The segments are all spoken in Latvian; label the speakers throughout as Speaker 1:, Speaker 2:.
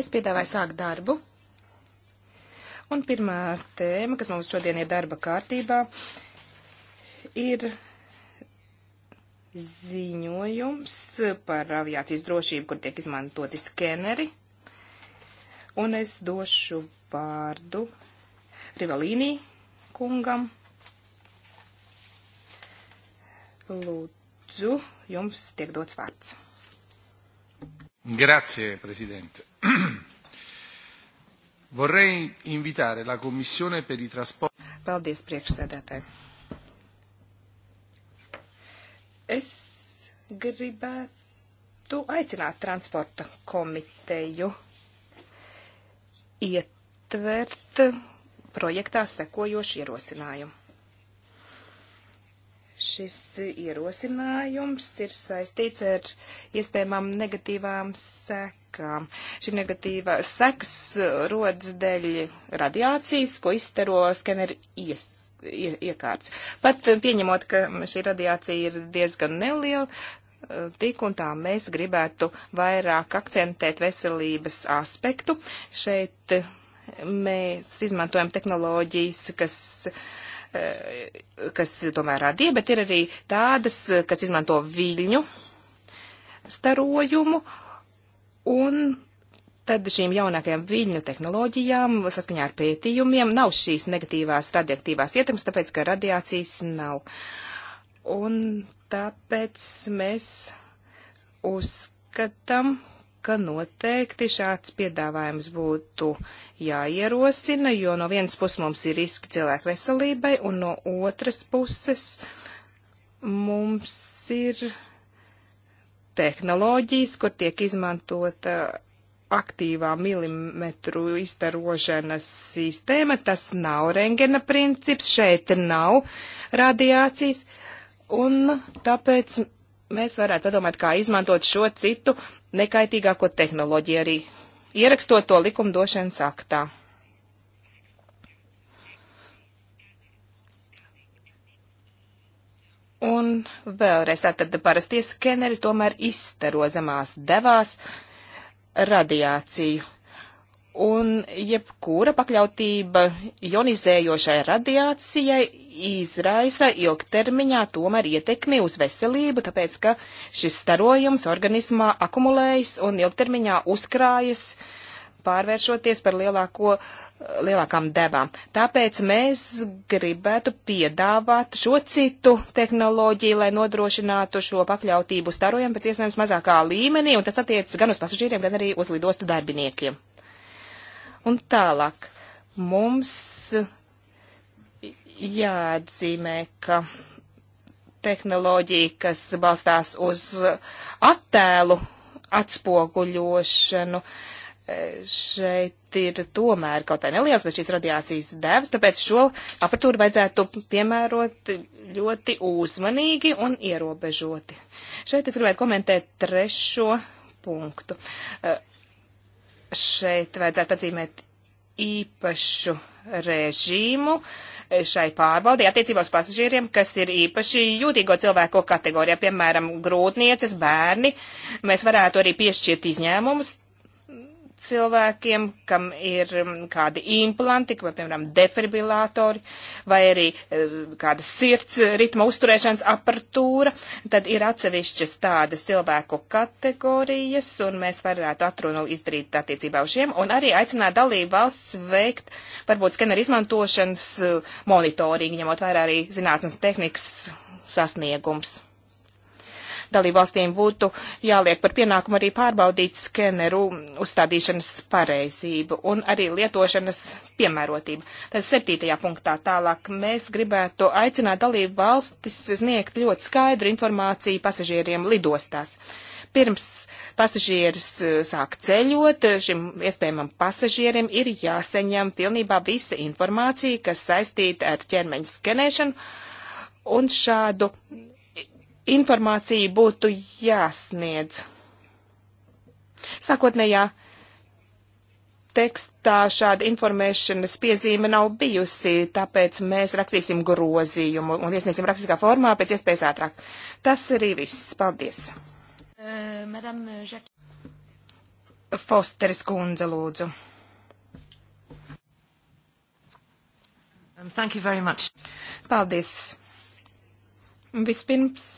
Speaker 1: Es piedāvāju sākt darbu. Un pirmā tēma, kas mums šodien ir darba kārtībā, ir ziņojums par aviācijas drošību, kur tiek izmantoti skeneri. Un es došu vārdu Rivalīnī kungam. Lūdzu, jums tiek dots vārds.
Speaker 2: Grazie Presidente. Vorrei
Speaker 1: invitare la Commissione per i trasporti. Paldies priekšsēdētāji. Es gribētu aicināt transporta komiteju ietvert projektā sekojošu ierosinājumu. Šis ierosinājums ir saistīts ar iespējamām negatīvām sekām. Šī negatīvā sekas rodas dēļ radiācijas, ko izstaro skeneri ies, ie, iekārts. Pat pieņemot, ka šī radiācija ir diezgan neliela, tik un tā mēs gribētu vairāk akcentēt veselības aspektu. Šeit mēs izmantojam tehnoloģijas, kas uh, Eh, kas tomēr radīja, bet ir arī tādas, eh, kas izmanto viļņu starojumu, un tad šīm jaunākajām viļņu tehnoloģijām, saskaņā ar pētījumiem, nav šīs negatīvās radioaktīvās ietekmes, tāpēc, ka radiācijas nav. Un tāpēc mēs uzskatām, ka noteikti šāds piedāvājums būtu jāierosina, jo no vienas puses mums ir riski cilvēku veselībai, un no otras puses mums ir tehnoloģijas, kur tiek izmantota aktīvā milimetru izstarošanas sistēma. Tas nav rengena princips, šeit nav radiācijas, un tāpēc mēs varētu padomāt, kā izmantot šo citu nekaitīgāko tehnoloģiju arī ierakstot to likumdošanas aktā. Un vēlreiz tātad parastie skeneri tomēr izstaro zemās devās radiāciju un jebkura pakļautība ionizējošai radiācijai izraisa ilgtermiņā tomēr ietekmi uz veselību, tāpēc ka šis starojums organismā akumulējas un ilgtermiņā uzkrājas pārvēršoties par lielāko, lielākām devām. Tāpēc mēs gribētu piedāvāt šo citu tehnoloģiju, lai nodrošinātu šo pakļautību starojam pēc iespējams mazākā līmenī, un tas attiec gan uz pasažīriem, gan arī uz lidostu darbiniekiem. Un tālāk mums jāatzīmē, ka tehnoloģija, kas balstās uz attēlu atspoguļošanu, e, šeit ir tomēr kaut vai neliels, bet šīs radiācijas devs, tāpēc šo apatūru vajadzētu piemērot ļoti uzmanīgi un ierobežoti. Šeit es gribētu komentēt trešo punktu. E, šeit vajadzētu atzīmēt īpašu režīmu šai pārbaudē attiecībā uz pasažieriem, kas ir īpaši jūtīgo cilvēku kategorijā, piemēram, grūtnieces, bērni. Mēs varētu arī piešķirt izņēmumus cilvēkiem, kam ir mm, kādi implanti, kā piemēram defibrilatori vai arī eh, kāda sirds ritma uzturēšanas aparatūra, tad ir atsevišķas tādas cilvēku kategorijas, un mēs varētu atrunu izdarīt attiecībā uz šiem, un arī aicināt dalību valsts veikt varbūt skeneru izmantošanas eh, monitoringu, ņemot vērā arī zinātnes tehnikas sasniegums dalībvalstīm būtu jāliek par pienākumu arī pārbaudīt skeneru uzstādīšanas pareizību un arī lietošanas piemērotību. Tas septītajā punktā tālāk mēs gribētu aicināt dalībvalstis sniegt ļoti skaidru informāciju pasažieriem lidostās pirms pasažieris eh, sāk ceļot, šim iespējamam pasažierim ir jāsaņem pilnībā visa informācija, kas saistīta ar ķermeņa skenēšanu, un šādu informācija būtu jāsniedz. Sākotnējā tekstā šāda informēšanas piezīme nav bijusi, tāpēc mēs rakstīsim grozījumu un iesniegsim rakstiskā formā pēc iespējas ātrāk. Tas arī viss. Paldies.
Speaker 3: Uh,
Speaker 1: Fosteris kundze, lūdzu. Thank you very much. Paldies. Vispirms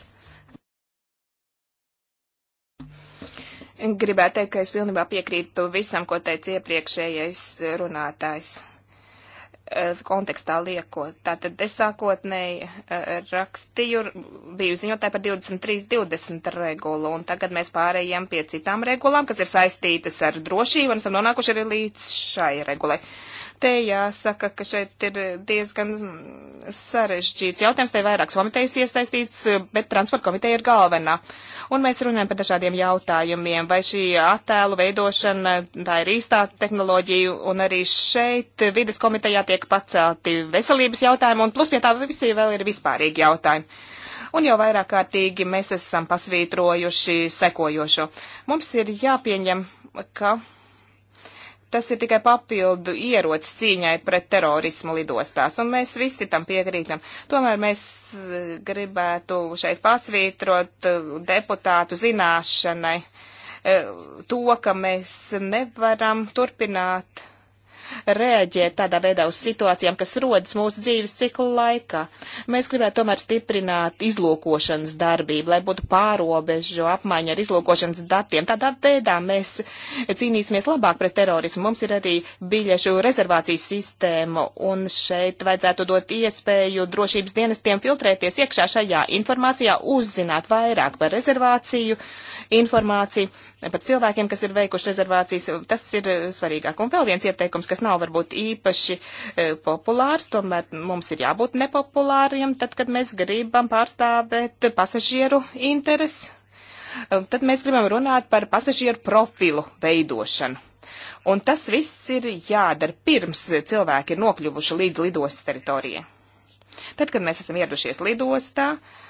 Speaker 1: Gribētu teikt, ka es pilnībā piekrītu visam, ko teica iepriekšējais runātājs eh, kontekstā liekot. Tātad es sākotnēji eh, rakstīju, biju ziņotāji par 23.20 regulu, un tagad mēs pārējām pie citām regulām, kas ir saistītas ar drošību, un esam nonākuši arī līdz šai regulai. Te jāsaka, ka šeit ir diezgan sarežģīts jautājums, te ir vairākas komitejas iesaistīts, bet transporta komiteja ir galvenā. Un mēs runājam par dažādiem jautājumiem, vai šī attēlu veidošana, tā ir īstā tehnoloģija, un arī šeit vides komitejā tiek pacelti veselības jautājumi, un plus pie tā visi vēl ir vispārīgi jautājumi un jau vairāk kārtīgi mēs esam pasvītrojuši sekojošo. Mums ir jāpieņem, ka tas ir tikai papildu ierots cīņai pret terorismu lidostās, un mēs visi tam piekrītam. Tomēr mēs eh, gribētu šeit pasvītrot eh, deputātu zināšanai eh, to, ka mēs nevaram turpināt reaģēt tādā veidā uz situācijām, kas rodas mūsu dzīves cikla laikā. Mēs gribētu tomēr stiprināt izlūkošanas darbību, lai būtu pārobežu apmaiņa ar izlūkošanas datiem. Tādā veidā mēs cīnīsimies labāk pret terorismu. Mums ir arī biļešu rezervācijas sistēma, un šeit vajadzētu dot iespēju drošības dienestiem filtrēties iekšā šajā informācijā, uzzināt vairāk par rezervāciju, informāciju par cilvēkiem, kas ir veikuši rezervācijas. Tas ir eh, svarīgāk. Un vēl viens ieteikums, kas nav varbūt īpaši eh, populārs, tomēr mums ir jābūt nepopulāriem, tad, kad mēs gribam pārstāvēt pasažieru interesi. Eh, tad mēs gribam runāt par pasažieru profilu veidošanu. Un tas viss ir jādara pirms cilvēki ir nokļuvuši līdz lidos teritorijai. Tad, kad mēs esam ieradušies lidostā, uh,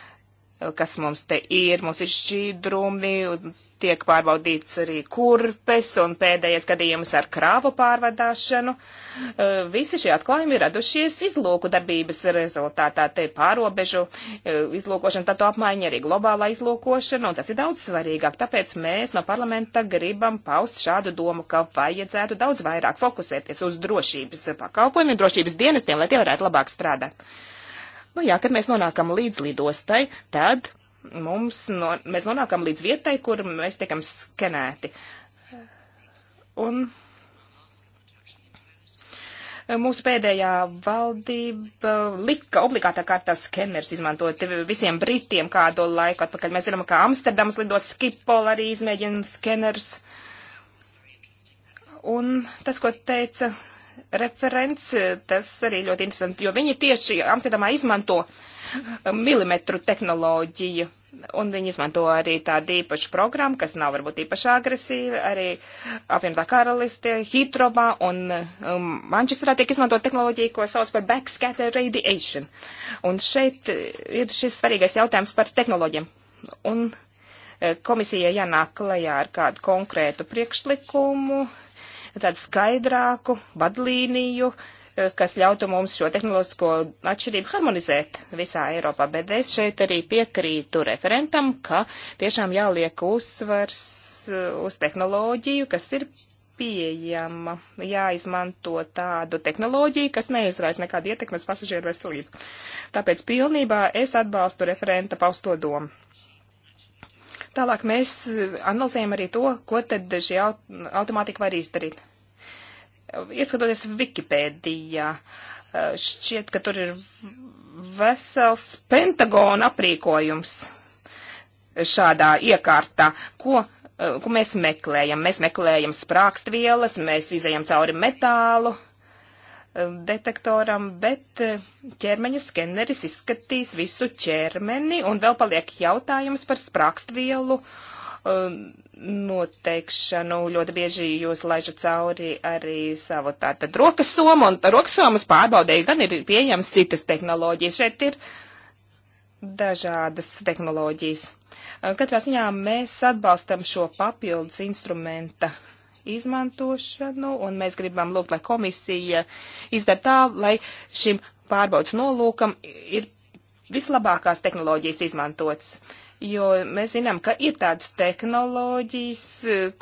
Speaker 1: kas mums te ir, mums ir šķīdrumi, tiek pārbaudīts arī kurpes un pēdējais gadījums ar krāvu pārvadāšanu. Visi šie atklājumi ir radušies izlūku darbības rezultātā, te pārobežu izlūkošana, tad to apmaiņa arī globālā izlūkošana, un tas ir daudz svarīgāk. Tāpēc mēs no parlamenta gribam paust šādu domu, ka vajadzētu daudz vairāk fokusēties uz drošības pakalpojumiem, drošības dienestiem, lai tie varētu labāk strādāt. Nu jā, kad mēs nonākam līdz lidostai, tad mums, no, mēs nonākam līdz vietai, kur mēs tiekam skenēti. Un mūsu pēdējā valdība lika obligātā kārtā skeners izmantot visiem britiem kādu laiku atpakaļ. Mēs zinām, ka Amsterdams lidos Skipol arī izmēģina skeners. Un tas, ko teica referents, tas arī ļoti interesanti, jo viņi tieši Amsterdamā izmanto um, milimetru tehnoloģiju, un viņi izmanto arī tādu īpašu programmu, kas nav varbūt īpaši agresīva, arī apvienotā karaliste, Hitrobā un um, Manchesterā tiek izmanto tehnoloģija, ko sauc par backscatter radiation. Un šeit ir šis svarīgais jautājums par tehnoloģiem. Un eh, komisija jānāk klajā ar kādu konkrētu priekšlikumu, tādu skaidrāku vadlīniju, eh, kas ļautu mums šo tehnoloģisko atšķirību harmonizēt visā Eiropā. Bet es šeit arī piekrītu referentam, ka tiešām jāliek uzsvars eh, uz tehnoloģiju, kas ir pieejama, jāizmanto tādu tehnoloģiju, kas neizraisa nekādu ietekmes pasažieru veselību. Tāpēc pilnībā es atbalstu referenta pausto domu. Tālāk mēs eh, analizējam arī to, ko tad šī automātika var izdarīt. Ieskatoties Wikipēdijā, eh, šķiet, ka tur ir vesels pentagona aprīkojums šādā iekārtā, ko, eh, ko mēs meklējam. Mēs meklējam sprākstvielas, mēs izējam cauri metālu, detektoram, bet eh, ķermeņa skeneris izskatīs visu ķermeni, un vēl paliek jautājums par sprākstvielu eh, noteikšanu. Ļoti bieži jūs laižat cauri arī savu tātad rokas somu, un rokas somas pārbaudēju gan ir pieejams citas tehnoloģijas. Šeit ir dažādas tehnoloģijas. Eh, katrā ziņā mēs atbalstam šo papildus instrumenta izmantošanu, un mēs gribam lūgt, lai komisija izdara tā, lai šim pārbaudas nolūkam ir vislabākās tehnoloģijas izmantotas. Jo mēs zinām, ka ir tādas tehnoloģijas,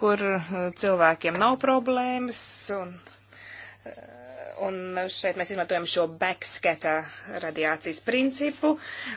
Speaker 1: kur eh, cilvēkiem nav problēmas, un Un šeit mēs izmantojam šo backskata radiācijas principu,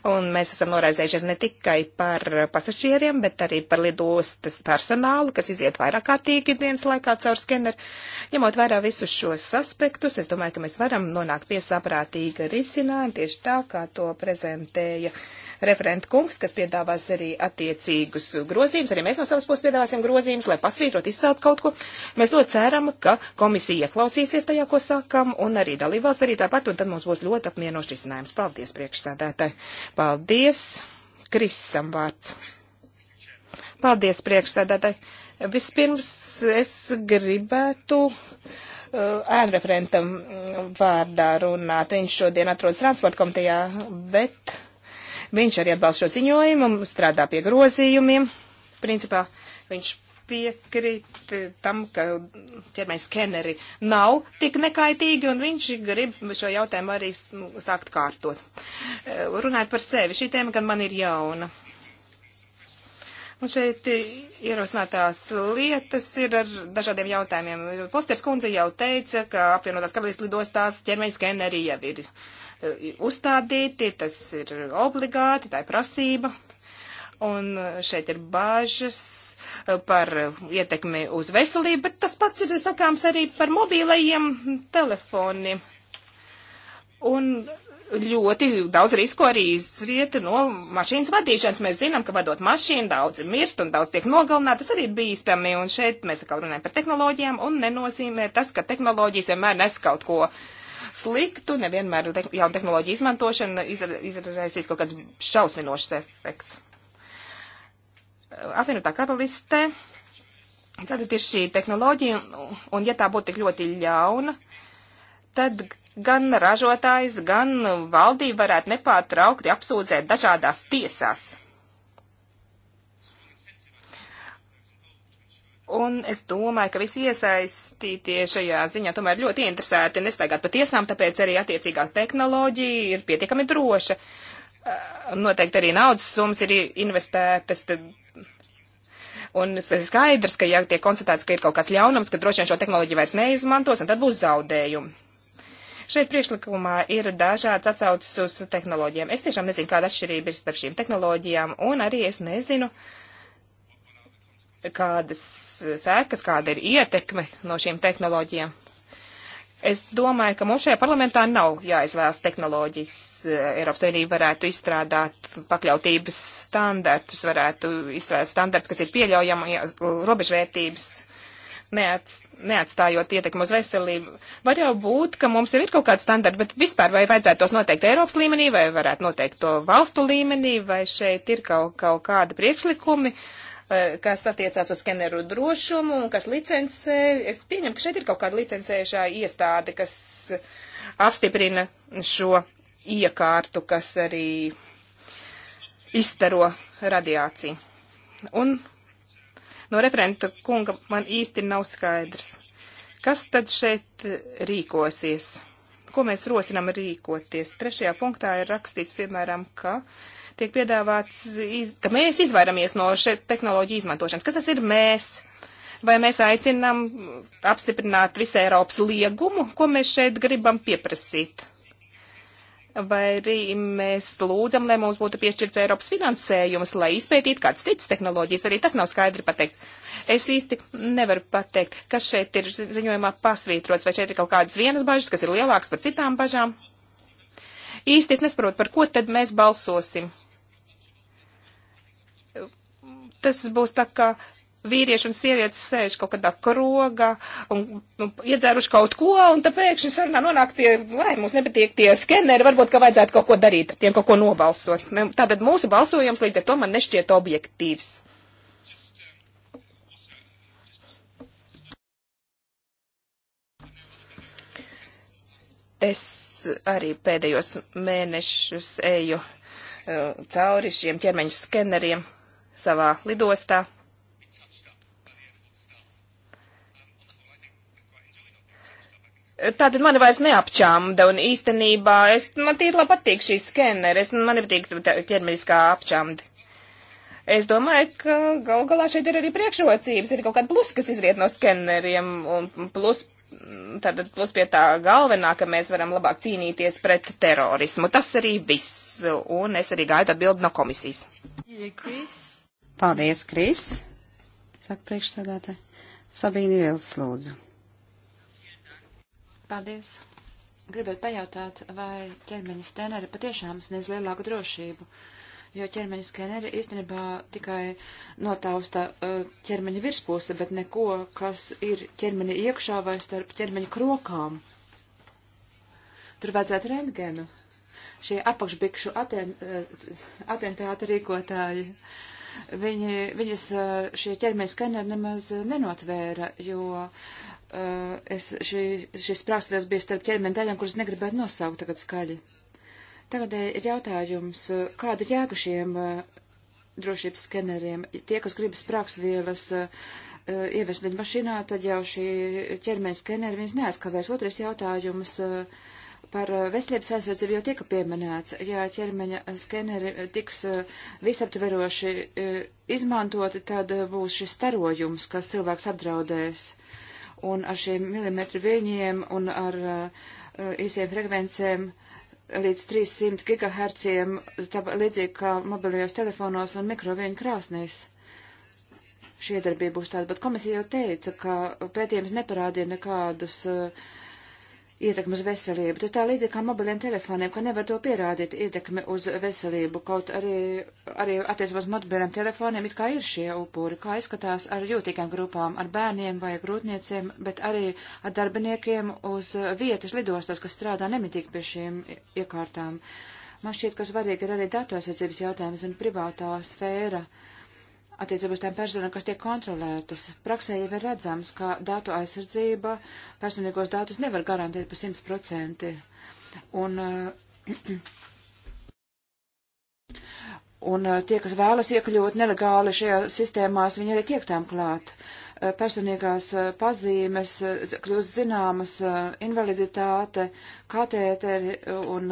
Speaker 1: un mēs esam noraizējušies ne tikai par pasažieriem, bet arī par lidostas personālu, kas iziet vairāk kārtīgi dienas laikā caur skeneru. Ņemot vērā visus šos aspektus, es domāju, ka mēs varam nonākt pie saprātīga risinājuma, tieši tā, kā to prezentēja uh, referenta kungs, kas piedāvās arī attiecīgus grozījumus. Arī mēs no savas puses piedāvāsim grozījumus, lai pasvītrot, izcelt kaut ko. Mēs ļoti ceram, ka komisija ieklausīsies tajā, ko sakam, un arī dalībvalsts arī tāpat, un tad mums būs ļoti apmienošs risinājums. Paldies, priekšsēdētāji. Paldies. Krisam vārds. Paldies, priekšsēdētāji. Vispirms es gribētu uh, ēnreferentam mm, vārdā runāt. Viņš šodien atrodas transporta komitejā, bet Viņš arī atbalsta šo ziņojumu, strādā pie grozījumiem. Principā viņš piekrīt eh, tam, ka ķermeņa skeneri nav tik nekaitīgi, un viņš grib šo jautājumu arī nu, sākt kārtot. Eh, runājot par sevi, šī tēma gan man ir jauna. Un šeit ierosinātās lietas ir ar dažādiem jautājumiem. Posters kundze jau teica, ka apvienotās kabalīs lidostās ķermeņa skeneri jau ir uzstādīti, tas ir obligāti, tā ir prasība. Un šeit ir bāžas eh, par ietekmi uz veselību, bet tas pats ir sakāms arī par mobīlajiem telefoniem. Un ļoti daudz risku arī izriet no mašīnas vadīšanas. Mēs zinām, ka vadot mašīnu daudz mirst un daudz tiek nogalināti. Tas arī ir bīstami. Un šeit mēs atkal runājam par tehnoloģijām un nenozīmē tas, ka tehnoloģijas vienmēr nes kaut ko uh, sliktu, nevienmēr jauna tehnoloģija izmantošana izraisīs kaut kāds šausminošs efekts. Apvienotā karaliste, tad ir šī tehnoloģija, un ja tā būtu tik ļoti ļauna, tad gan ražotājs, gan valdība varētu nepārtraukti apsūdzēt dažādās tiesās Un es domāju, ka visi iesaistītie šajā ziņā tomēr ļoti interesēti nestaigāt pa tiesām, tāpēc arī attiecīgā tehnoloģija ir pietiekami droša. Eh, noteikti arī naudas summas ir investētas. Tad... Un tas ir skaidrs, ka ja tiek konstatēts, ka ir kaut kāds ļaunums, ka droši vien šo tehnoloģiju vairs neizmantos, un tad būs zaudējumi. Šeit priekšlikumā ir dažāds atsaucis uz tehnoloģijām. Es tiešām nezinu, kāda atšķirība ir starp šīm tehnoloģijām, un arī es nezinu, uh, kādas sekas, kāda ir ietekme no šīm tehnoloģijām. Es domāju, ka mums šajā parlamentā nav jāizvēlas tehnoloģijas. Eiropas Savienība varētu izstrādāt pakļautības standartus, varētu izstrādāt standartus, kas ir pieļaujami, robežvērtības, neats, neatstājot ietekmu uz veselību. Var jau būt, ka mums jau ir kaut kāds standarts, bet vispār vai vajadzētu tos noteikt Eiropas līmenī, vai varētu noteikt to valstu līmenī, vai šeit ir kaut, kaut kāda priekšlikumi. Uh, Eh, kas attiecās uz skeneru drošumu un kas licencē. Es pieņemu, ka šeit ir kaut kāda licencējušā iestāde, kas apstiprina šo iekārtu, kas arī izstaro radiāciju. Un no referenta kunga man īsti nav skaidrs, kas tad šeit rīkosies ko mēs rosinam rīkoties. Trešajā punktā ir rakstīts, piemēram, ka tiek piedāvāts, iz, ka mēs izvairamies no šeit tehnoloģiju izmantošanas. Kas tas ir mēs? Vai mēs aicinām apstiprināt visu Eiropas liegumu, ko mēs šeit gribam pieprasīt? vai arī mēs lūdzam, lai mums būtu piešķirts Eiropas finansējums, lai izpētītu kādas citas tehnoloģijas. Arī tas nav skaidri pateikts. Es īsti nevaru pateikt, kas šeit ir ziņojumā pasvītrots, vai šeit ir kaut kādas vienas bažas, kas ir lielākas par citām bažām. Īsti es nesaprotu, par ko tad mēs balsosim. Tas būs tā kā vīrieši un sievietes sēž kaut kādā krogā un, un nu, iedzēruši kaut ko, un tad pēkšņi sarunā nonāk pie, lai mums nepatīk tie skeneri, varbūt, ka vajadzētu kaut ko darīt, tiem kaut ko nobalsot. Tātad mūsu balsojums līdz ar to man nešķiet objektīvs. Es arī pēdējos mēnešus eju uh, cauri šiem ķermeņa skeneriem savā lidostā. Tātad mani vairs neapčāmda, un īstenībā es, man tīri labi patīk šī skeneri, es, man nepatīk ķermeniskā apčāmda. Es domāju, ka gal galā šeit ir arī priekšrocības, ir kaut kāda plus, kas izriet no skeneriem, un plus, tātad plus pie tā galvenā, ka mēs varam labāk cīnīties pret terorismu. Tas arī viss, un es arī gaidu atbildi no komisijas.
Speaker 3: Paldies, Kris, saka priekšsēdētāji. Sabīni Vils, lūdzu.
Speaker 4: Paldies! Gribētu pajautāt, vai ķermeņa skeneri patiešām sniedz lielāku drošību, jo ķermeņa skeneri īstenībā tikai notausta uh, ķermeņa virspuse, bet neko, kas ir ķermeņa iekšā vai starp ķermeņa krokām. Tur vajadzētu rentgenu. Šie apakšbikšu aten, uh, atentāti rīkotāji. Uh, viņi, viņas uh, šie ķermeņa skeneri nemaz nenotvēra, jo Eh, es, šī, šis prākstvietas bija starp ķermeņa daļām, kuras negribētu nosaukt tagad skaļi. Tagad eh, ir jautājums, eh, kāda ir jēga šiem drošības skeneriem? Tie, kas gribas prākstvielas ievest līdz mašīnā, tad jau šī ķermeņa skeneri viņas neaizkavēs. Otrais jautājums par veselības aizsardzību jau tika pieminēts. Ja ķermeņa skeneri tiks visaptveroši izmantoti, tad būs šis starojums, kas cilvēks apdraudēs un ar šiem milimetru viļņiem un ar uh, īsiem frekvencēm līdz 300 GHz, līdzīgi kā mobilajos telefonos un mikroviļņu krāsnīs. Šī darbība būs tāda, bet komisija jau teica, ka pētījums neparādīja nekādus uh, ietekmi uz veselību. Tas tā līdzīgi kā mobiliem telefoniem, ka nevar to pierādīt ietekmi uz veselību, kaut arī, arī attiecībā uz mobiliem telefoniem it kā ir šie upuri, kā izskatās ar jūtīgām grupām, ar bērniem vai grūtnieciem, bet arī ar darbiniekiem uz vietas lidostas, kas strādā nemitīgi pie šīm iekārtām. Man šķiet, ka svarīgi ir arī datorsacības jautājums un privātā sfēra. Uh, attiecībā uz tām personām, kas tiek kontrolētas. Praksē jau ir redzams, ka datu aizsardzība personīgos datus nevar garantēt pa 100%. Un, eh, un eh, tie, kas vēlas iekļūt nelegāli šajā sistēmās, viņi arī tiek tām klāt. Eh, personīgās pazīmes, kļūst zināmas invaliditāte, katēteri un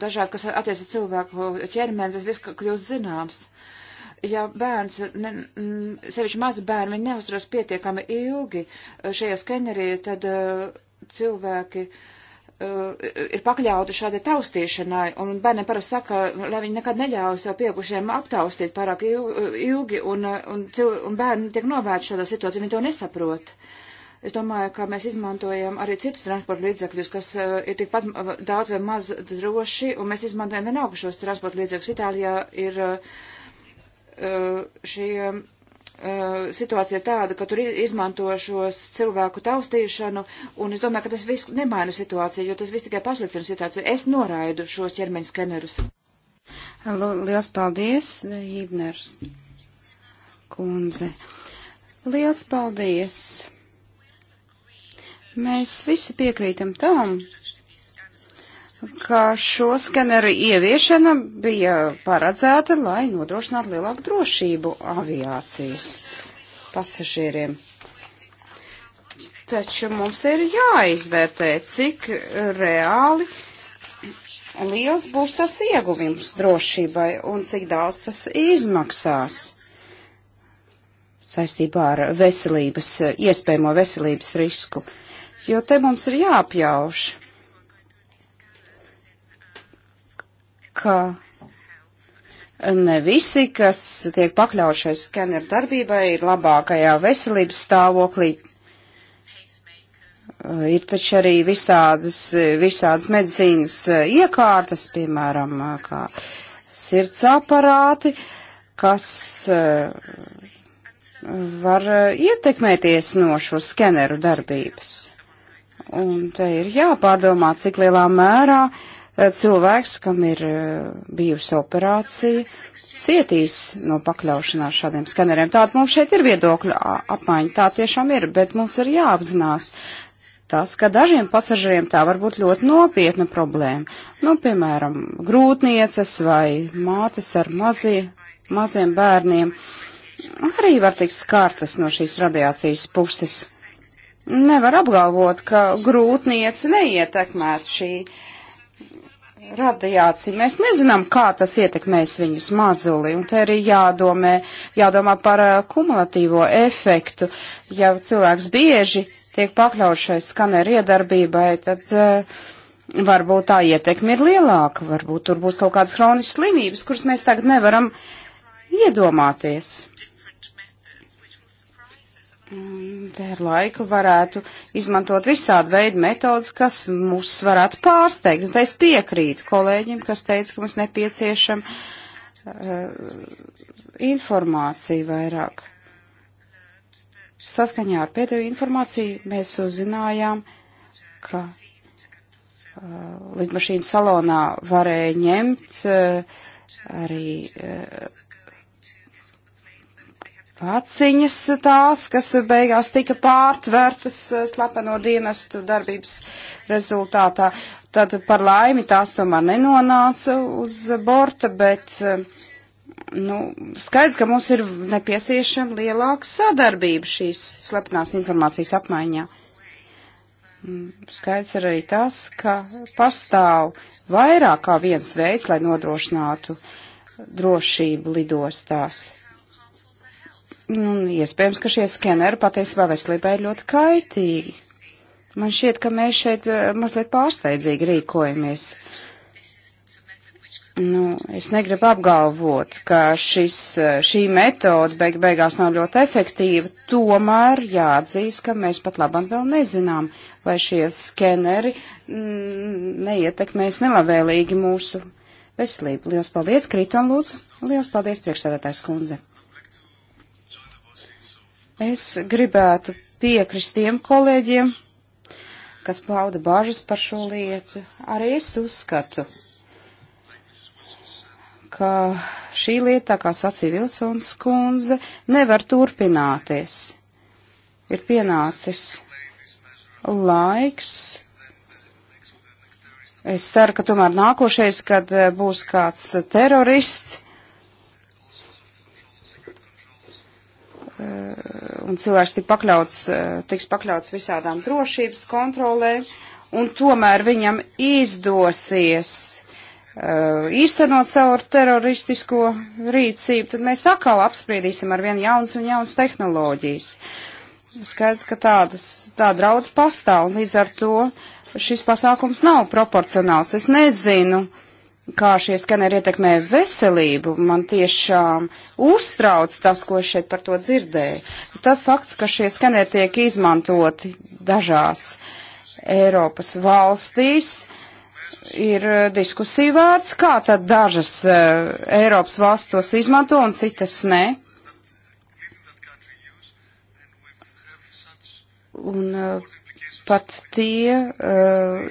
Speaker 4: dažādi, kas attiecas cilvēku ķermeni, tas viss kļūst zināms ja bērns, ne, sevišķi mazi bērni, viņi neusturas pietiekami ilgi uh, šajā skenerī, tad uh, cilvēki uh, ir pakļauti šādai taustīšanai, un bērniem parasti saka, lai viņi nekad neļauj sev pieaugušiem aptaustīt pārāk uh, ilgi, un, uh, un, cil, un bērni tiek novērti šādā situācijā, viņi to nesaprot. Es domāju, ka mēs izmantojam arī citus transporta līdzekļus, kas uh, ir tikpat uh, daudz vai maz droši, un mēs izmantojam vienalga šos transporta līdzekļus. Itālijā ir uh, Eh, šī eh, situācija tāda, ka tur izmanto šos cilvēku taustīšanu, un es domāju, ka tas viss nemaina situāciju, jo tas viss tikai pasliktina situāciju. Es noraidu šos ķermeņa skenerus.
Speaker 3: Lielas paldies, Ībners kundze. Lielas paldies. Mēs visi piekrītam tam, ka šo skeneru ieviešana bija paredzēta, lai nodrošinātu lielāku drošību aviācijas pasažieriem. Taču mums ir jāizvērtē, cik reāli liels būs tas ieguvums drošībai un cik daudz tas izmaksās saistībā ar veselības, iespējamo veselības risku. Jo te mums ir jāapjauš ka ne visi, kas tiek pakļaušai skeneru darbībai, ir labākajā veselības stāvoklī. Uh, ir taču arī visādas, visādas medicīnas uh, iekārtas, piemēram, uh, kā sirds aparāti, kas var ietekmēties no šo skeneru darbības. Un te ir jāpārdomā, cik lielā mērā uh, cilvēks, kam ir eh, bijusi operācija, cietīs no pakļaušanās šādiem skaneriem. Tātad mums šeit ir viedokļa apmaiņa, tā tiešām ir, bet mums ir jāapzinās tas, ka dažiem pasažieriem tā var būt ļoti nopietna problēma. Nu, piemēram, grūtnieces vai mātes ar mazie, maziem bērniem arī var tikt skartas no šīs radiācijas puses. Nevar apgalvot, ka grūtniece neietekmētu šī uh, radiācija. Mēs nezinām, kā tas ietekmēs viņas mazuli, un te arī jādomē, jādomā par kumulatīvo efektu. Ja cilvēks bieži tiek pakļauts šai skaneru iedarbībai, tad uh, varbūt tā ietekme ir lielāka, varbūt tur būs kaut kādas chroniskas slimības, kuras mēs tagad nevaram iedomāties. Mm, ar laiku varētu izmantot visādi veidi metodas, kas mūs varētu pārsteigt. Un es piekrītu kolēģim, kas teica, ka mums nepieciešama uh, informācija vairāk. Saskaņā ar pēdējo informāciju mēs uzzinājām, ka uh, eh, lidmašīnas salonā varēja ņemt uh, arī. Uh, paciņas tās, kas beigās tika pārtvērtas eh, slepeno dienestu darbības rezultātā. Tad par laimi tās tomēr nenonāca uz borta, bet eh, nu, skaidrs, ka mums ir nepieciešama lielāka sadarbība šīs slepenās informācijas apmaiņā. Mm, skaidrs ir arī tas, ka pastāv vairāk kā viens veids, lai nodrošinātu drošību lidostās. Un nu, iespējams, ka šie skeneri patiesībā veselībai ir ļoti kaitīgi. Man šķiet, ka mēs šeit eh, mazliet pārsteidzīgi rīkojamies. Nu, es negribu apgalvot, ka šis, eh, šī metode beig beigās nav ļoti efektīva, tomēr jāatzīst, ka mēs pat labam vēl nezinām, vai šie skeneri mm, neietekmēs nelabvēlīgi mūsu veselību. Lielas paldies, Krīton Lūdzu! Lielas paldies, priekšsēdētājs kundze! Es gribētu piekrist tiem kolēģiem, kas pauda bažas par šo lietu. Arī es uzskatu, ka šī lieta, kā sacīja Vilsons kundze, nevar turpināties. Ir pienācis laiks. Es ceru, ka tomēr nākošais, kad eh, būs kāds terorists, Eh, un cilvēks tik pakļauts, eh, tiks pakļauts visādām drošības kontrolēm, un tomēr viņam izdosies eh, īstenot savu teroristisko rīcību, tad mēs atkal apspriedīsim ar vien jauns un jauns tehnoloģijas. Skaidrs, ka tādas, tā drauda pastāv, un līdz ar to šis pasākums nav proporcionāls. Es nezinu, uh, kā šie skaneri ietekmē veselību, man tiešām uztrauc tas, ko šeit par to dzirdēju. Tas fakts, ka šie skaneri tiek izmantoti dažās Eiropas valstīs, ir eh, diskusija vārds, kā tad dažas uh, Eiropas valsts tos izmanto un citas ne. Un uh, pat tie uh,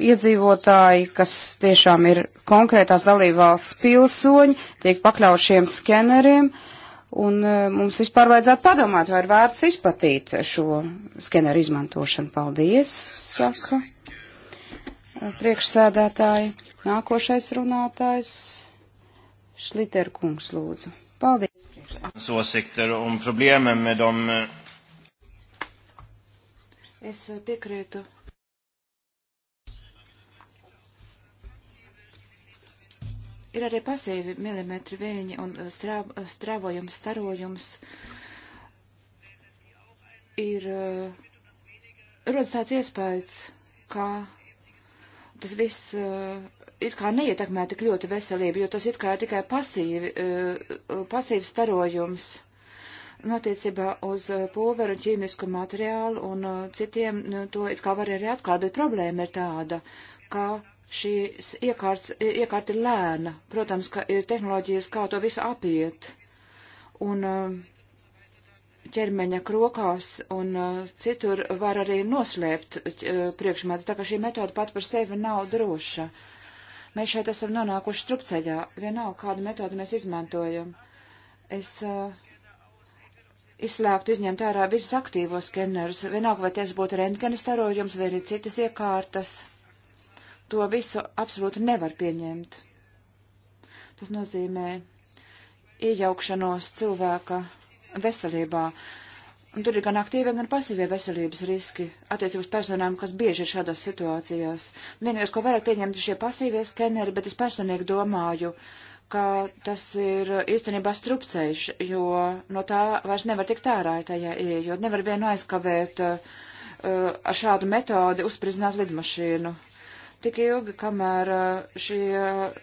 Speaker 3: iedzīvotāji, kas tiešām ir konkrētās dalībvalsts pilsoņi, tiek pakļaut šiem skeneriem, un uh, mums vispār vajadzētu padomāt, vai ir vērts izplatīt šo skeneru izmantošanu. Paldies, saka priekšsēdētāji. Nākošais runātājs Šliterkungs lūdzu.
Speaker 4: Paldies. Priekšsēdētāji. Es piekrītu. Ir arī pasīvi milimetri viļņi un uh, strāv, uh, strāvojums, starojums. Ir uh, rodas tāds iespējas, ka tas viss uh, it kā neietekmē tik ļoti veselību, jo tas it kā ir tikai pasīvi, uh, pasīvs starojums. Un attiecībā uz uh, pulveru un ķīmisku materiālu un uh, citiem nu, to it kā var arī atklāt, bet problēma ir tāda, ka šīs iekārts, iekārta ir lēna. Protams, ka ir tehnoloģijas, kā to visu apiet. Un uh, ķermeņa krokās un citur var arī noslēpt priekšmets, tā ka šī metoda pat par sevi nav droša. Mēs šeit esam nonākuši strupceļā. Vienalga, kādu metodu mēs izmantojam. Es uh, izslēgt, izņemt ārā visus aktīvos skenerus, vienalga vai tas būtu rentgenes starojums vai arī citas iekārtas. To visu absolūti nevar pieņemt. Tas nozīmē iejaukšanos cilvēka veselībā. Un tur ir gan aktīvie, gan pasīvie veselības riski attiecības personām, kas bieži ir šādās situācijās. Vienīgais, ko varētu pieņemt, ir šie pasīvie skeneri, bet es personīgi domāju, uh, ka tas ir īstenībā strupceļš, jo no tā vairs nevar tikt ārā, tajā, jo nevar vienu aizkavēt uh, ar šādu metodi uzspridzināt lidmašīnu. Tik ilgi, kamēr uh, šie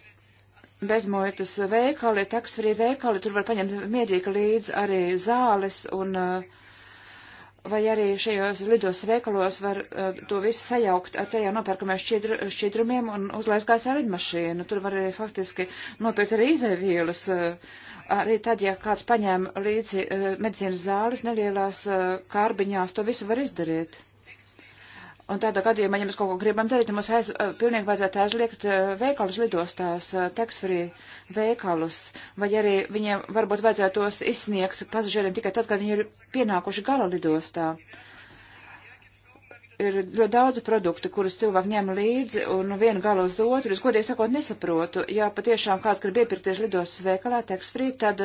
Speaker 4: bezmojtas veikali, taksfrī veikali, tur var paņemt mierīgi līdz arī zāles un uh, vai arī šajos lidos veikalos var uh, to visu sajaukt ar tajā nopērkamajā šķidru, šķidrumiem un uzlaist gaisā lidmašīnu. Tur var arī faktiski nopirkt arī izēvielas. Uh, arī tad, ja kāds paņēma līdzi uh, medicīnas zāles nelielās uh, kārbiņās, to visu var izdarīt. Un tādā gadījumā, ja mēs kaut ko gribam darīt, mums aiz, eh, pilnīgi vajadzētu aizliegt eh, veikalus lidostās, eh, taksfrī veikalus, vai arī viņiem varbūt vajadzētu tos izsniegt pasažieriem tikai tad, kad viņi ir pienākuši gala lidostā. Ir ļoti daudz produktu, kurus cilvēki ņem līdzi un vienu galu uz otru. Es godīgi sakot nesaprotu, ja patiešām kāds grib iepirkties lidostas veikalā, taksfrī, tad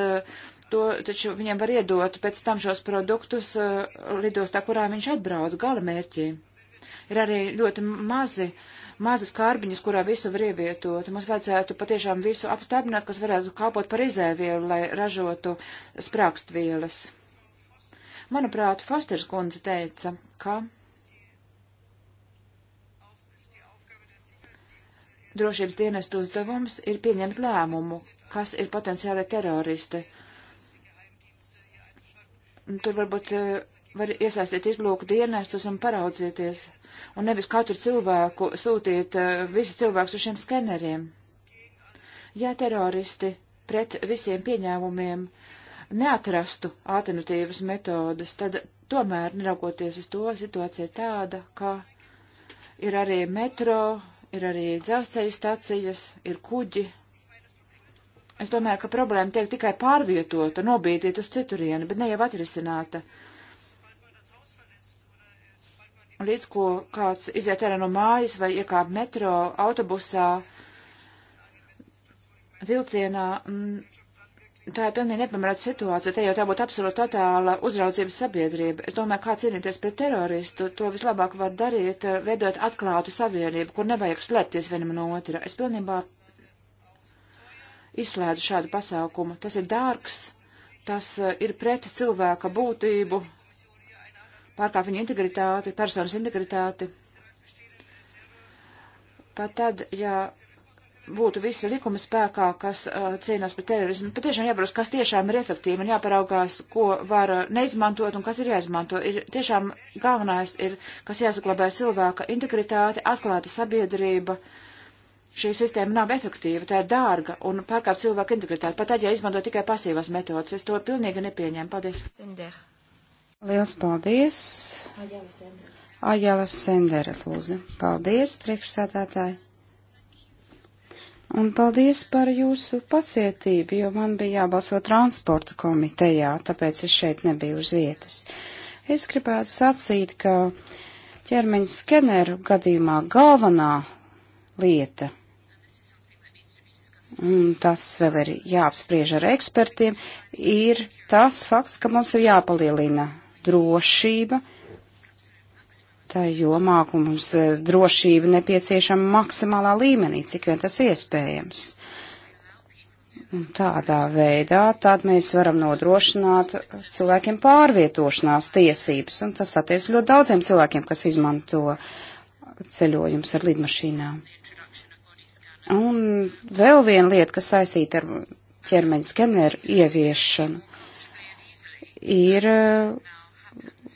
Speaker 4: to taču viņiem var iedot pēc tam šos produktus lidostā, kurā viņš atbrauc gala mērķī. Ir arī ļoti mazi, mazas kārbiņas, kurā visu var ievietot. Mums vajadzētu patiešām visu apstādināt, kas varētu kalpot par izēvielu, lai ražotu sprākstvielas. Manuprāt, Fosters kundze teica, ka drošības dienestu uzdevums ir pieņemt lēmumu, kas ir potenciāli teroristi. Tur varbūt eh, var iesaistīt izlūku dienestus un paraudzieties, un nevis katru cilvēku sūtīt uh, visus cilvēkus uz šiem skeneriem. Ja teroristi pret visiem pieņēmumiem neatrastu alternatīvas metodas, tad tomēr, neraugoties uz to, situācija ir tāda, ka ir arī metro, ir arī dzelzceļa stacijas, ir kuģi. Es domāju, ka problēma tiek tikai pārvietota, nobīdīta uz citurienu, bet ne jau atrisināta. Uh, līdz ko kāds iziet ārā no mājas vai iekāp metro, autobusā, vilcienā. Mm, tā ir pilnīgi nepamērāta situācija. Te jau tā būtu absolūti totāla uzraudzības sabiedrība. Es domāju, kā cīnīties pret teroristu, to vislabāk var darīt, veidot atklātu savienību, kur nevajag slēpties vienam no otra. Es pilnībā izslēdzu šādu pasākumu. Tas ir dārgs, tas eh, ir pret cilvēka būtību, pārkāp viņa integritāti, personas integritāti. Pat tad, ja būtu visi likumi spēkā, kas uh, cīnās pret terorismu. Patiešām jābrauc, kas tiešām ir efektīvi un jāparaugās, ko var uh, neizmantot un kas ir jāizmanto. Ir tiešām galvenais ir, kas jāsaglabē cilvēka integritāte, atklāta sabiedrība. Šī sistēma nav efektīva, tā ir dārga un pārkāp cilvēku integritāti, pat tad, ja izmanto tikai pasīvas metodas. Es to pilnīgi nepieņēmu. Paldies. Sender.
Speaker 3: Liels paldies! Ajala Sendera lūdzu. Paldies, priekšsādātāji! Un paldies par jūsu pacietību, jo man bija jābalso transporta komitejā, tāpēc es šeit nebiju uz vietas. Es gribētu sacīt, ka ķermeņa skeneru gadījumā galvenā lieta, un tas vēl ir jāapspriež ar ekspertiem, ir tas fakts, ka mums ir jāpalielina drošība. Tā jomā, ka mums e, drošība nepieciešama maksimālā līmenī, cik vien tas iespējams. Un tādā veidā tad mēs varam nodrošināt cilvēkiem pārvietošanās tiesības, un tas attiec ļoti daudziem cilvēkiem, kas izmanto ceļojums ar lidmašīnām. Un vēl viena lieta, kas saistīta ar ķermeņa skeneru ieviešanu, ir e,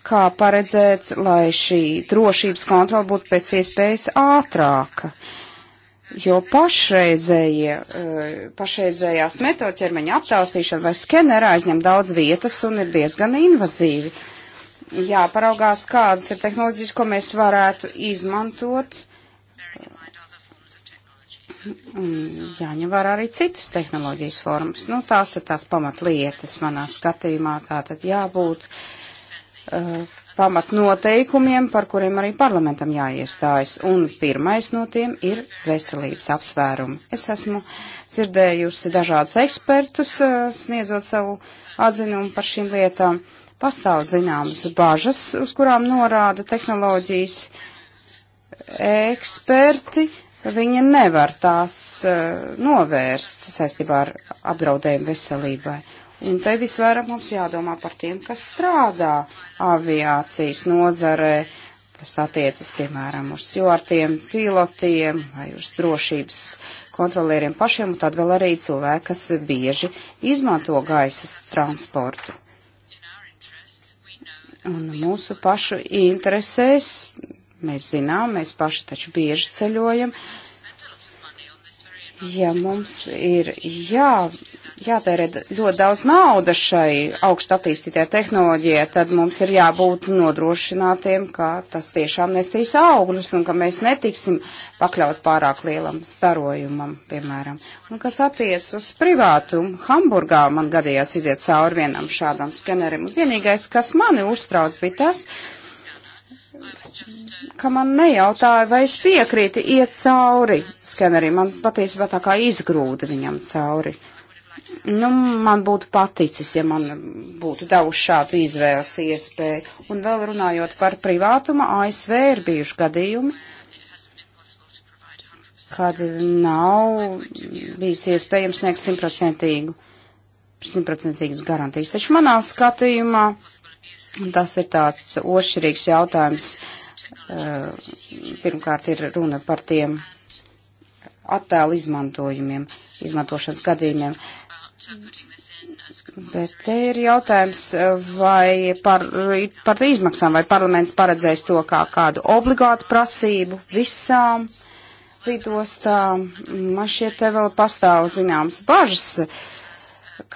Speaker 3: kā paredzēt, lai šī drošības kontrola būtu pēc iespējas ātrāka. Jo pašreizējie, eh, pašreizējās metodas ķermeņa aptaustīšana vai skenera aizņem daudz vietas un ir diezgan invazīvi. Jāparaugās, kādas ir tehnoloģijas, ko mēs varētu izmantot. Jāņem vērā arī citas tehnoloģijas formas. Nu, tās ir tās pamatlietas manā skatījumā. Tātad jābūt uh, Eh, pamatnoteikumiem, par kuriem arī parlamentam jāiestājas, un pirmais no tiem ir veselības apsvērumi. Es esmu dzirdējusi dažādus ekspertus eh, sniedzot savu atzinumu par šīm lietām. Pastāv zināmas bažas, uz kurām norāda tehnoloģijas eksperti. Viņi nevar tās eh, novērst saistībā ar apdraudējumu veselībai. Un te visvairāk mums jādomā par tiem, kas strādā aviācijas nozarē, kas attiecas, piemēram, uz jortiem, pilotiem vai uz drošības kontrolieriem pašiem, un tad vēl arī cilvēki, kas bieži izmanto gaisas transportu. Un mūsu pašu interesēs, mēs zinām, mēs paši taču bieži ceļojam, ja mums ir jā, jātērē ļoti daudz naudas šai augst attīstītajai tehnoloģijai, tad mums ir jābūt nodrošinātiem, ka tas tiešām nesīs augļus un ka mēs netiksim pakļaut pārāk lielam starojumam, piemēram. Un kas attiec uz privātu, Hamburgā man gadījās iziet cauri vienam šādam skenerim. Vienīgais, kas mani uztrauc, bija tas, ka man nejautāja, vai es piekrītu iet cauri skenerim. Man patiesībā tā kā izgrūda viņam cauri Nu, man būtu paticis, ja man būtu devuši šādu izvēles iespēju. Un vēl runājot par privātumu, ASV ir bijuši gadījumi, kad nav bijis iespējams sniegt simtprocentīgu, simtprocentīgas garantijas. Taču manā skatījumā tas ir tāds ošķirīgs jautājums. Eh, pirmkārt ir runa par tiem attēlu izmantojumiem, izmantošanas gadījumiem. Uh, Bet te ir jautājums, vai par, par izmaksām, vai parlaments paredzēs to kā kādu obligātu prasību visām lidostām. Man šķiet, te vēl pastāv zināmas bažas,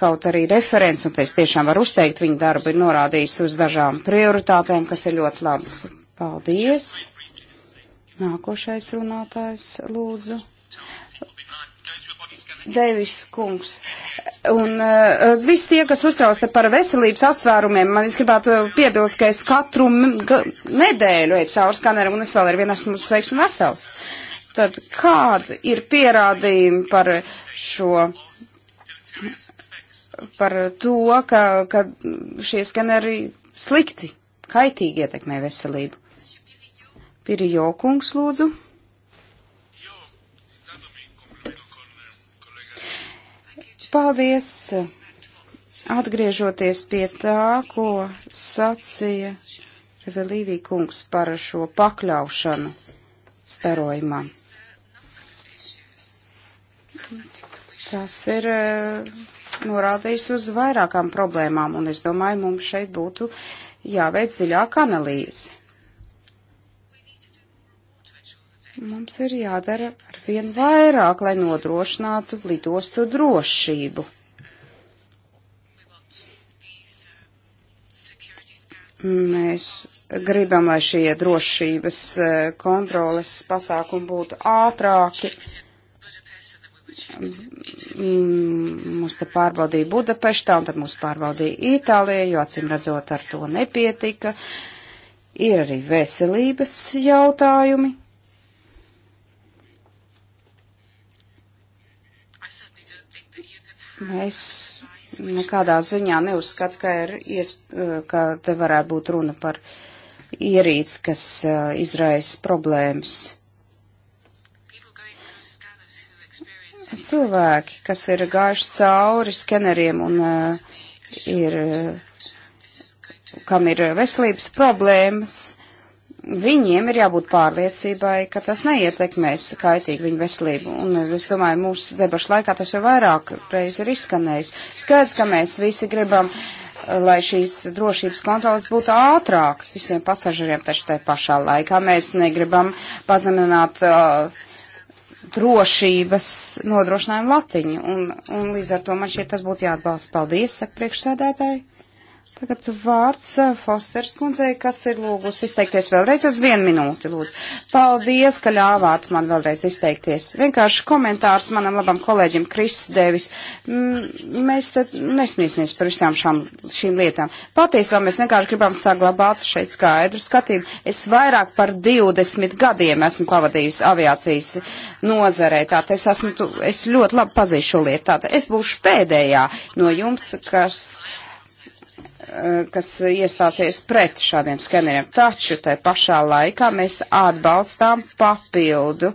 Speaker 3: kaut arī referents, un te es tiešām varu uzteikt viņu darbu, ir norādījis uz dažām prioritātēm, kas ir ļoti labas. Paldies! Nākošais runātājs, lūdzu. Devis kungs. Un uh, visi tie, kas uztrauc par veselības asvērumiem, man es gribētu piebilst, ka es katru nedēļu eju cauri skaneru un es vēl ar vienu esmu sveiks un vesels. Tad kāda ir pierādījumi par šo, par to, ka, ka šie skaneri slikti, kaitīgi ietekmē veselību? Pirijo kungs, lūdzu. Paldies! Atgriežoties pie tā, ko sacīja Revelīvī kungs par šo pakļaušanu starojumam. Tas ir eh, norādījis uz vairākām problēmām, un es domāju, mums šeit būtu jāveic dziļāk analīze. Mums ir jādara ar vien vairāk, lai nodrošinātu lidostu drošību. Mēs gribam, lai šie drošības e, kontroles pasākumi būtu ātrāki. Mums te pārbaudīja Budapeštā, un tad mūs pārbaudīja Itālijā, jo acīm redzot ar to nepietika. Ir arī veselības jautājumi Es nekādā ziņā neuzskatu, ka, ir, ies, ka te varētu būt runa par ierīci, kas izraisa problēmas. Cilvēki, kas ir gājuši cauri skeneriem un ir, kam ir veselības problēmas, viņiem ir jābūt pārliecībai, ka tas neietekmēs kaitīgi viņu veselību. Un es domāju, mūsu debašu laikā tas jau vairāk reiz ir izskanējis. Skaidrs, ka mēs visi gribam, eh, lai šīs drošības kontrolas būtu ātrākas visiem pasažieriem, taču tajā pašā laikā mēs negribam pazemināt uh, drošības nodrošinājumu latiņu. Un, un līdz ar to man šķiet tas būtu jāatbalsta. Paldies, saka priekšsēdētāji. Tagad vārds eh, Fosters kundzei, kas ir lūgus izteikties vēlreiz uz vienu minūti, lūdzu. Paldies, ka ļāvāt man vēlreiz izteikties. Vienkārši komentārs manam labam kolēģim Kris Devis. M mēs tad nesmīsimies par visām šām, šīm lietām. Patiesībā mēs vienkārši gribam saglabāt šeit skaidru skatību. Es vairāk par 20 gadiem esmu pavadījusi aviācijas nozarē. Tātad es, esmu, tu, es ļoti labi pazīšu šo lietu. Tātad es būšu pēdējā no jums, kas Eh, kas iestāsies pret šādiem skaneriem. Taču tai pašā laikā mēs atbalstām papildu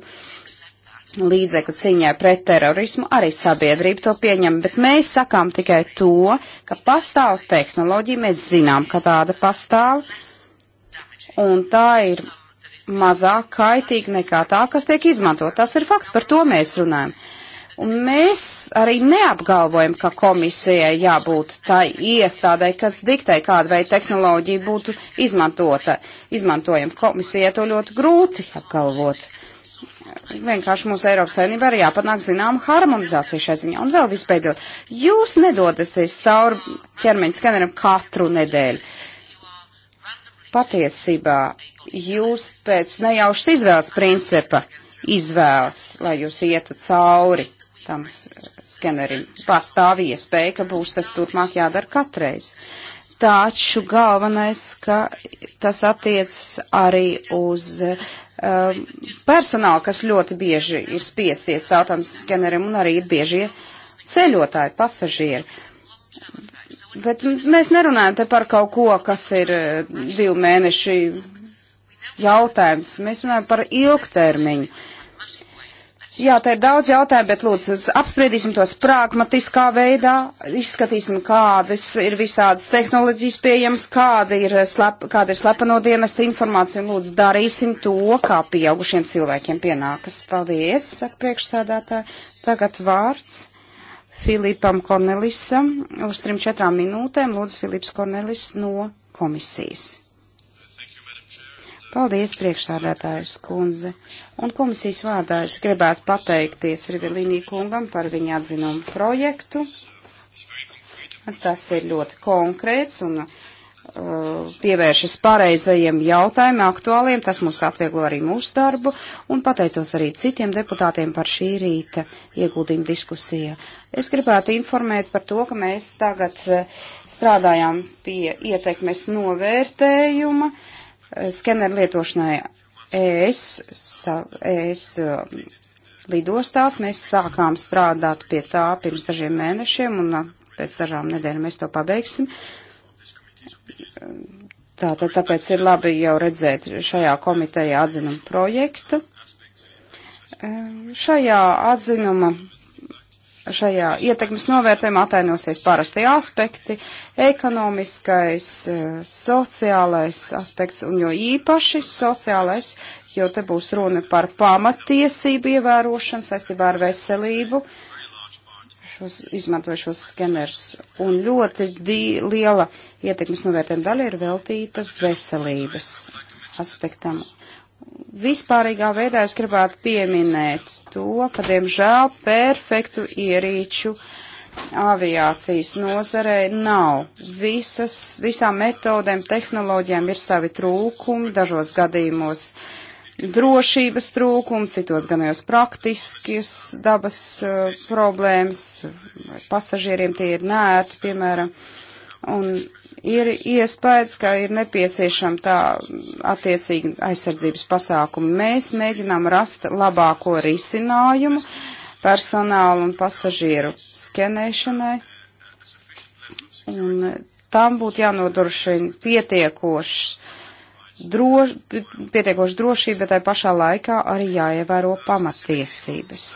Speaker 3: līdzekli cīņai pret terorismu, arī sabiedrība to pieņem, bet mēs sakām tikai to, ka pastāv tehnoloģija, mēs zinām, ka tāda pastāv, un tā ir mazāk kaitīga nekā tā, kas tiek izmantot. Tas ir fakts, par to mēs runājam. Uh, Un mēs arī neapgalvojam, ka komisijai jābūt tai iestādai, kas diktē, kāda veida tehnoloģija būtu izmantota. Izmantojam komisijai to ļoti grūti apgalvot. Vienkārši mums Eiropas saimnībā ir jāpanāk zinām harmonizācija šai ziņā. Un vēl vispēcot, jūs nedodaties cauri ķermeņa skaneram katru nedēļu patiesībā jūs pēc nejaušas izvēles principa izvēlas, lai jūs ietu cauri tam skenerim. Pastāv iespēja, ka būs tas turpmāk jādara katreiz. Taču galvenais, ka tas attiecas arī uz uh, personālu, kas ļoti bieži ir spiesies celtam skenerim un arī ir biežie ceļotāji, pasažieri. Bet mēs nerunājam te par kaut ko, kas ir uh, divu mēnešu jautājums. Mēs runājam par ilgtermiņu. Uh, Jā, te ir daudz jautājumu, bet lūdzu, apspriedīsim tos pragmatiskā veidā, izskatīsim, kādas ir visādas tehnoloģijas pieejamas, kāda ir, eh, slep, kāda ir slepeno dienesta informācija, un lūdzu, darīsim to, kā pieaugušiem cilvēkiem pienākas. Paldies, saka priekšsēdētāji. Tagad vārds Filipam Kornelisam uz trim četrām minūtēm. Lūdzu, Filips Kornelis no komisijas. Paldies, priekšsādātājs kundze. Un komisijas vārdā es gribētu pateikties Rivelīnī kungam par viņa atzinumu projektu. Tas ir ļoti konkrēts un uh, pievēršas pareizajiem jautājumiem, aktuāliem. Tas mums atvieglo arī mūsu darbu. Un pateicos arī citiem deputātiem par šī rīta ieguldījumu diskusijā. Es gribētu informēt par to, ka mēs tagad uh, strādājām pie ietekmes novērtējuma. Uh, skeneru lietošanai ES, ES uh, lidostās. Mēs sākām strādāt pie tā pirms dažiem mēnešiem un uh, pēc dažām nedēļām mēs to pabeigsim. Tātad tāpēc ir labi jau redzēt šajā komitejā atzinumu projektu. Uh, šajā atzinuma šajā ietekmes novērtējumā atainosies parastie aspekti, ekonomiskais, eh, sociālais aspekts un jo īpaši sociālais, jo te būs runa par pamatiesību ievērošanu saistībā ar veselību, šos, izmantoju šos skenerus, un ļoti liela ietekmes novērtējuma daļa ir veltīta veselības aspektam vispārīgā veidā es gribētu pieminēt to, ka, diemžēl, perfektu ierīču aviācijas nozarei nav. Visas, visām metodēm, tehnoloģijām ir savi trūkumi, dažos gadījumos drošības trūkumi, citos gan jau praktiskas dabas uh, problēmas, pasažieriem tie ir nērti, piemēram. Uh, Un ir iespējas, ka ir nepieciešama tā attiecīga aizsardzības pasākuma. Mēs mēģinām rast labāko risinājumu personālu un pasažieru skenēšanai. Un tam būtu jānodrošina pietiekošs droš, pietiekoši drošība, bet tai pašā laikā arī jāievēro pamatiesības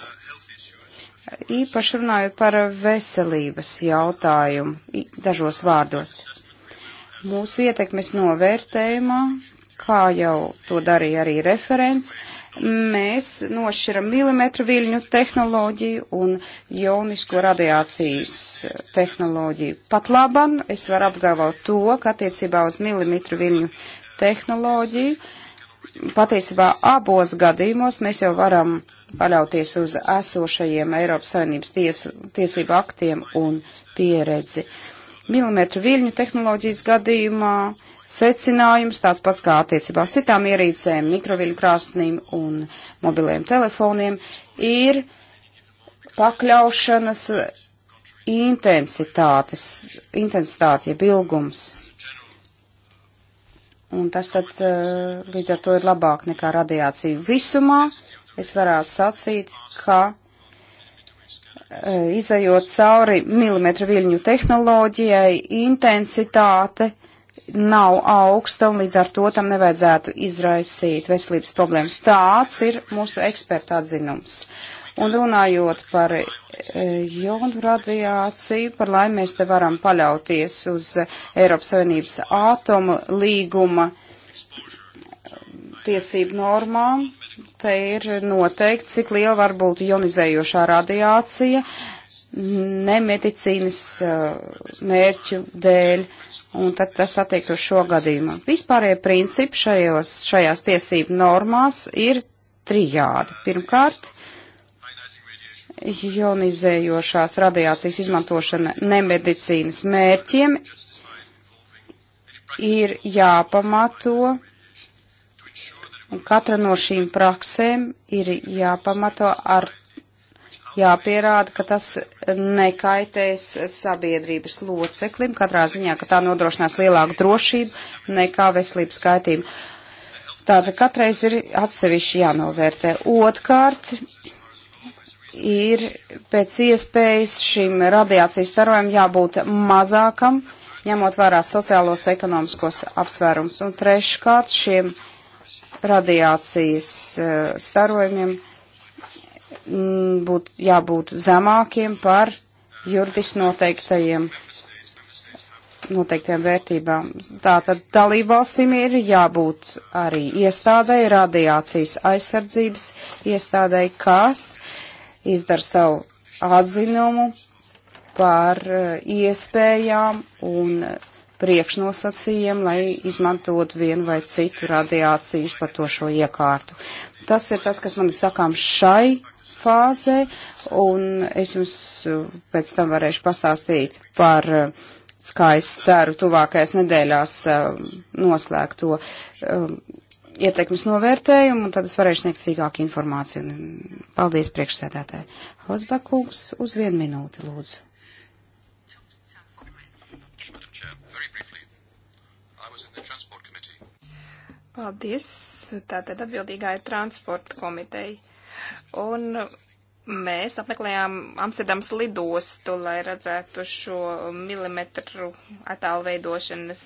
Speaker 3: īpaši runājot par veselības jautājumu dažos vārdos. Mūsu ietekmes novērtējumā, kā jau to darīja arī referents, mēs nošķiram milimetru viļņu tehnoloģiju un jonisko radiācijas tehnoloģiju. Pat laban es varu apgalvot to, ka attiecībā uz milimetru viļņu tehnoloģiju patiesībā abos gadījumos mēs jau varam paļauties uz esošajiem Eiropas Savienības tiesu, tiesību aktiem un pieredzi. Milimetru viļņu tehnoloģijas gadījumā secinājums tāds pats kā attiecībā uz citām ierīcēm, mikroviļņu krāsnīm un mobiliem telefoniem ir pakļaušanas intensitātes, intensitāte, jeb ilgums. Un tas tad eh, līdz ar to ir labāk nekā radiācija visumā es varētu sacīt, ka e, izējot cauri milimetru viļņu tehnoloģijai, intensitāte nav augsta un līdz ar to tam nevajadzētu izraisīt veselības problēmas. Tāds ir mūsu eksperta atzinums. Un runājot par e, jodu radiāciju, par laimi mēs te varam paļauties uz Eiropas Savienības ātomu līguma tiesību normām, te ir noteikts, cik liela var būt jonizējošā radiācija nemedicīnas uh, mērķu dēļ, un tad tas attieks uz šo gadījumu. Vispārējie principi šajos, šajās tiesību normās ir trijādi. Pirmkārt, jonizējošās radiācijas izmantošana nemedicīnas mērķiem ir jāpamato Un katra no šīm praksēm ir jāpamato ar, jāpierāda, ka tas nekaitēs sabiedrības loceklim, katrā ziņā, ka tā nodrošinās lielāku drošību nekā veselības kaitību. Tātad katreiz ir atsevišķi jānovērtē. Otkārt, ir pēc iespējas šim radiācijas starojam jābūt mazākam, ņemot vērā sociālos ekonomiskos apsvērums. Un treškārt, šiem radiācijas e, starojumiem būtu jābūt zemākiem par juridiski noteiktajiem noteiktiem vērtībām. Tātad dalībvalstīm ir jābūt arī iestādai, radiācijas aizsardzības iestādai, kas izdara savu atzinumu par e, iespējām un priekšnosacījumi, lai izmantot vienu vai citu radiāciju izplatošo iekārtu. Tas ir tas, kas man ir sakām šai fāzē, un es jums uh, pēc tam varēšu pastāstīt par, uh, kā es ceru, tuvākajās nedēļās uh, noslēgto um, ieteikums novērtējumu, un tad es varēšu sniegt sīkāku informāciju. Paldies priekšsēdētāji. Hozbekūks uz vienu minūti, lūdzu.
Speaker 1: Paldies. Tātad atbildīgā ir transporta komiteja. Un mēs apmeklējām Amsterdams lidostu, lai redzētu šo milimetru attālveidošanas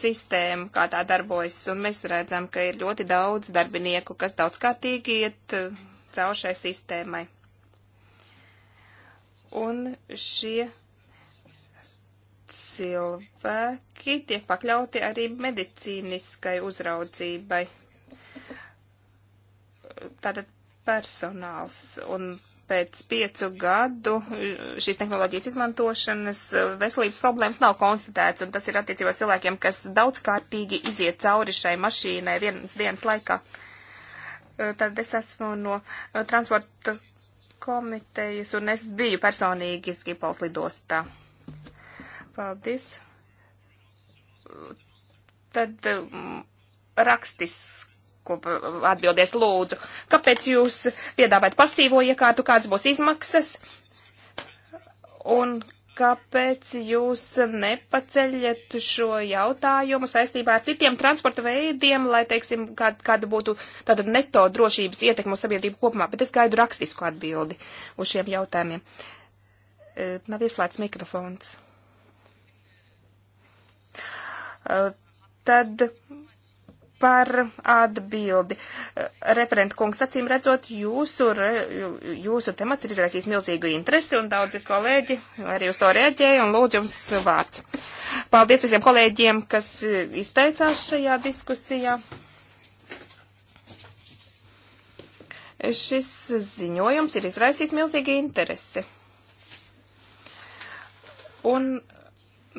Speaker 1: sistēmu, kā tā darbojas. Un mēs redzam, ka ir ļoti daudz darbinieku, kas daudzkārtīgi iet uh, caur šai sistēmai. Un šie cilvēki tiek pakļauti arī medicīniskai uzraudzībai. Tātad personāls. Un pēc piecu gadu šīs tehnoloģijas izmantošanas veselības problēmas nav konstatēts, un tas ir attiecībā cilvēkiem, kas daudzkārtīgi iziet cauri šai mašīnai vienas dienas laikā. Tad es esmu no transporta komitejas, un es biju personīgi Skipols lidostā. Paldies. Tad mm, rakstis, ko atbildēs lūdzu. Kāpēc jūs piedāvājat pasīvo iekārtu, kāds būs izmaksas? Un kāpēc jūs nepaceļat šo jautājumu saistībā ar citiem transporta veidiem, lai, teiksim, kāda, kāda būtu tāda neto drošības ietekma uz sabiedrību kopumā, bet es gaidu rakstisku atbildi uz šiem jautājumiem. Nav ieslēgts mikrofons. Tad par atbildi. Referenta kungs, acīm redzot, jūsu, jūsu temats ir izraisījis milzīgu interesi, un daudzi kolēģi arī uz to reaģēja, un lūdzu jums vārds. Paldies visiem kolēģiem, kas izteicās šajā diskusijā. Šis ziņojums ir izraisījis milzīgu interesi. Un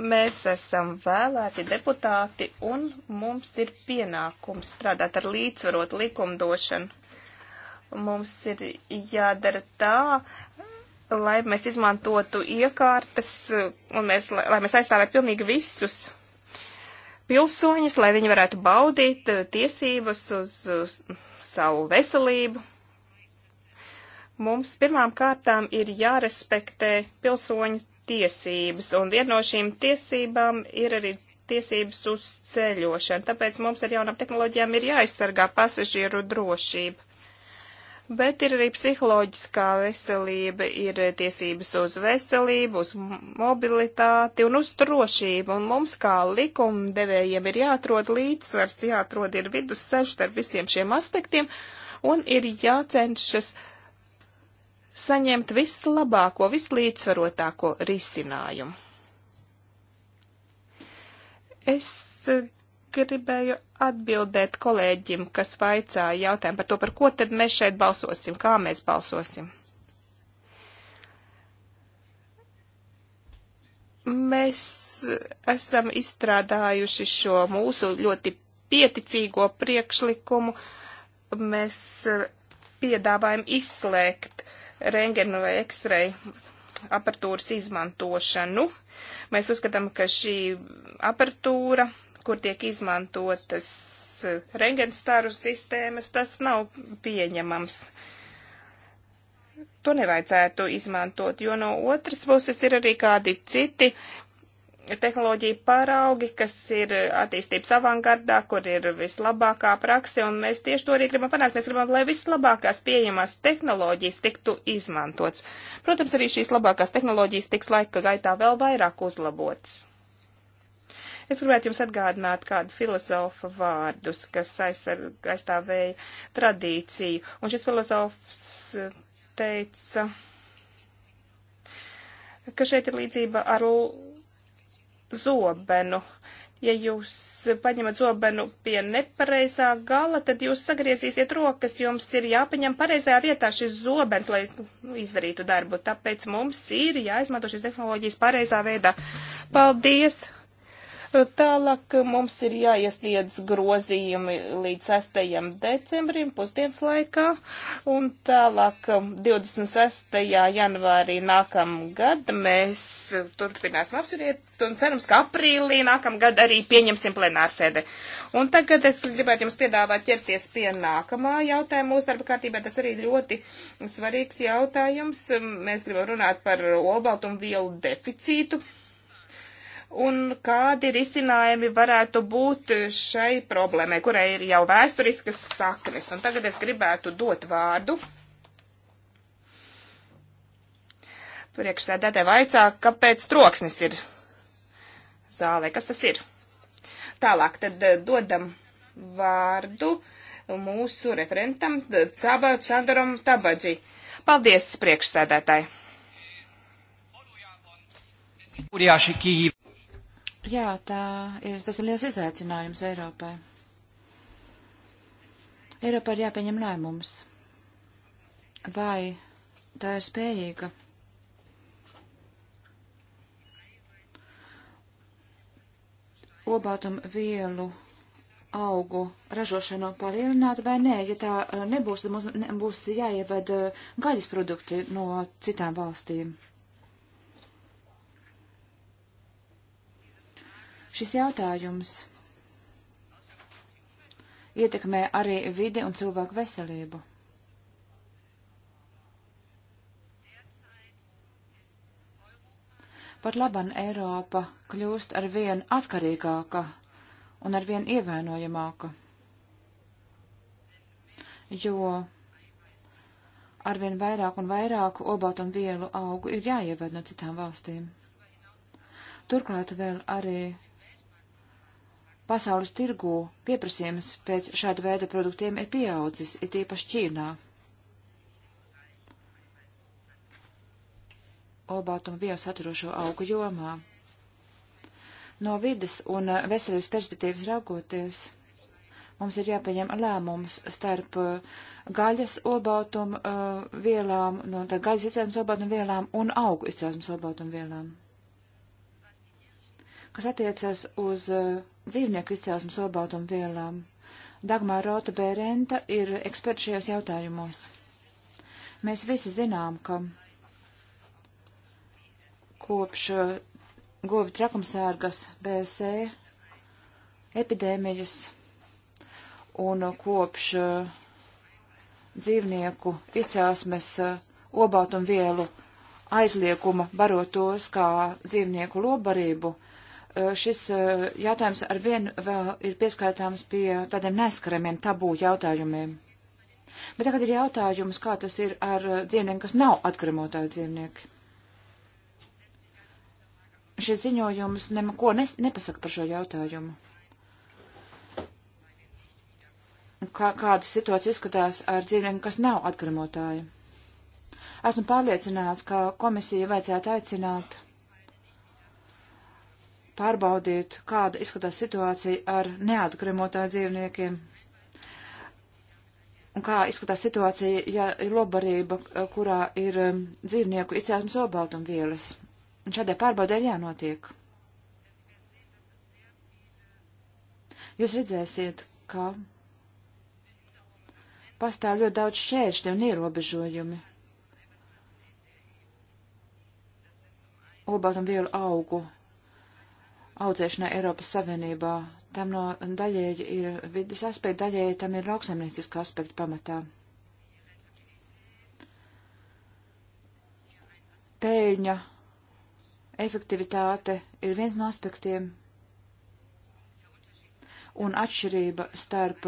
Speaker 1: Mēs esam vēlēti deputāti un mums ir pienākums strādāt ar līdzsvarotu likumdošanu. Mums ir jādara tā, lai mēs izmantotu iekārtas un mēs, lai, lai mēs aizstāvētu pilnīgi visus pilsoņus, lai viņi varētu baudīt tiesības uz, uz savu veselību. Mums pirmām kārtām ir jārespektē pilsoņu tiesības, un viena no šīm tiesībām ir arī tiesības uz ceļošanu. Tāpēc mums ar jaunām tehnoloģijām ir jāaizsargā pasažieru drošība. Bet ir arī psiholoģiskā veselība, ir tiesības uz veselību, uz mobilitāti un uz drošību. Un mums kā likumdevējiem ir jāatrod līdzsvars, jāatrod ir vidusceļš starp visiem šiem aspektiem un ir jācenšas uh, saņemt vislabāko, vislīdzsvarotāko risinājumu. Es eh, gribēju atbildēt kolēģim, kas vaicāja jautājumu par to, par ko tad mēs šeit balsosim, kā mēs balsosim. Mēs eh, esam izstrādājuši šo mūsu ļoti pieticīgo priekšlikumu. Mēs eh, piedāvājam izslēgt rengenu vai ekstreju aparatūras izmantošanu. Mēs uzskatām, ka šī aparatūra, kur tiek izmantotas rengenstaru sistēmas, tas nav pieņemams. To nevajadzētu izmantot, jo no otras puses ir arī kādi citi tehnoloģiju paraugi, kas ir attīstības avangardā, kur ir vislabākā prakse, un mēs tieši to arī gribam panākt. Mēs gribam, lai vislabākās pieejamās tehnoloģijas tiktu izmantots. Protams, arī šīs labākās tehnoloģijas tiks laika gaitā vēl vairāk uzlabotas. Es gribētu jums atgādināt kādu filozofu vārdus, kas aizstāvēja tradīciju. Un šis filozofs teica, ka šeit ir līdzība ar zobenu. Ja jūs paņemat zobenu pie nepareizā gala, tad jūs sagriezīsiet rokas, jums ir jāpaņem pareizajā vietā šis zobens, lai izdarītu darbu. Tāpēc mums ir jāizmanto šīs tehnoloģijas pareizā veidā. Paldies! Tālāk mums ir jāiesniedz grozījumi līdz 6. decembrim pusdienas laikā, un tālāk 26. Um, janvārī nākamgad mēs turpināsim apsveriet un cerams, ka aprīlī nākamgad arī pieņemsim plenārsēdi. Un tagad es gribētu jums piedāvāt ķerties pie nākamā jautājuma mūsu darba kārtībā. Tas arī ļoti svarīgs jautājums. Mēs gribam runāt par obaltumvielu deficītu un kādi risinājumi varētu būt šai problēmai, kurai ir jau vēsturiskas saknes. Un tagad es gribētu dot vārdu. Priekšsēdētē vaicā, kāpēc troksnis ir zālē, kas tas ir. Tālāk tad eh, dodam vārdu mūsu referentam Caba Čandaram Tabadži. Paldies, priekšsēdētāji!
Speaker 3: óriási
Speaker 2: kihívás.
Speaker 4: Jā, tā ir, tas ir liels izaicinājums Eiropai. Eiropā ir jāpieņem lēmums. Vai tā ir spējīga? Obaltumu vielu augu ražošanu palielināt vai nē, ja tā eh, nebūs, tad mums būs jāievada gaļas produkti no citām valstīm. Šis jautājums ietekmē arī vidi un cilvēku veselību. Pat laban Eiropa kļūst ar vien atkarīgāka un ar vien ievainojamāka, jo arvien vairāk un vairāk obaltumvielu augu ir jāieved no citām valstīm. Turklāt vēl arī Pasaules tirgū pieprasījums pēc šāda veida produktiem ir pieaudzis, it īpaši Ķīnā. Olbātuma vielu saturošo augu jomā. No vides un veselības perspektīvas raugoties, mums ir jāpieņem lēmums starp uh, gaļas olbātuma uh, vielām, no tā gaļas izcelsmes olbātuma vielām un augu izcelsmes olbātuma vielām. Kas attiecas uz uh, dzīvnieku izcelsmes olbaltumu vielām. Dagmā Rota Bērenta ir eksperta šajos jautājumos. Mēs visi zinām, ka kopš uh, govi trakumsērgas BSE epidēmijas un uh, kopš uh, dzīvnieku izcelsmes obaltumvielu aizliekuma barotos kā dzīvnieku lobarību, Eh, šis eh, jautājums ar vienu vēl ir pieskaitāms pie tādiem neskaramiem tabū jautājumiem. Bet tagad ir jautājums, kā tas ir ar eh, dzīvniekiem, kas nav atgremotāji dzīvnieki. Šis ziņojums neko nes, nepasaka par šo jautājumu. Kā, kāda situācija izskatās ar dzīvniekiem, kas nav atgremotāji? Esmu pārliecināts, ka komisija vajadzētu aicināt pārbaudīt, kāda izskatās situācija ar neatgremotāju dzīvniekiem. Un kā izskatās situācija, ja ir lobarība, kurā ir um, dzīvnieku izcēlesmes olbaltumvielas. Un šādai pārbaudē ir jānotiek. Jūs redzēsiet, ka pastāv ļoti daudz šķēršļi un ierobežojumi. Olbaltumvielu augu audzēšanai Eiropas Savienībā. Tam no daļēji ir vidas aspekti, daļēji tam ir lauksaimnieciska aspekta pamatā. Pēļņa, efektivitāte ir viens no aspektiem, un atšķirība starp.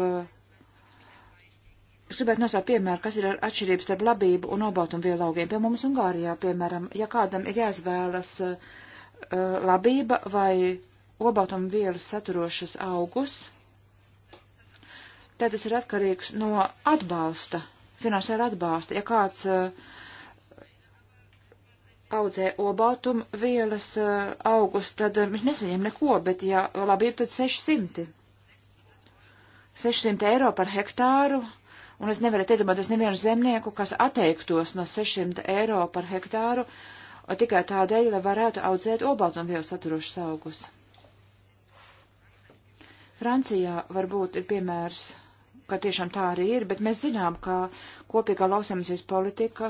Speaker 4: Es gribētu nosaukt piemēru, kas ir atšķirība starp labību un obaltumvielu augiem. Pie mums Ungārijā, piemēram, ja kādam ir jāizvēlas uh, Eh, labība vai obaltumvielas saturošas augus, tad tas ir atkarīgs no atbalsta, finansēra atbalsta. Ja kāds uh, audzē obaltumvielas uh, eh, augus, tad viņš nesaņem neko, bet ja labība, tad 600. 600 eiro par hektāru, un es nevaru iedomāties nevienu zemnieku, kas atteiktos no 600 eiro par hektāru, uh, tikai tādēļ, lai varētu audzēt obaltumvielu saturošus augus. Francijā varbūt ir piemērs, ka tiešām tā arī ir, bet mēs zinām, ka kopīgā lauksaimniecības politika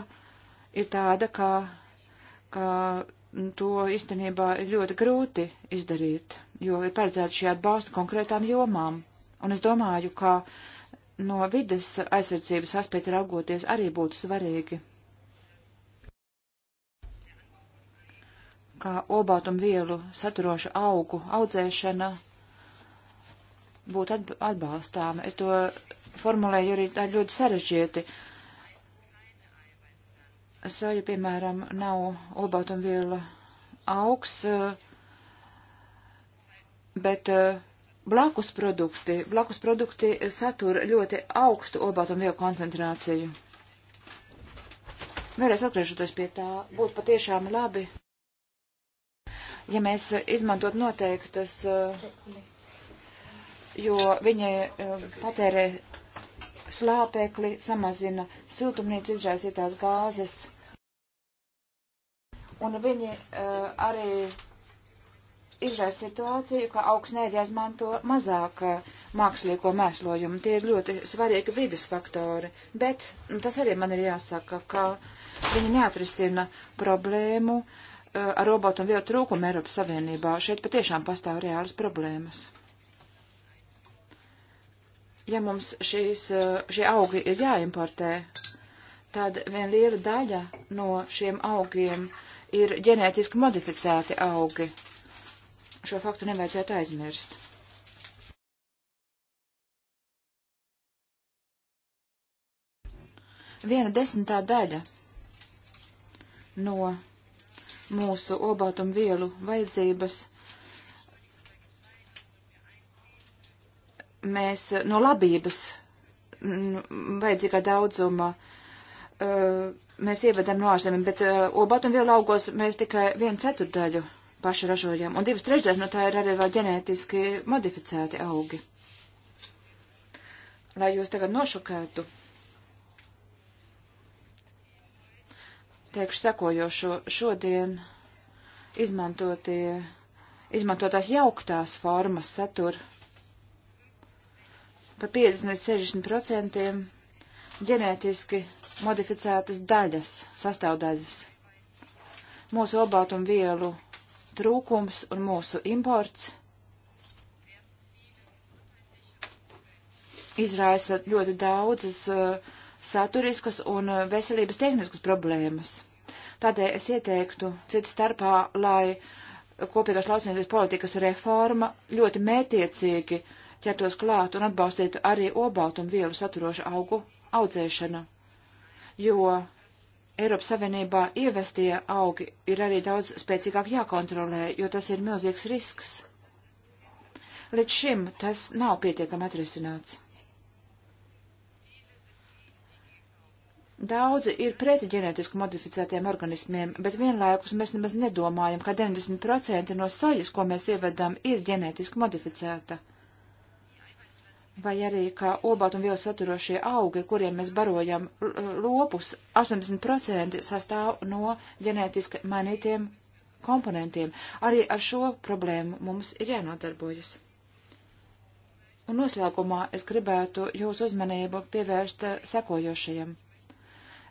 Speaker 4: ir tāda, ka, ka mm, to īstenībā ir ļoti grūti izdarīt, jo ir paredzēta šī atbalsta konkrētām jomām. Un es domāju, ka no vides aizsardzības aspekta raugoties arī būtu svarīgi kā obaltumvielu saturoša augu audzēšana būtu atbalstāma. Es to formulēju arī tā ļoti sarežģieti. Soja, piemēram, nav obaltumviela augs, eh, bet eh, blakus produkti, blakus produkti satura ļoti augstu obaltumvielu koncentrāciju. Vēlreiz atgriežoties pie tā, būtu patiešām labi ja mēs izmantot noteiktas, eh, jo viņi eh, patērē slāpekli, samazina siltumnīca izraisītās gāzes. Un viņi eh, arī izraisa situāciju, ka augsnē jāizmanto mazāk mākslīgo mēslojumu. Tie ir ļoti svarīgi vidas faktori. Bet nu, tas arī man ir jāsaka, ka viņi neatrisina problēmu uh, Eh, ar robotu un vielu trūkumu Eiropas Savienībā. Šeit patiešām pastāv reālas problēmas. Ja mums šīs, eh, šie augi ir jāimportē, tad vien liela daļa no šiem augiem ir ģenētiski modificēti augi. Šo faktu nevajadzētu aizmirst. Viena desmitā daļa no mūsu obaltumvielu vajadzības. Mēs no labības vajadzīgā daudzuma mēs ievedam no ārzemēm, bet obaltumvielu augos mēs tikai vienu ceturdaļu paši ražojam, un divas trešdaļas no tā ir arī vēl ģenētiski modificēti augi. Lai jūs tagad nošokētu, teikšu sekojošo šodien izmantotie, izmantotās jauktās formas satura pa 50-60% ģenētiski modificētas daļas, sastāvdaļas. Mūsu obaltumvielu trūkums un mūsu imports izraisa ļoti daudzas uh, saturiskas un eh, veselības tehniskas problēmas. Tādēļ es ieteiktu citu starpā, lai kopīgās lauksniecības politikas reforma ļoti mētiecīgi ķertos klāt un atbalstītu arī obaltumvielu saturošu augu audzēšanu, jo Eiropas Savienībā ievestie augi ir arī daudz spēcīgāk jākontrolē, jo tas ir milzīgs risks. Līdz šim tas nav pietiekami atrisināts. Daudzi ir pret ģenētiski modificētiem organismiem, bet vienlaikus mēs nemaz nedomājam, ka 90% no sojas, ko mēs ievedam, ir ģenētiski modificēta. Vai arī, ka obaltumvielu saturošie augi, kuriem mēs barojam lopus, 80% sastāv no ģenētiski mainītiem komponentiem. Arī ar šo problēmu mums ir jānodarbojas. Un noslēgumā es gribētu jūsu uzmanību pievērst sekojošajam.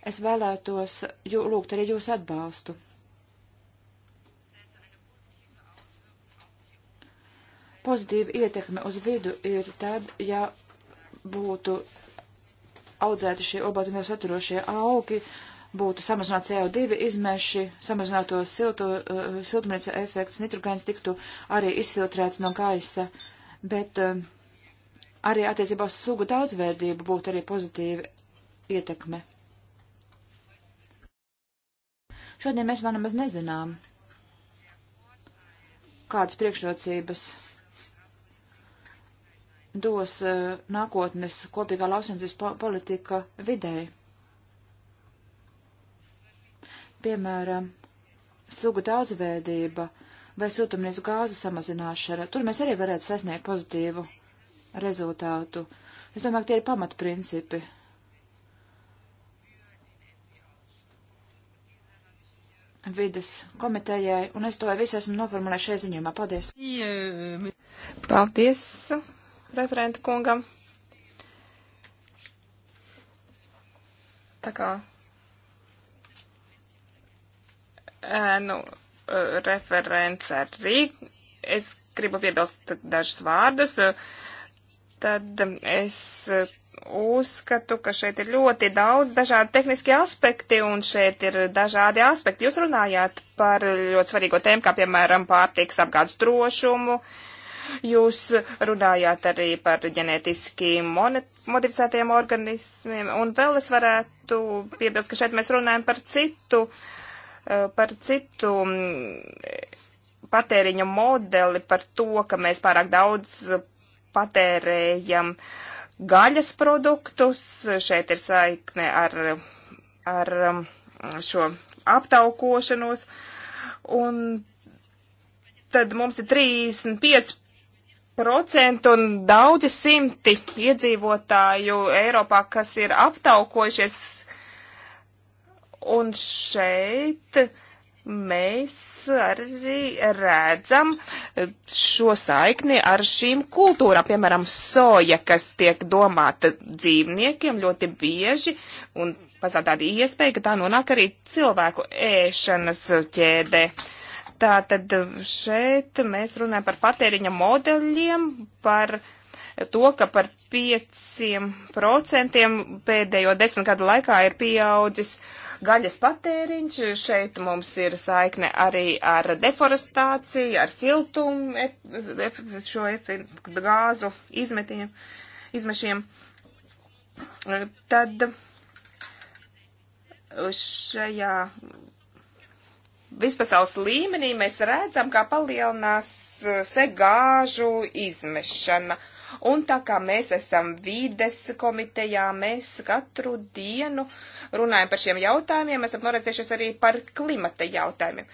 Speaker 4: Es vēlētos jū, lūgt arī jūsu atbalstu. Pozitīva ietekme uz vidu ir tad, ja būtu audzēti šie obaltumvielu saturošie augi, būtu samazināts CO2 izmeši, samazinātos siltu, uh, siltumnīca efekts, nitrogēns tiktu arī izfiltrēts no gaisa, bet uh, arī attiecībā uz sugu daudzveidību būtu arī pozitīva ietekme. Šodien mēs vēl nemaz nezinām, kādas priekšrocības dos uh, nākotnes kopīgā lauksimtības po politika vidē. Piemēram, sugu daudzveidība vai siltumnīcas gāzu samazināšana. Tur mēs arī varētu sasniegt pozitīvu rezultātu. Es domāju, ka tie ir pamatprincipi. principi vides komitejai, un es to visu esmu noformulējis šajā ziņojumā.
Speaker 1: Paldies! Paldies referenta kungam! Tā kā nu, referents arī. Es gribu piebilst dažus vārdus. Tad es uzskatu, ka šeit ir ļoti daudz dažādi tehniski aspekti, un šeit ir dažādi aspekti. Jūs runājāt par ļoti svarīgo tēmu, kā piemēram pārtiks apgādes drošumu. Jūs runājāt arī par ģenētiski modificētiem organismiem, un vēl es varētu piebilst, ka šeit mēs runājam par citu, eh, par citu mm, patēriņa modeli, par to, ka mēs pārāk daudz patērējam uh, gaļas produktus. Šeit ir saikne ar, ar um, šo aptaukošanos. Un tad mums ir 35% un daudzi simti iedzīvotāju Eiropā, kas ir aptaukojušies. Un šeit uh, mēs arī redzam šo saikni ar šīm kultūrām, piemēram, soja, kas tiek domāta dzīvniekiem ļoti bieži, un pastāv tāda iespēja, ka tā nonāk arī cilvēku ēšanas ķēdē. Tātad šeit mēs runājam par patēriņa modeļiem, par to, ka par 5% pēdējo desmit gadu laikā ir pieaudzis uh, gaļas patēriņš. Šeit mums ir saikne arī ar deforestāciju, ar siltumu, ep, ep, šo ep, gāzu izmetiem, izmešiem. Tad šajā vispasaules līmenī mēs redzam, kā palielinās segāžu izmešana. Uh, Un tā kā mēs esam vīdes komitejā, mēs katru dienu runājam par šiem jautājumiem, esam noredzējušies arī par klimata jautājumiem.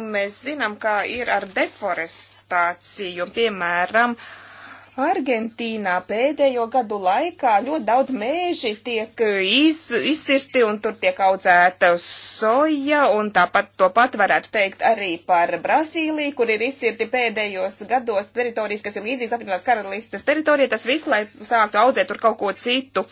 Speaker 1: Un mēs zinām, kā ir ar deforestāciju, piemēram, uh, Argentīnā pēdējo gadu laikā ļoti daudz mēži tiek eh, iz, izsirsti un tur tiek audzēta soja, un tāpat to pat varētu teikt arī par Brazīliju, kur ir izsirti pēdējos gados teritorijas, kas ir līdzīgas apvienotās karalistes teritorijai, tas viss, lai sāktu audzēt tur kaut ko citu.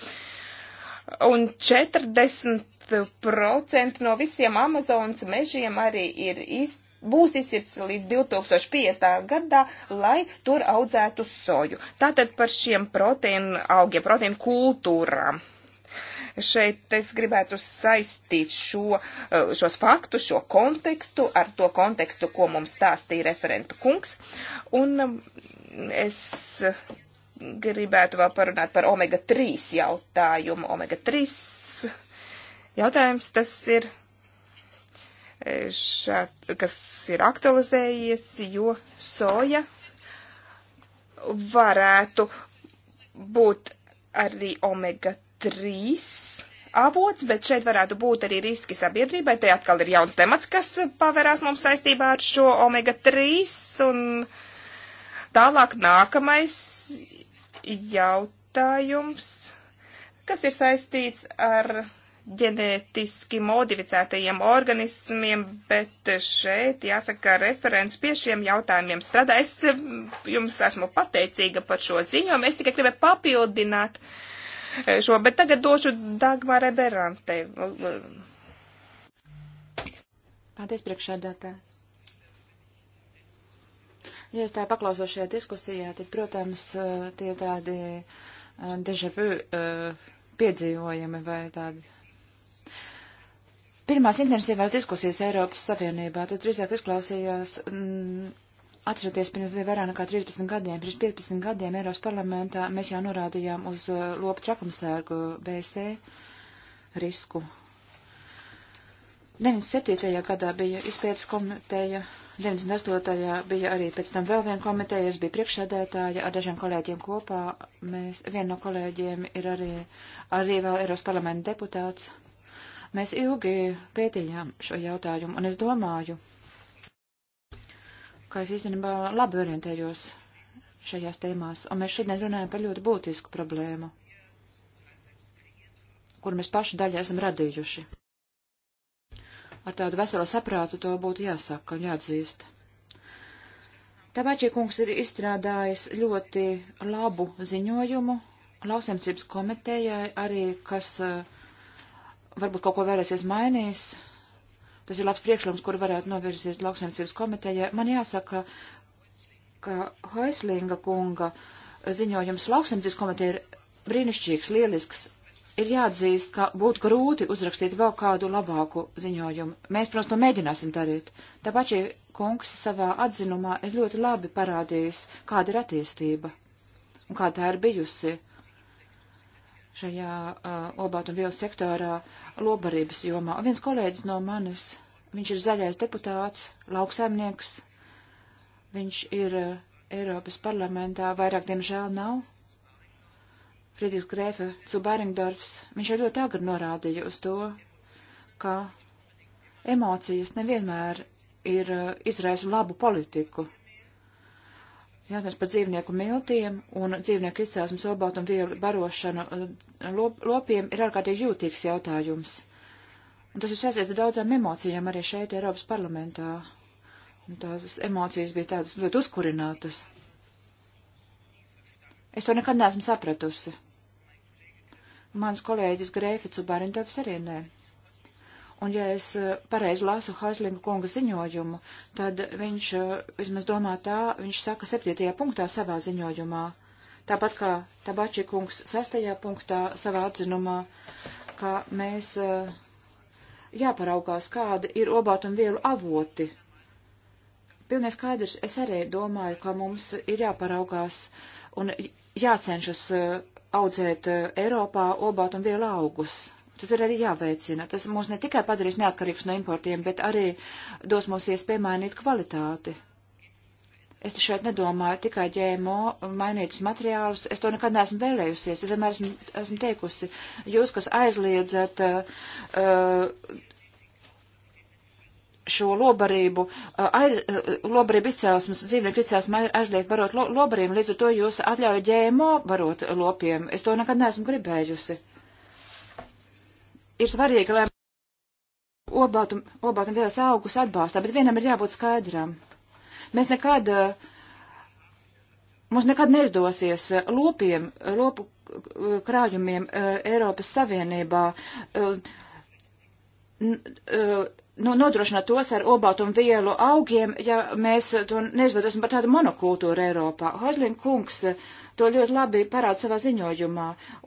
Speaker 1: Un 40 procenti no visiem Amazonas mežiem arī ir izsirsti būs izcirts līdz 2050. gadā, lai tur audzētu soju. Tātad par šiem proteīnu augiem, proteīnu kultūrām. Šeit es gribētu saistīt šo, eh, šos faktus, šo kontekstu ar to kontekstu, ko mums stāstīja referentu kungs. Un um, es gribētu vēl parunāt par omega 3 jautājumu. Omega 3 jautājums tas ir šā, kas ir aktualizējies, jo soja varētu būt arī omega 3 avots, bet šeit varētu būt arī riski sabiedrībai. Te atkal ir jauns temats, kas pavērās mums saistībā ar šo omega 3. Un tālāk nākamais jautājums, kas ir saistīts ar ģenētiski modificētajiem organismiem, bet šeit jāsaka, referents pie šiem jautājumiem strādā. Es eh, jums esmu pateicīga par šo ziņojumu, es tikai gribēju papildināt eh, šo, bet tagad došu Dagmarai Berantei. Paldies, priekšādātā.
Speaker 4: Ja es tā paklausos šajā diskusijā, tad, protams, eh, tie tādi deja vu piedzīvojumi vai tādi pirmās intensīvās diskusijas Eiropas Savienībā, tad drīzāk izklausījās, mm, atcerieties, pirms vairāk nekā 13 gadiem, pirms 15 gadiem Eiropas parlamentā mēs jau norādījām uz uh, lopu trakumsērgu BSE risku. 97. gadā bija izpētes komiteja, 98. bija arī pēc tam vēl viena komiteja, es biju priekšsēdētāja ar dažiem kolēģiem kopā. Mēs, viena no kolēģiem ir arī, arī vēl Eiropas parlamenta deputāts Mēs ilgi pētījām šo jautājumu, un es domāju, ka es īstenībā labi orientējos šajās tēmās, un mēs šodien runājam par ļoti būtisku problēmu, kur mēs paši daļai esam radījuši. Ar tādu veselo saprātu to būtu jāsaka un jāatzīst. Tāpēc šī kungs ir izstrādājis ļoti labu ziņojumu lausiemcības komitejai arī, kas uh, varbūt kaut ko vēlēsies mainīs. Tas ir labs priekšlikums, kur varētu novirzīt lauksaimniecības komitejai. Man jāsaka, ka Haislinga kunga ziņojums lauksaimniecības komiteja ir brīnišķīgs, lielisks. Ir jāatzīst, ka būtu grūti uzrakstīt vēl kādu labāku ziņojumu. Mēs, protams, to mēģināsim darīt. Tāpat šī kungs savā atzinumā ir ļoti labi parādījis, kāda ir attīstība un kāda tā ir bijusi. Uh, šajā uh, obātu un vielu sektorā lobarības jomā. Un viens kolēģis no manis, viņš ir zaļais deputāts, lauksaimnieks, viņš ir uh, Eiropas parlamentā, vairāk diemžēl nav. Friedrichs Grēfe Cubēringdorfs, viņš jau ļoti agri norādīja uz to, ka emocijas nevienmēr ir uh, izraisa labu politiku. Jautājums par dzīvnieku miltiem un dzīvnieku izcelsmes olbaltumu vielu barošanu eh, lop, lopiem ir ārkārtīgi jūtīgs jautājums. Un tas ir saistīts ar daudzām emocijām arī šeit Eiropas parlamentā. Un tās emocijas bija tādas ļoti uzkurinātas. Es to nekad neesmu sapratusi. Mans kolēģis Grēficu Barindovs arī nē. Ne Un ja es eh, pareizi lasu Haislinga kunga ziņojumu, tad viņš, eh, vismaz domā tā, viņš saka septītajā punktā savā ziņojumā, tāpat kā Tabači kungs sestajā punktā savā atzinumā, ka mēs eh, jāparaugās, kāda ir obātumvielu avoti. Pilnīgi skaidrs, es arī domāju, ka mums ir jāparaugās un jācenšas audzēt Eiropā obātumvielu augus Tas ir arī jāveicina. Tas mūs ne tikai padarīs neatkarīgus no importiem, bet arī dos mums iespēju mainīt kvalitāti. Es šeit nedomāju tikai ģēmo mainītus materiālus. Es to nekad neesmu vēlējusies. Es vienmēr esmu, esmu teikusi, jūs, kas aizliedzat uh, šo lobarību, uh, aiz, uh, lobarību izcelsmes, dzīvnieku izcelsmes aizliegt barot lo, lobariem, līdz ar to jūs atļaujat ģēmo barot lopiem. Es to nekad neesmu gribējusi. Uh, ir svarīgi, lai obātu, obātu un vielas augus atbalstā, bet vienam ir jābūt skaidram. Mēs nekad, mums nekad neizdosies lopiem, lopu krājumiem eh, Eiropas Savienībā eh, eh, nu, nodrošināt tos ar obātu un vielu augiem, ja mēs to neizveidosim par tādu monokultūru Eiropā. Hažlin kungs, uh, to ļoti labi parāda savā ziņojumā.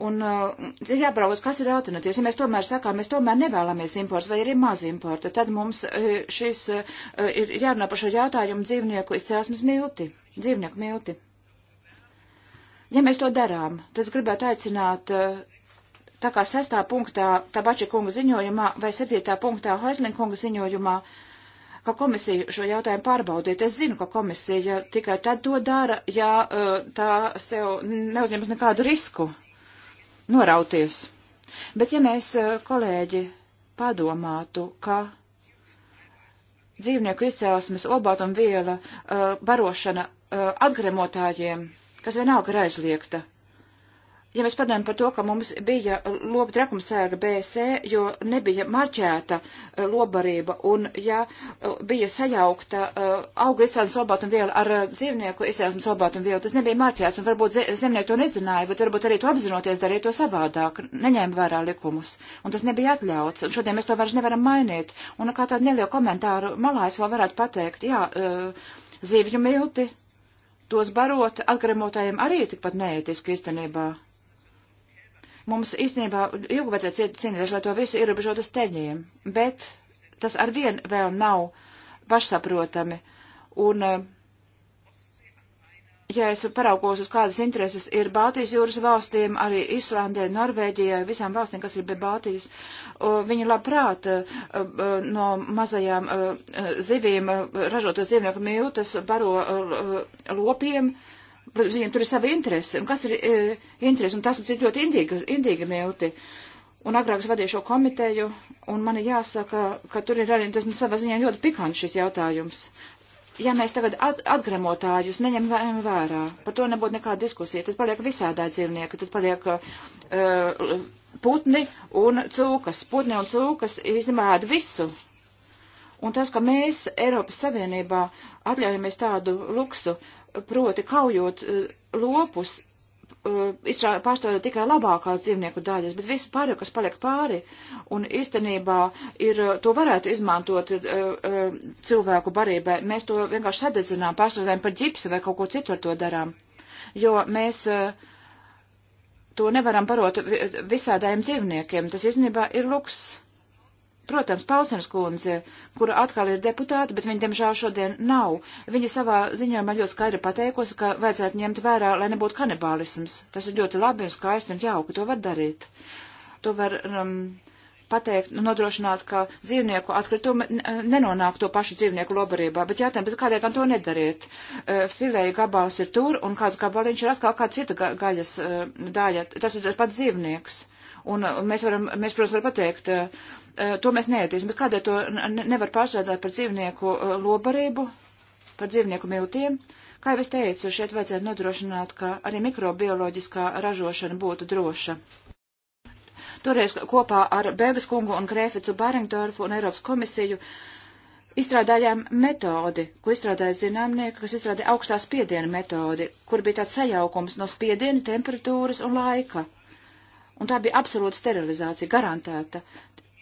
Speaker 4: Un uh, ir jābrauc, kas ir alternatīvas. Ja mēs tomēr sakām, mēs tomēr nevēlamies imports vai arī maz importa, tad mums uh, šis uh, uh ir jārunā par šo jautājumu dzīvnieku izcelsmes milti, dzīvnieku milti. Ja mēs to darām, tad es gribētu aicināt. Uh, Tā kā sestā punktā Tabača kunga ziņojumā vai septītā punktā Haislinga kunga ziņojumā uh, ka komisija šo jautājumu pārbaudiet. Es zinu, ka komisija tikai tad to dara, ja uh, tā sev neuzņemas nekādu risku norauties. Bet ja mēs, uh, kolēģi, padomātu, ka dzīvnieku izcelsmes obaltumviela uh, barošana uh, atgremotājiem, kas vienalga ir aizliegta, ja mēs padomājam par to, ka mums bija loba trakumsēga BSE, jo nebija marķēta e, lobarība, un ja e, bija sajaukta e, auga izcelsmes olbaltumviela ar dzīvnieku izcelsmes olbaltumvielu, tas nebija marķēts, un varbūt zemnieki to nezināja, bet varbūt arī to apzinoties darīja to savādāk, neņēma vērā likumus, un tas nebija atļauts, un šodien mēs to vairs nevaram mainīt, un kā tādu nelielu komentāru malā es vēl varētu pateikt, jā, zivju milti. Tos barot atgremotajiem arī tikpat neētiski īstenībā. Mums īstenībā ilgi vajadzētu cīnīties, lai to visu ierobežotu uz teņiem, bet tas arvien vēl nav pašsaprotami. Un, eh, ja es paraugos uz kādas intereses, ir Baltijas jūras valstīm, arī Islandē, Norvēģijai, visām valstīm, kas ir bez Baltijas, viņi labprāt eh, eh, no mazajām zivīm, ražoto dzīvnieku miltas, baro lopiem Protams, viņiem tur ir sava interese. Un kas ir e, interese? Un tas ir ļoti indīga, indīga milti. Un agrāk es vadīju šo komiteju, un man ir jāsaka, ka tur ir arī tas nu, savā ziņā ļoti pikants šis jautājums. Ja mēs tagad at atgremotājus neņemam vērā, par to nebūtu nekāda diskusija, tad paliek visādā dzīvnieki, tad paliek uh, putni un cūkas. Putni un cūkas īstenībā ēd visu. Un tas, ka mēs Eiropas Savienībā atļaujamies tādu luksu, uh, proti kaujot eh, lopus, eh, pārstrādāt tikai labākās dzīvnieku daļas, bet visu pārējo, kas paliek pāri, un īstenībā ir, eh, to varētu izmantot cilvēku barībai, mēs to vienkārši sadedzinām, pārstrādājam par ģipsi vai kaut ko citu ar to darām, jo mēs to nevaram parot visādājiem dzīvniekiem, tas īstenībā ir luks. Protams, Pausens kundze, kura atkal ir deputāta, bet viņa, diemžēl, šodien nav. Viņa savā ziņojumā ļoti skaidri pateikusi, ka vajadzētu ņemt vērā, lai nebūtu kanibālisms. Tas ir ļoti labi un skaisti un jauki, to var darīt. To var um, pateikt, nodrošināt, ka dzīvnieku atkritumi nenonāk to pašu dzīvnieku lobarībā, bet jātājums, bet kādēļ tam to nedariet? Uh, Filēja gabals ir tur, un kāds gabaliņš ir atkal kāda cita ga gaļas uh, daļa. Tas ir pats dzīvnieks. Un uh, mēs varam, mēs, protams, varam pateikt, uh, Eh, to mēs neēdīsim, bet kādēļ to nevar pārstrādāt par dzīvnieku eh, lobarību, par dzīvnieku miltiem? Kā jau es teicu, šeit vajadzētu nodrošināt, ka arī mikrobioloģiskā ražošana būtu droša. Toreiz kopā ar Bēgas kungu un Grēficu Baringdorfu un Eiropas komisiju izstrādājām metodi, ko izstrādāja zināmnieki, kas izstrādāja augstā spiediena metodi, kur bija tāds sajaukums no spiediena, temperatūras un laika. Un tā bija absolūta sterilizācija, garantēta.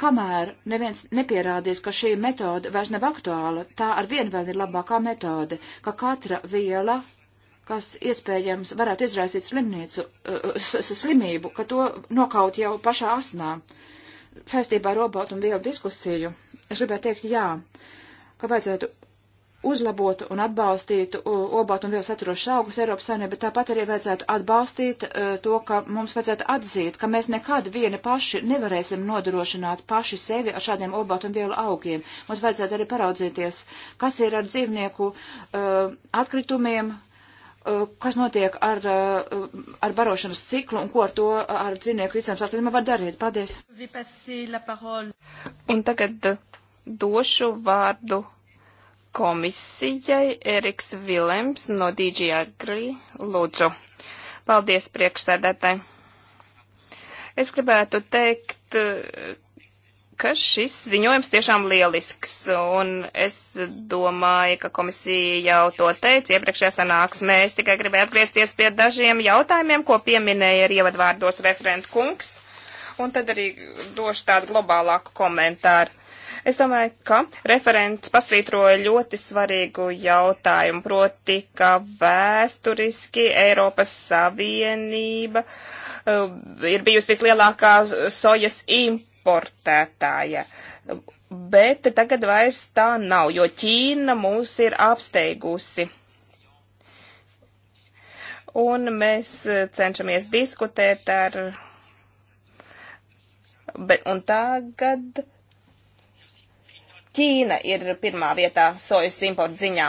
Speaker 4: Kamēr neviens nepierādīs, ka šī metode vairs nav aktuāla, tā ar vienu vēl ir labākā metode, ka katra viela, kas iespējams varētu izraisīt slimnīcu, uh, slimību, ka to nokaut jau pašā asnā. Saistībā ar robotu un vielu diskusiju es gribētu teikt jā, ka vajadzētu uzlabotu un atbalstītu obaltu un vielu saturošas augus Eiropas saimnē, bet tāpat arī vajadzētu atbalstīt uh, to, ka mums vajadzētu atzīt, ka mēs nekad vieni paši nevarēsim nodrošināt paši sevi ar šādiem obaltu un vielu augiem. Mums vajadzētu arī paraudzīties, kas ir ar dzīvnieku uh, atkritumiem, uh, kas notiek ar, ar barošanas ciklu un ko ar to ar
Speaker 1: dzīvnieku visām atkritumiem var darīt. Paldies! Un tagad došu vārdu komisijai Eriks Vilems no DG Agri. Lūdzu. Paldies priekšsēdētāji. Es gribētu teikt, ka šis ziņojums tiešām lielisks, un es domāju, ka komisija jau to teica iepriekšējā sanāksmē. Es tikai gribēju atgriezties pie dažiem jautājumiem, ko pieminēja ar ievadvārdos referent kungs, un tad arī došu tādu globālāku komentāru Es domāju, ka referents pasvītroja ļoti svarīgu jautājumu, proti, ka vēsturiski Eiropas Savienība uh, ir bijusi vislielākā sojas importētāja. Bet tagad vairs tā nav, jo Ķīna mūs ir apsteigusi un mēs uh, cenšamies diskutēt ar. Bet, un tagad Ķīna ir pirmā vietā sojas importu ziņā.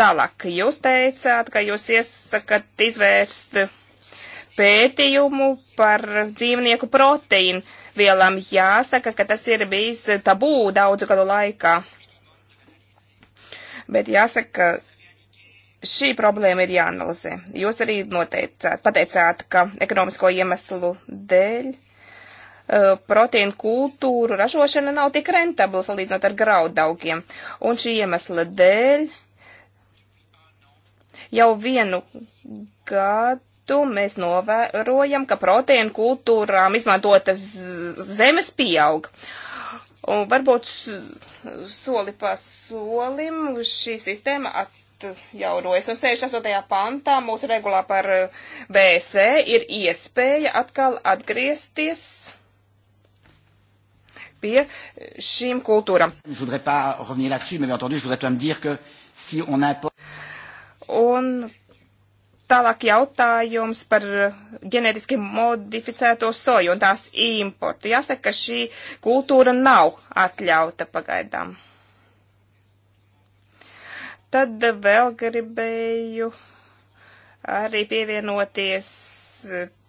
Speaker 1: Tālāk, jūs teicāt, ka jūs iesakat izvērst pētījumu par dzīvnieku proteīnu vielām. Jāsaka, ka tas ir bijis tabū daudzu gadu laikā. Bet jāsaka, šī problēma ir jāanalizē. Jūs arī noteicāt, pateicāt, ka ekonomisko iemeslu dēļ Eh, proteīnu kultūru ražošana nav tik rentabla salīdzinot ar graudaugiem. Un šī iemesla dēļ jau vienu gadu mēs novērojam, ka proteīnu kultūrām izmantotas zemes pieaug. Un varbūt soli pa solim šī sistēma attīstās jau rojas un 68. pantā mūsu regulā par eh, BSE ir iespēja atkal atgriezties pie šīm kultūram. Un Tālāk jautājums par ģenētiski modificēto soju un tās importu. Jāsaka, ka šī kultūra nav atļauta pagaidām. Tad vēl gribēju arī pievienoties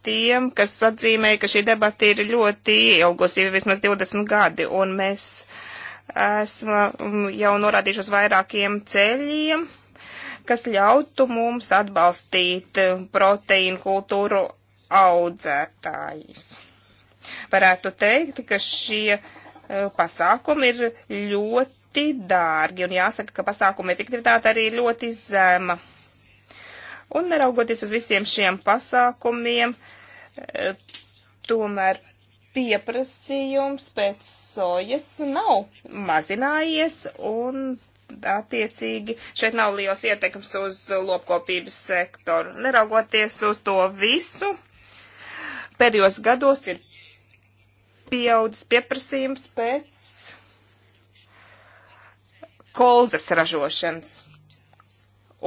Speaker 1: tiem, kas atzīmēja, ka šī debata ir ļoti ilgusi, vismaz 20 gadi, un mēs esam um, jau norādījuši uz vairākiem ceļiem, kas ļautu mums atbalstīt proteīnu kultūru audzētājus. Varētu teikt, ka šie uh, pasākumi ir ļoti dārgi, un jāsaka, ka pasākuma efektivitāte arī ļoti zema. Un neraugoties uz visiem šiem pasākumiem, tomēr pieprasījums pēc sojas nav mazinājies un attiecīgi šeit nav liels ietekmes uz lopkopības sektoru. Neraugoties uz to visu, pēdējos gados ir pieaudzis pieprasījums pēc kolzas ražošanas.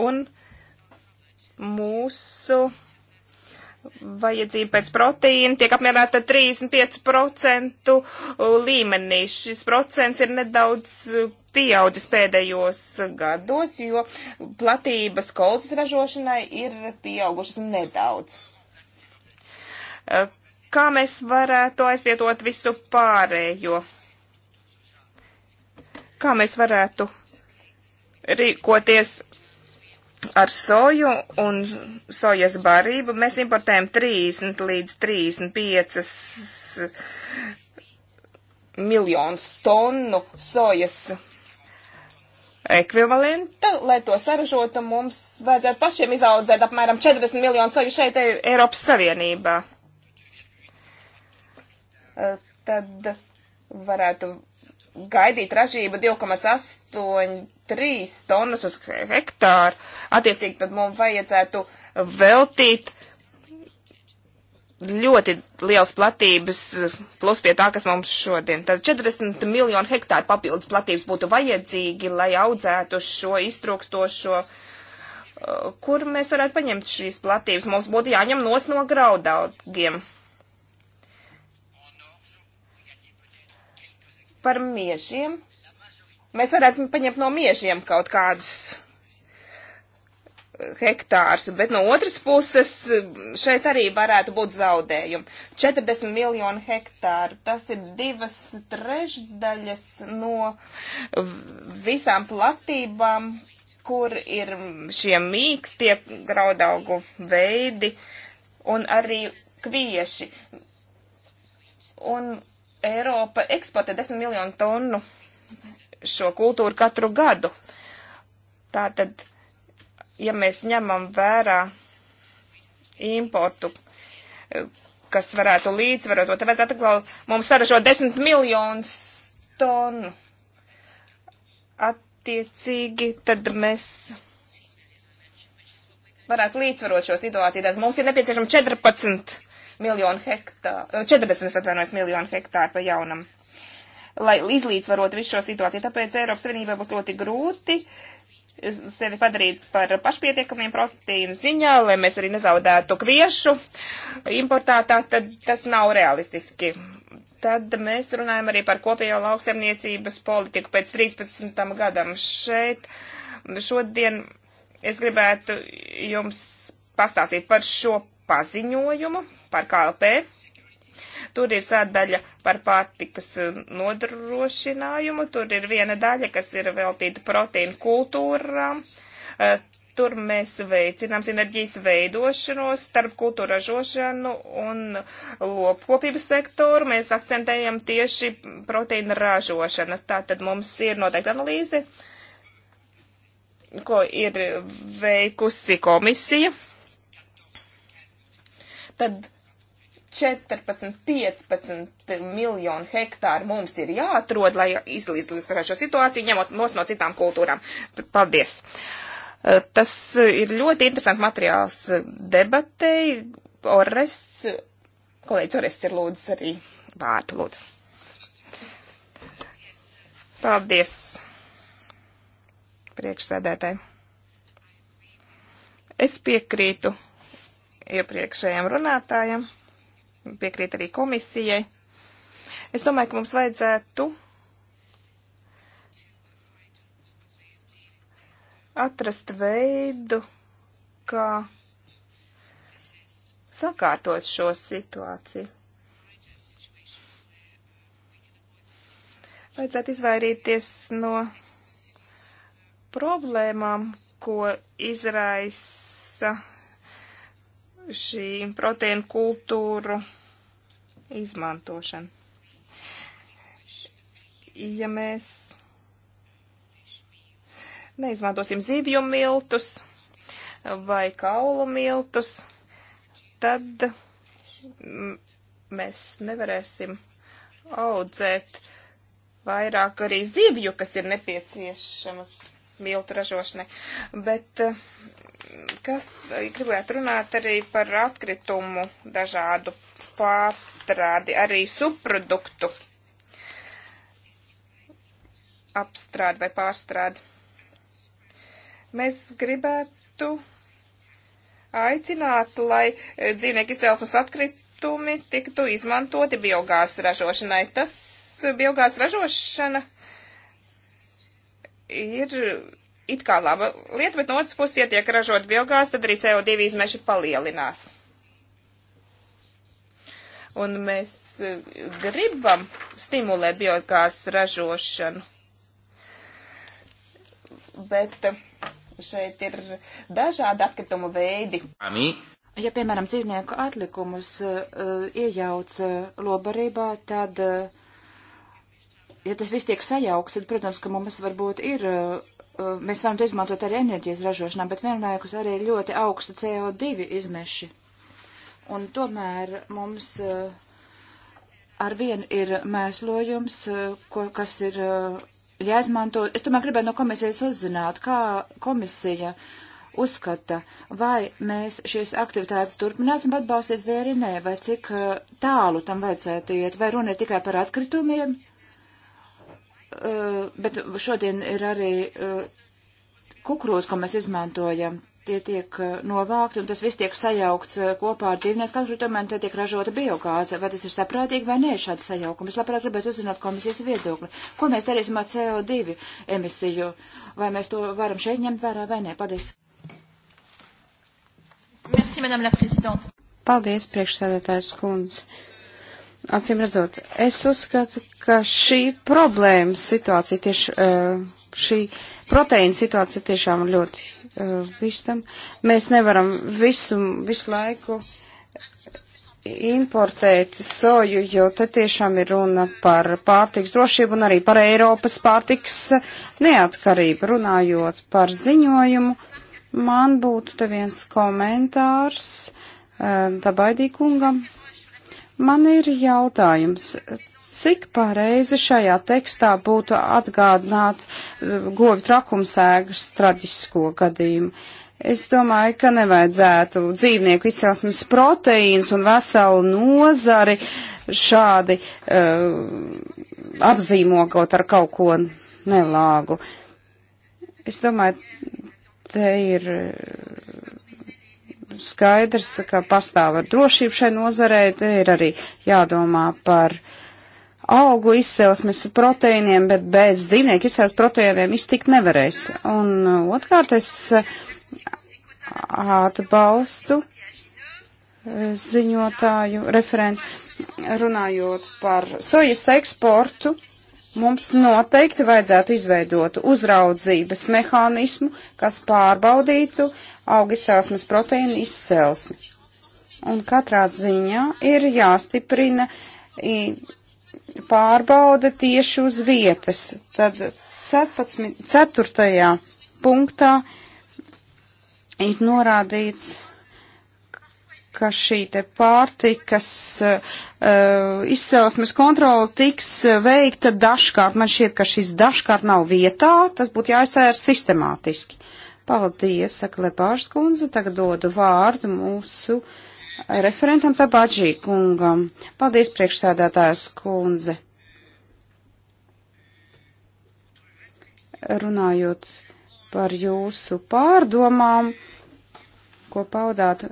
Speaker 1: Un mūsu vajadzība pēc proteīna tiek apmierināta 35% uh, līmenī. Šis procents ir nedaudz uh, pieaudzis pēdējos gados, jo platības kolces ražošanai ir pieaugušas nedaudz. Uh, kā mēs varētu aizvietot visu pārējo? Kā mēs varētu rīkoties ar soju un sojas barību mēs importējam 30 līdz 35 miljonus tonu sojas ekvivalenta, lai to saražotu, mums vajadzētu pašiem izaudzēt apmēram 40 miljonus soju šeit e, Eiropas Savienībā. Tad varētu gaidīt ražību 2,83 tonnas uz hektāru. Attiecīgi, tad mums vajadzētu veltīt ļoti liels platības plus pie tā, kas mums šodien. Tad 40 miljonu hektāru papildus platības būtu vajadzīgi, lai audzētu šo iztrūkstošo, uh, kur mēs varētu paņemt šīs platības. Mums būtu jāņem nos no graudaugiem. par miešiem. Mēs varētu paņemt no miešiem kaut kādus eh, hektārs, bet no otras puses eh, šeit arī varētu būt zaudējumi. 40 miljonu hektāru, tas ir divas trešdaļas no visām platībām, kur ir šie mīkstie graudaugu veidi un arī kvieši. Un Eiropa eksportē 10 miljonu tonu šo kultūru katru gadu. Tātad, ja mēs ņemam vērā importu, kas varētu līdzvarot, tad vajadzētu atkal mums saražot 10 miljonus tonu. Attiecīgi, tad mēs varētu līdzvarot šo situāciju. Tad mums ir nepieciešama 14 miljonu hektāru, eh, 40 atvainojas miljonu hektāru pa jaunam, lai izlīdzvarot visu šo situāciju. Tāpēc Eiropas Savienībai būs ļoti grūti sevi padarīt par pašpietiekamiem proteīnu ziņā, lai mēs arī nezaudētu kviešu importātā, tad tas nav realistiski. Tad mēs runājam arī par kopējo lauksemniecības politiku pēc 13. gadam. Šeit šodien es gribētu jums pastāstīt par šo paziņojumu par KLP. Tur ir sadaļa par pārtikas nodrošinājumu, tur ir viena daļa, kas ir veltīta proteīnu kultūrām. E, tur mēs veicinām sinerģijas veidošanos starp kultūra ražošanu un lopkopības sektoru. Mēs akcentējam tieši proteīna ražošanu. Tātad mums ir noteikti analīze, ko ir veikusi komisija tad 14, 15 miljonu hektāru mums ir jāatrod, lai izlīdzinātu šo situāciju, ņemot nos no citām kultūrām. Paldies! Tas ir ļoti interesants materiāls debatei. Ores, kolēģis Ores ir lūdzu arī vārtu, lūdzu. Paldies! Priekšsēdētāji. Es piekrītu iepriekšējiem runātājiem, piekrīt arī komisijai. Es domāju, ka mums vajadzētu atrast veidu, kā sakārtot šo situāciju. Vajadzētu izvairīties no problēmām, ko izraisa šī proteīna kultūru izmantošana. Ja mēs neizmantosim zivju miltus vai kaulu miltus, tad mēs nevarēsim audzēt vairāk arī zivju, kas ir nepieciešamas miltu ražošanai. Bet kas eh, gribētu runāt arī par atkritumu dažādu pārstrādi, arī subproduktu apstrādi vai pārstrādi. Mēs gribētu aicināt, lai eh, dzīvnieku izcelsmes atkritumi tiktu izmantoti biogāzes ražošanai. Tas eh, biogāzes ražošana ir it kā laba lieta, bet no otras puses, ja tiek ražot biogāzi, tad arī CO2 izmeši palielinās. Un mēs eh, gribam stimulēt biogāzes ražošanu. Bet eh, šeit ir dažādi atkritumu veidi.
Speaker 2: Anī.
Speaker 4: Ja, piemēram, dzīvnieku atlikumus uh, eh, iejauc uh, lobarībā, tad uh, ja tas viss tiek sajauks, tad, protams, ka mums varbūt ir uh, mēs varam to izmantot arī enerģijas ražošanā, bet vienlaikus arī ļoti augstu CO2 izmeši. Un tomēr mums uh, ar vienu ir mēslojums, uh, ko, kas ir jāizmanto. Es tomēr gribētu no komisijas uzzināt, kā komisija uzskata, vai mēs šīs aktivitātes turpināsim atbalstīt vai arī nē, vai cik tālu tam vajadzētu iet, vai runa ir tikai par atkritumiem, Eh, bet šodien ir arī eh, kukurūz, ko mēs izmantojam. Tie tiek eh, novākti un tas viss tiek sajaukts kopā ar dzīvnieku atkritumiem, te tiek ražota biogāze. Vai tas ir saprātīgi vai nē šāda sajaukuma? Es labprāt gribētu uzzināt komisijas viedokli. Ko mēs darīsim ar CO2 emisiju? Vai mēs to varam šeit ņemt vērā vai nē? Paldies. Merci, madame la présidente.
Speaker 3: Paldies, priekšsēdētājs kundze. Acīm redzot, es uzskatu, ka šī problēma situācija, tieši eh, šī proteīna situācija tiešām ļoti vistam. Eh, Mēs nevaram visu, visu laiku importēt soju, jo te tiešām ir runa par pārtiks drošību un arī par Eiropas pārtiks neatkarību. Runājot par ziņojumu, man būtu te viens komentārs Dabaidī eh, kungam. Uh, Man ir jautājums, cik pareizi šajā tekstā būtu atgādināt eh, govi trakumsēgas traģisko gadījumu. Es domāju, ka nevajadzētu dzīvnieku izcelsmes proteīns un veselu nozari šādi uh, apzīmogot ar kaut ko nelāgu. Es domāju, te ir skaidrs, ka pastāv ar drošību šai nozarei, te ir arī jādomā par augu izcelsmes proteīniem, bet bez dzīvnieku izcelsmes proteīniem iztikt nevarēs. Un uh, otrkārt es uh, atbalstu uh, ziņotāju referentu runājot par sojas eksportu Mums noteikti vajadzētu izveidot uzraudzības mehānismu, kas pārbaudītu augstsāsmes proteīnu izcelsmi. Un katrā ziņā ir jāstiprina pārbauda tieši uz vietas. Tad 14. punktā ir norādīts ka šī te pārtikas uh, izcelsmes kontrola tiks eh, veikta dažkārt. Man šķiet, ka šis dažkārt nav vietā, tas būtu jāizsēr sistemātiski. Paldies, saka Lepārs kundze, tagad dodu vārdu mūsu referentam Tabadžī kungam. Paldies, priekšsēdētājas kundze. Runājot par jūsu pārdomām, ko paudāt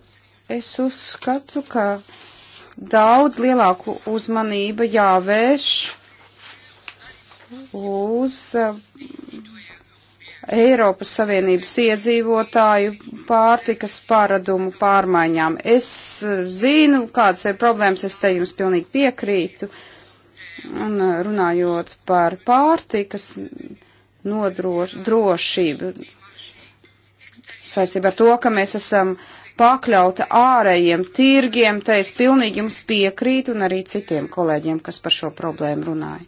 Speaker 3: Es uzskatu, ka daudz lielāku uzmanību jāvērš uz eh, Eiropas Savienības iedzīvotāju pārtikas pārradumu pārmaiņām. Es eh, zinu, kādas ir problēmas, es te jums pilnīgi piekrītu. Un eh, runājot par pārtikas nodrošību, saistībā ar to, ka mēs esam uh, pakļauta ārējiem tirgiem, tā es pilnīgi jums piekrītu un arī citiem kolēģiem, kas par šo problēmu runāja.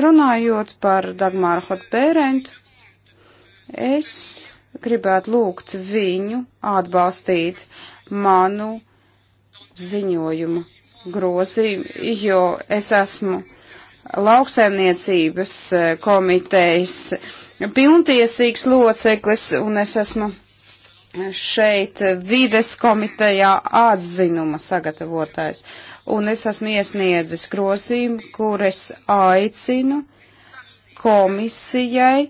Speaker 3: Runājot par Dagmāru Hotpērentu, es gribētu lūgt viņu atbalstīt manu ziņojumu grozījumu, jo es esmu lauksaimniecības eh, komitejas pilntiesīgs loceklis un es esmu šeit vides komitejā atzinuma sagatavotājs, un es esmu iesniedzis grozījumu, kur es aicinu komisijai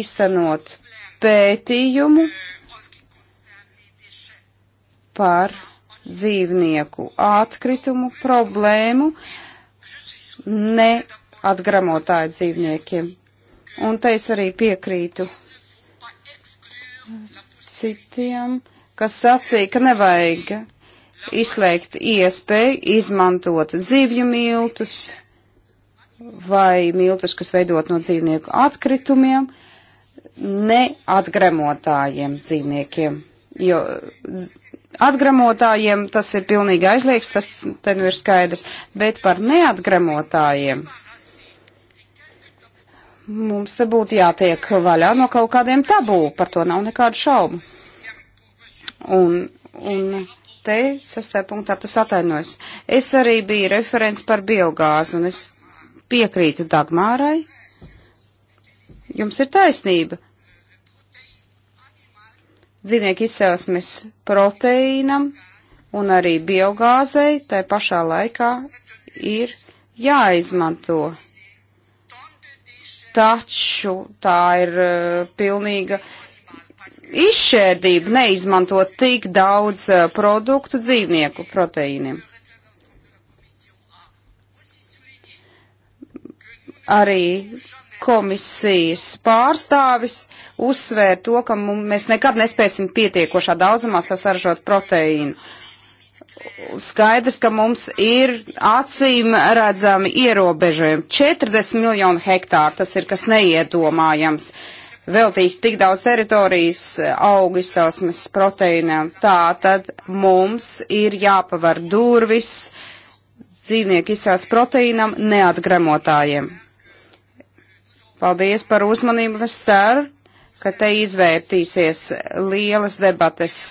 Speaker 3: īstenot pētījumu par dzīvnieku atkritumu problēmu ne atgramotāju dzīvniekiem. Un te es arī piekrītu citiem, kas sacīja, ka nevajag izslēgt iespēju izmantot zivju miltus vai miltus, kas veidot no dzīvnieku atkritumiem, neatgremotājiem dzīvniekiem. Jo atgremotājiem tas ir pilnīgi aizliegts, tas ten nu ir skaidrs, bet par neatgremotājiem Mums te būtu jātiek vaļā no kaut kādiem tabū, par to nav nekādu šaubu. Un, un te sastajā punktā tas atainojas. Es arī biju referents par biogāzi, un es piekrītu Dagmārai. Jums ir taisnība. Dzīvnieku izcelsmes proteīnam un arī biogāzei tai pašā laikā ir jāizmanto taču tā ir uh, pilnīga izšķērdība neizmantot tik daudz uh, produktu dzīvnieku proteīniem. Arī komisijas pārstāvis uzsvēra to, ka mēs nekad nespēsim pietiekošā daudzumā sasaražot proteīnu. Uh, skaidrs, ka mums ir acīm redzami ierobežojumi. 40 miljonu hektāru tas ir kas neiedomājams. Veltīt tik daudz teritorijas augu izcelsmes proteīnām. Tā tad mums ir jāpavar durvis dzīvnieku izcels proteīnam neatgremotājiem. Paldies par uzmanību. Es ceru, ka te izvērtīsies lielas debates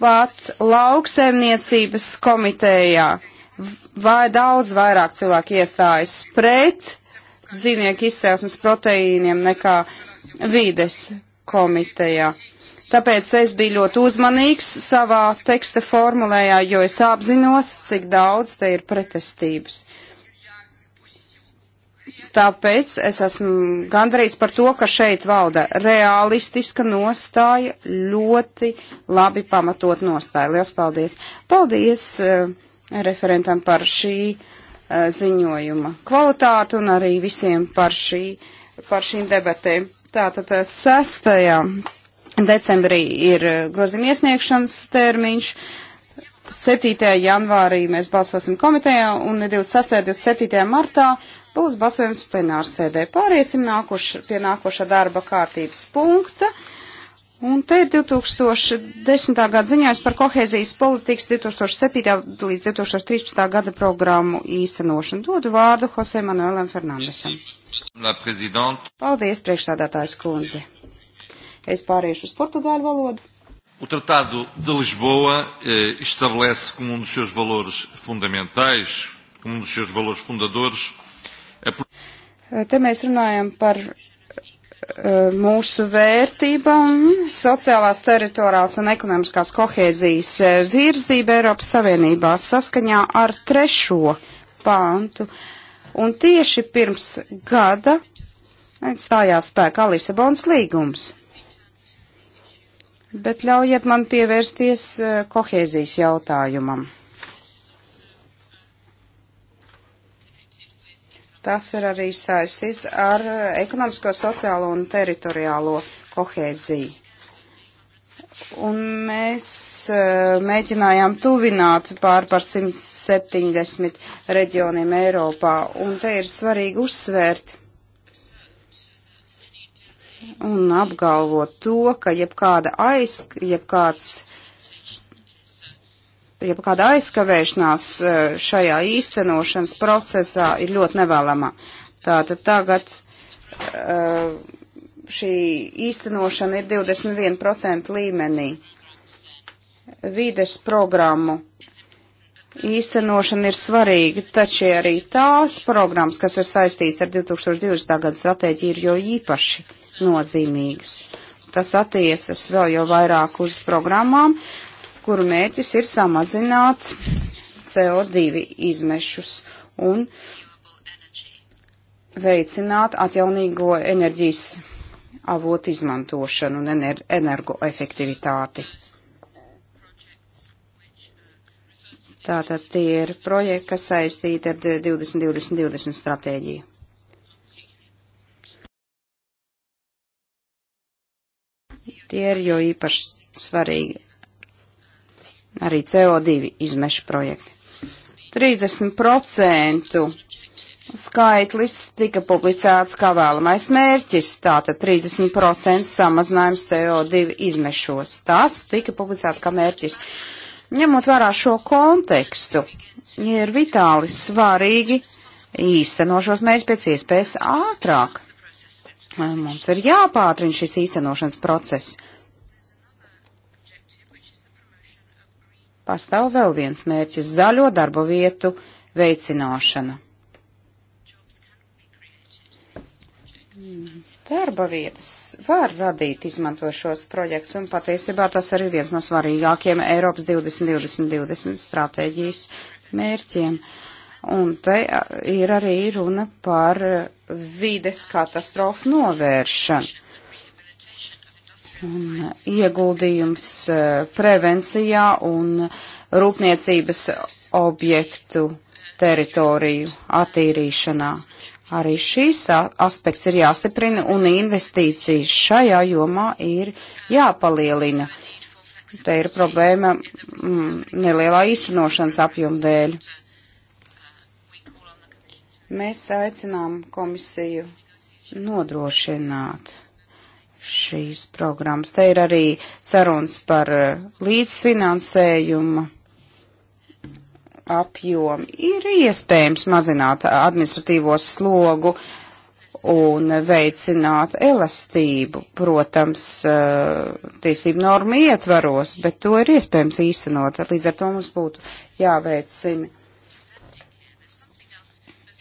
Speaker 3: Pat lauksaimniecības komitejā vai daudz vairāk cilvēku iestājas pret dzīvnieku izcelsmes proteīniem nekā vides komitejā. Tāpēc es biju ļoti uzmanīgs savā teksta formulējā, jo es apzinos, cik daudz te ir pretestības. Tāpēc es esmu gandrīz par to, ka šeit valda realistiska nostāja, ļoti labi pamatot nostāja. Lielas paldies! Paldies uh, referentam par šī uh, ziņojuma kvalitāti un arī visiem par, šī, par šīm debatēm. Tātad 6. Eh, decembrī ir grozījuma iesniegšanas termiņš. Uh, 7. janvārī mēs balsosim komitejā un 26. un 27. martā būs balsojums plenārsēdē. Pāriesim nākuš, pie nākošā darba kārtības punkta. Un te ir 2010. gada ziņājums par kohēzijas politikas 2007. līdz 2013. gada programmu īstenošanu. Dodu vārdu Jose Manuelam Fernandesam. Paldies, priekšsādātājs kundze. Es pāriešu uz portugāļu valodu.
Speaker 2: O Tratado de Lisboa eh, estabelece como um dos seus valores fundamentais, como um dos seus valores fundadores, a...
Speaker 3: Eh, te mēs runājam par uh, mūsu vērtībām, sociālās, teritoriālās un ekonomiskās kohēzijas eh, virzība Eiropas Savienībā saskaņā ar trešo pāntu. Un tieši pirms gada stājās spēkā Lisabonas līgums bet ļaujiet man pievērsties eh, kohēzijas jautājumam. Tas ir arī saistīts ar eh, ekonomisko, sociālo un teritoriālo kohēziju. Un mēs eh, mēģinājām tuvināt pār par 170 reģioniem Eiropā, un te ir svarīgi uzsvērt, un apgalvot to, ka jebkāda aiz, jebkāds, jebkāda aizkavēšanās e, šajā īstenošanas procesā ir ļoti nevēlama. Tātad tagad e, šī īstenošana ir 21% līmenī. Vides programmu īstenošana ir svarīga, taču arī tās programmas, kas ir saistīts ar 2020. gada stratēģiju, ir jo īpaši nozīmīgas. Tas attiecas vēl jau vairāk uz programmām, kuru mērķis ir samazināt CO2 izmešus un veicināt atjaunīgo enerģijas avotu izmantošanu un ener energoefektivitāti. Tātad tie ir projekti, kas saistīti ar 2020-2020 stratēģiju. Tie ir jo īpaši svarīgi arī CO2 izmešu projekti. 30% skaitlis tika publicēts kā vēlamais mērķis, tātad 30% samazinājums CO2 izmešos. Tas tika publicēts kā mērķis. Ņemot vērā šo kontekstu, ir vitāli svarīgi īstenošos mērķus pēc iespējas ātrāk. Mums ir jāpātrina šis īstenošanas process. Pastāv vēl viens mērķis - zaļo darba vietu veicināšana. Darba vietas var radīt, izmantojot šos projektus, un patiesībā tas arī viens no svarīgākiem Eiropas 2020-2020 stratēģijas mērķiem. Uh, Un te ir arī runa par e, vides katastrofu novēršanu. Un e, ieguldījums e, prevencijā un rūpniecības objektu teritoriju attīrīšanā. Arī šīs aspekts ir jāstiprina un investīcijas šajā jomā ir jāpalielina. Te ir problēma mm, nelielā īstenošanas apjoma dēļ. Mēs aicinām komisiju nodrošināt šīs programmas. Te ir arī sarunas par eh, līdzfinansējumu apjomu. Ir iespējams mazināt administratīvo slogu un veicināt elastību, protams, eh, tiesību normu ietvaros, bet to ir iespējams īstenot. Līdz ar to mums būtu jāveicina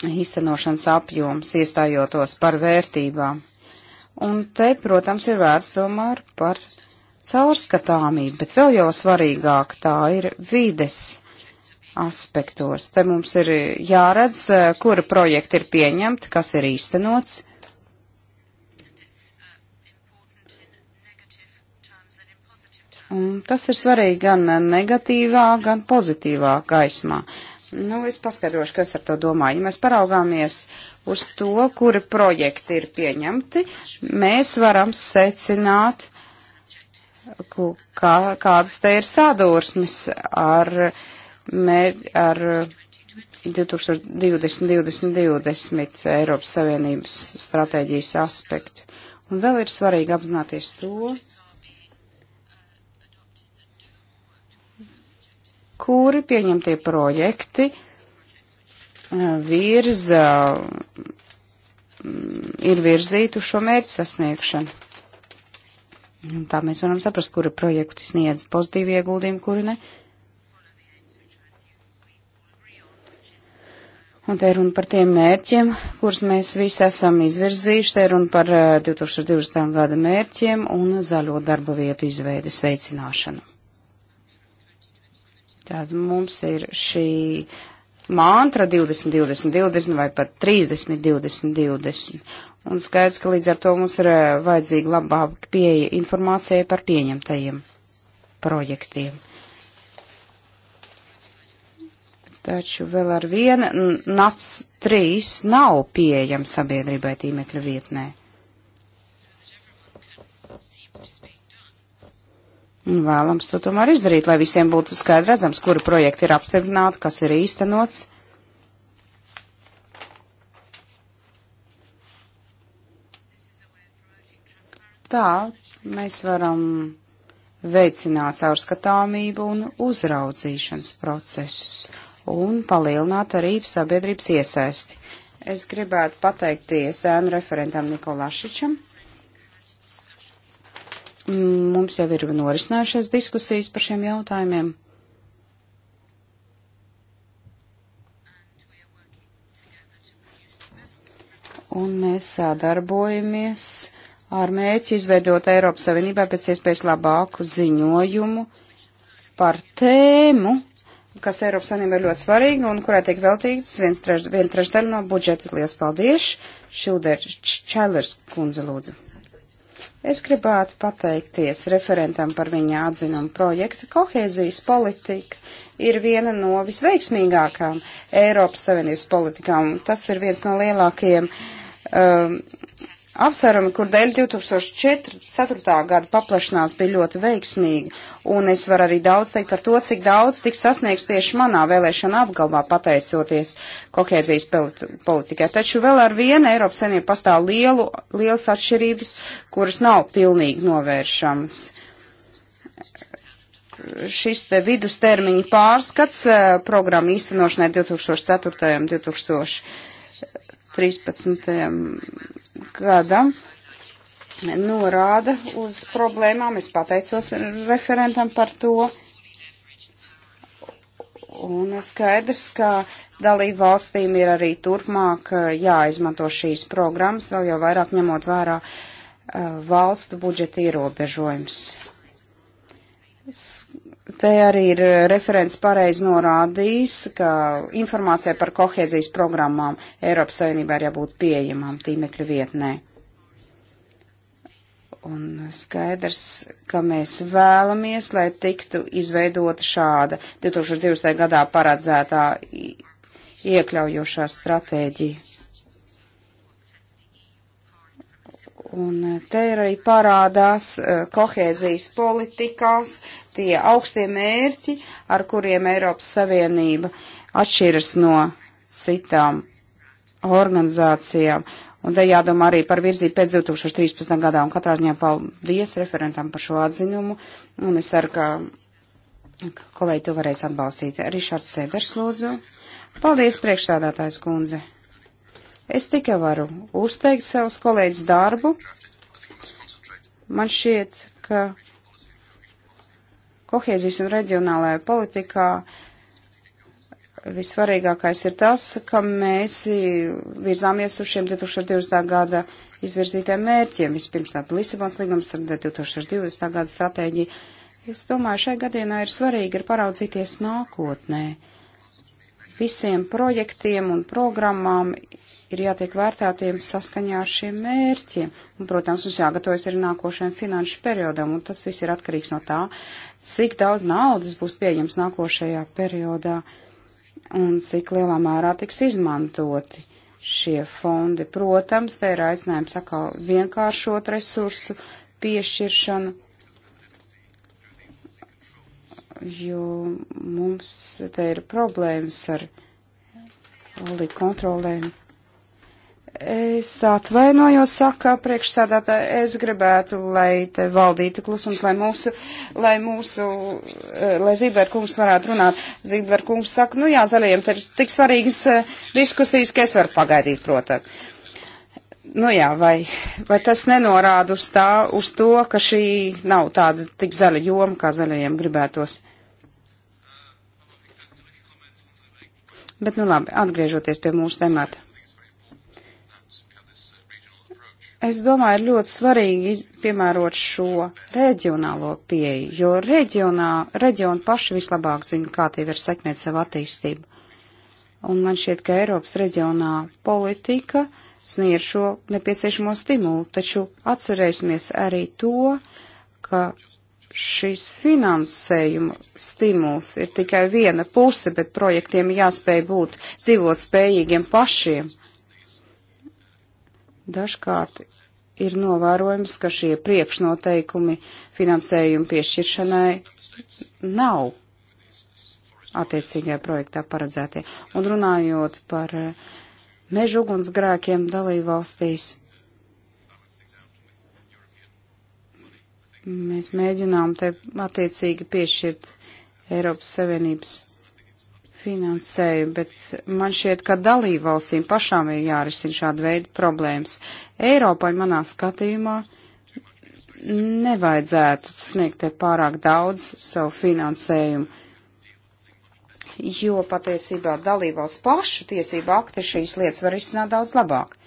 Speaker 3: īstenošanas apjoms, iestājotos par vērtībām. Un te, protams, ir vērts domāt par caurskatāmību, bet vēl jau svarīgāk tā ir vides aspektos. Te mums ir jāredz, eh, kura projekta ir pieņemta, kas ir īstenots. Un tas ir svarīgi gan negatīvā, gan pozitīvā gaismā. Nu, es paskaidrošu, kas ar to domāju. Ja mēs paraugāmies uz to, kuri projekti ir pieņemti, mēs varam secināt, kā, kādas te ir sadursmes ar, mēr, ar 2020, 2020 Eiropas Savienības stratēģijas aspektu. Un vēl ir svarīgi apzināties to, kuri pieņemtie projekti eh, virza, mm, ir virzīti uz šo mērķu sasniegšanu. Un tā mēs varam saprast, kuri projekti sniedz pozitīvu ieguldījumu, kuri ne. Un te ir runa par tiem mērķiem, kurus mēs visi esam izvirzījuši. Te ir runa par eh, 2020. gada mērķiem un zaļo darba vietu izveides veicināšanu. Tātad mums ir šī mantra 20, 20, 20 vai pat 30, 20, 20. Un skaidrs, ka līdz ar to mums ir eh, vajadzīga labāka pieeja informācijai par pieņemtajiem projektiem. Taču vēl ar vienu NAC 3 nav pieejama sabiedrībai tīmekļa vietnē. Un vēlams to tomēr izdarīt, lai visiem būtu skaidri redzams, kuri projekti ir apstiprināti, kas ir īstenots. Tā mēs varam veicināt caurskatāmību un uzraudzīšanas procesus un palielināt arī sabiedrības iesaisti. Es gribētu pateikties ēnu referentam Nikolašičam Mums jau ir norisinājušās diskusijas par šiem jautājumiem. Un mēs sadarbojamies ar mēķi izveidot Eiropas Savienībā pēc iespējas labāku ziņojumu par tēmu, kas Eiropas Savienībā ir ļoti svarīga un kurai tiek veltīts viens treš, vien trešdaļa no budžeta. Lielas paldies! Šilder Čelers kundze lūdzu. Es gribētu pateikties referentam par viņa atzinumu projektu. Kohēzijas politika ir viena no visveiksmīgākām Eiropas Savienības politikām. Tas ir viens no lielākajiem um, apsvērumi, kur dēļ 2004. gada paplašanās bija ļoti veiksmīgi, un es varu arī daudz teikt par to, cik daudz tiks sasniegts tieši manā vēlēšana apgalvā, pateicoties kokēdzijas politikai. Taču vēl ar vienu Eiropas senību pastāv lielu, lielas atšķirības, kuras nav pilnīgi novēršamas. Šis te vidustermiņa pārskats eh, programma īstenošanai 2004. un 2013 gadam norāda uz problēmām. Es pateicos referentam par to. Un skaidrs, ka dalību valstīm ir arī turpmāk eh, jāizmanto šīs programmas, vēl jau vairāk ņemot vērā eh, valstu budžeta ierobežojums. Es Te arī ir eh, referents pareizi norādījis, ka informācija par kohēzijas programmām Eiropas Savienībā ir jābūt pieejamām tīmekļa vietnē. Un skaidrs, ka mēs vēlamies, lai tiktu izveidota šāda 2020. gadā paredzētā iekļaujošā stratēģija. Un te ir arī parādās eh, kohēzijas politikās tie augstie mērķi, ar kuriem Eiropas Savienība atšķiras no citām organizācijām. Un te jādomā arī par virzību pēc 2013. gadā, un katrā ziņā paldies referentam par šo atziņumu, un es ceru, ka kolēģi to varēs atbalstīt. Rišards Sebers lūdzu. Paldies, priekšstādātājs kundze. Es tikai varu uzteikt savus kolēģis darbu. Man šķiet, ka kohēzijas un reģionālajā politikā visvarīgākais ir tas, ka mēs virzāmies uz šiem 2020. gada izvirzītiem mērķiem. Vispirms tāda Lisabons līgums, tad 2020. gada stratēģija. Es domāju, šai gadienā ir svarīgi ir paraudzīties nākotnē. Visiem projektiem un programmām ir jātiek vērtētiem saskaņā ar šiem mērķiem. Un, protams, mums jāgatavojas arī nākošajam finanšu periodam, un tas viss ir atkarīgs no tā, cik daudz naudas būs pieejams nākošajā periodā un cik lielā mērā tiks izmantoti šie fondi. Protams, te ir aicinājums atkal vienkāršot resursu piešķiršanu, jo mums te ir problēmas ar kontrolēm Es atvainojos, saka priekšsādātāji, es gribētu, lai te valdītu klusums, lai mūsu, lai mūsu, eh, lai Zīberkungs varētu runāt. Zīberkungs saka, nu jā, zaļajiem te ir tik svarīgas eh, diskusijas, ka es varu pagaidīt, protams. Nu jā, vai, vai tas nenorāda uz, tā, uz to, ka šī nav tāda tik zaļa joma, kā zaļajiem gribētos? Bet nu labi, atgriežoties pie mūsu temata. Es domāju, ir ļoti svarīgi piemērot šo reģionālo pieeju, jo reģionā, reģioni paši vislabāk zina, kā tie var sekmēt savu attīstību. Un man šķiet, ka Eiropas reģionā politika sniedz šo nepieciešamo stimulu, taču atcerēsimies arī to, ka šis finansējuma stimuls ir tikai viena puse, bet projektiem jāspēj būt dzīvot spējīgiem pašiem dažkārt ir novērojams, ka šie priekšnoteikumi finansējumu piešķiršanai nav attiecīgajā projektā paredzētie. Un runājot par eh, mežu ugunsgrēkiem dalību valstīs, mēs mēģinām te attiecīgi piešķirt Eiropas Savienības finansēju, bet man šķiet, ka dalību valstīm pašām ir jārisina šāda veida problēmas. Eiropai manā skatījumā nevajadzētu sniegt pārāk daudz savu finansējumu, jo patiesībā dalībvalsts pašu tiesību akti šīs lietas var izsnākt daudz labāk.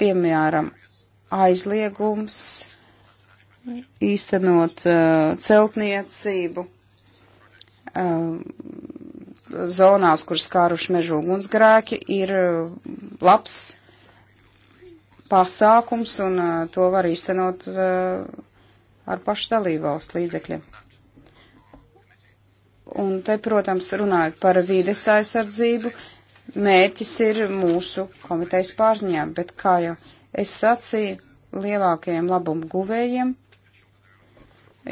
Speaker 3: Piemēram, aizliegums īstenot uh, celtniecību Ehm, zonās, kur skāruši mežu ugunsgrēki, ir ehm, labs pasākums, un ehm, to var īstenot ar pašu dalībvalstu līdzekļiem. Un te, protams, runājot par vīdes aizsardzību, mērķis ir mūsu komitejas pārziņā, bet, kā jau es sacīju, lielākajiem labumu guvējiem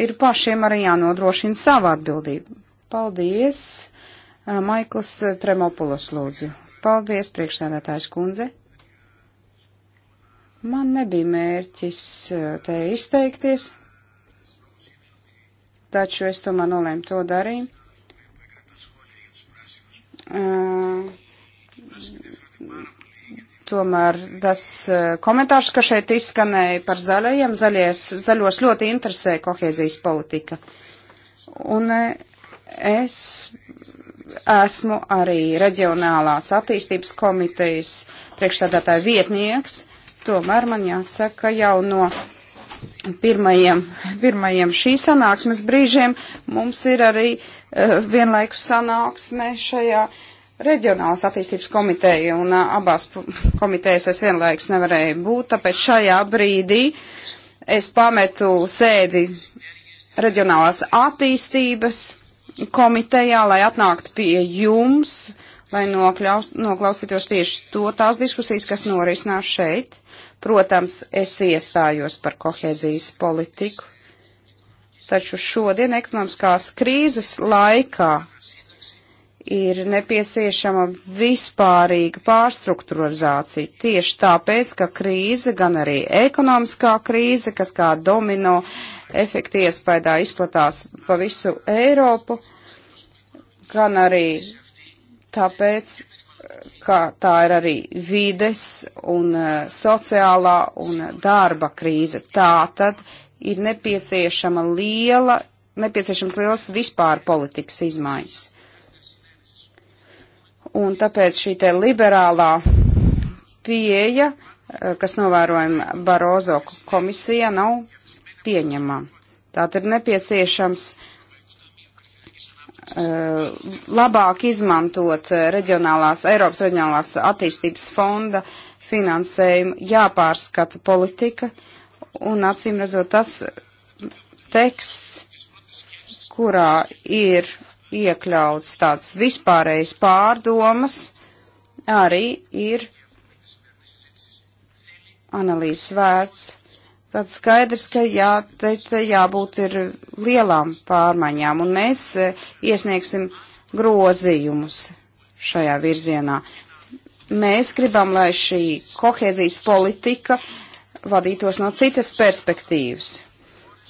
Speaker 3: ir pašiem arī jānodrošina savu atbildību. Paldies! Maikls Tremopulos lūdzu. Paldies, priekšsēdētājs kundze. Man nebija mērķis te izteikties, taču es tomēr nolēmu to darīt. Uh, tomēr tas komentārs, ka šeit izskanēja par zaļajiem, zaļies, zaļos ļoti interesē kohēzijas politika. Un Es esmu arī reģionālās attīstības komitejas priekšstādātāja vietnieks, tomēr man jāsaka, ka jau no pirmajiem, pirmajiem šī sanāksmes brīžiem mums ir arī uh, vienlaikus sanāksme šajā reģionālas attīstības komiteja, un uh, abās komitejas es vienlaikus nevarēju būt, tāpēc šajā brīdī es pametu sēdi reģionālās attīstības komitejā, lai atnāktu pie jums, lai nokļaus, noklausītos tieši to tās diskusijas, kas norisinās šeit. Protams, es iestājos par kohēzijas politiku, taču šodien ekonomiskās krīzes laikā ir nepieciešama vispārīga pārstruktūrizācija. Tieši tāpēc, ka krīze, gan arī ekonomiskā krīze, kas kā domino uh, efekta iespaidā izplatās pa visu Eiropu, gan arī tāpēc, ka tā ir arī vides un e, sociālā un darba krīze. Tā tad ir nepieciešama liela, nepieciešams liels vispār politikas izmaiņas. Un tāpēc šī te liberālā pieeja, e, kas novērojama Barozo komisijā, nav pieņemam. Tātad ir nepieciešams uh, labāk izmantot eh, reģionālās, Eiropas reģionālās attīstības fonda finansējumu, jāpārskata politika un acīm redzot tas teksts, kurā ir iekļauts tāds vispārējs pārdomas, arī ir analīzes vērts Tad skaidrs, ka jā, te, te jābūt ir lielām pārmaiņām, un mēs e, iesniegsim grozījumus šajā virzienā. Mēs gribam, lai šī kohēzijas politika vadītos no citas perspektīvas.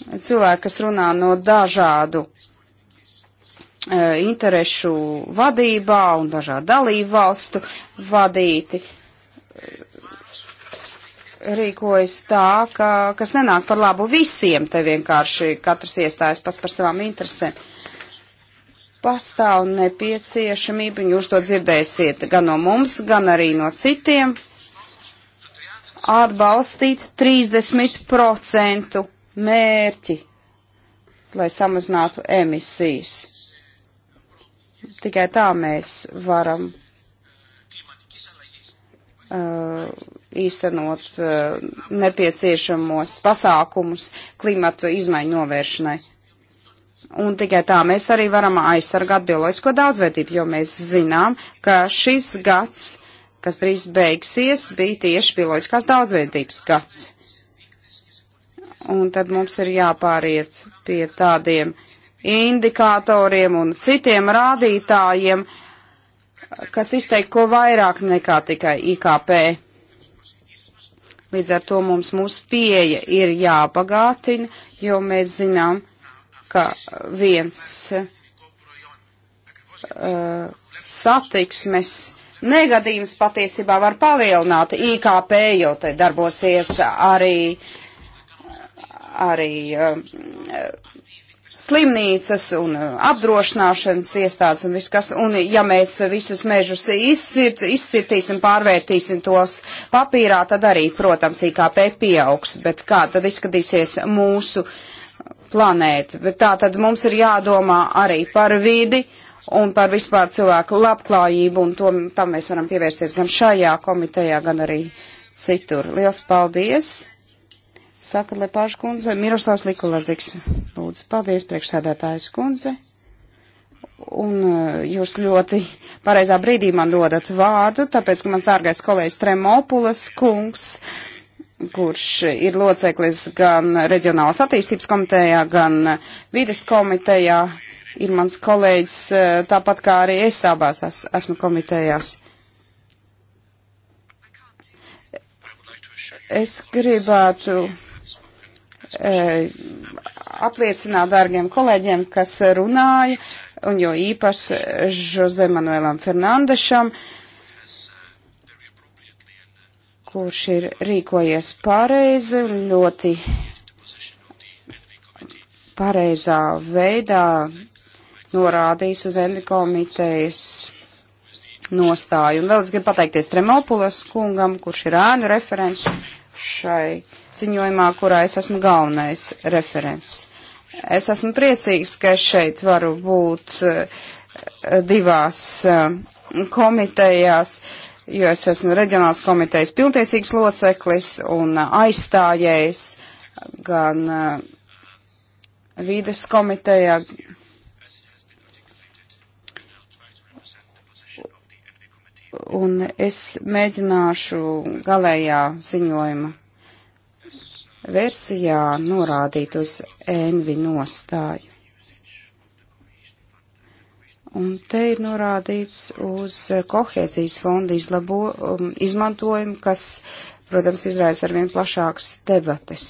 Speaker 3: Cilvēki, kas runā no dažādu e, interešu vadībā un dažādu dalību valstu vadīti rīkojas tā, ka, kas nenāk par labu visiem, te vienkārši katrs iestājas pats par savām interesēm. Pastāv nepieciešamība, un jūs to dzirdēsiet gan no mums, gan arī no citiem, atbalstīt 30% mērķi, lai samazinātu emisijas. Tikai tā mēs varam. Uh, īstenot eh, nepieciešamos pasākumus klimatu izmaiņu novēršanai. Un tikai tā mēs arī varam aizsargāt bioloģisko daudzveidību, jo mēs zinām, ka šis gads, kas drīz beigsies, bija tieši bioloģiskās daudzveidības gads. Un tad mums ir jāpāriet pie tādiem indikatoriem un citiem rādītājiem, kas izteikt ko vairāk nekā tikai IKP. Līdz ar to mums mūsu pieeja ir jāpagātina, jo mēs zinām, ka viens uh, satiksmes negadījums patiesībā var palielināt IKP, jo te darbosies arī, arī uh, slimnīcas un uh, apdrošināšanas iestādes un viss kas. Un ja mēs visus mežus izcirt, izcirtīsim, pārvērtīsim tos papīrā, tad arī, protams, IKP pieaugs. Bet kā tad izskatīsies mūsu planēta? Bet tā tad mums ir jādomā arī par vidi un par vispār cilvēku labklājību, un to, tam mēs varam pievērsties gan šajā komitejā, gan arī citur. Liels paldies! Saka Lepāša kundze, Miroslavs Likulaziks. Lūdzu, paldies, priekšsēdētājs kundze. Un uh, jūs ļoti pareizā brīdī man dodat vārdu, tāpēc, ka mans dārgais kolēģis Tremopulas kungs, kurš ir loceklis gan reģionālas attīstības komitejā, gan uh, vides komitejā, ir mans kolēģis, uh, tāpat kā arī es abās es, esmu komitejās. Es gribētu Eh, apliecināt dārgiem kolēģiem, kas runāja, un jo īpaši Jose Manuelam Fernandešam, kurš ir rīkojies pareizi un ļoti pareizā veidā norādījis uz Envi komitejas nostāju. Un vēl es gribu pateikties Tremopulas kungam, kurš ir ēnu referents šai ziņojumā, kurā es esmu galvenais referents. Es esmu priecīgs, ka šeit varu būt eh, divās eh, komitejās, jo es esmu reģionāls komitejas pilntiesīgs loceklis un eh, aizstājējs gan vīdes komitejā, un es mēģināšu galējā ziņojuma versijā norādīt uz envi nostāju. Un te ir norādīts uz kohēzijas fonda izlabo, um, izmantojumu, kas, protams, izraisa arvien plašākas debates.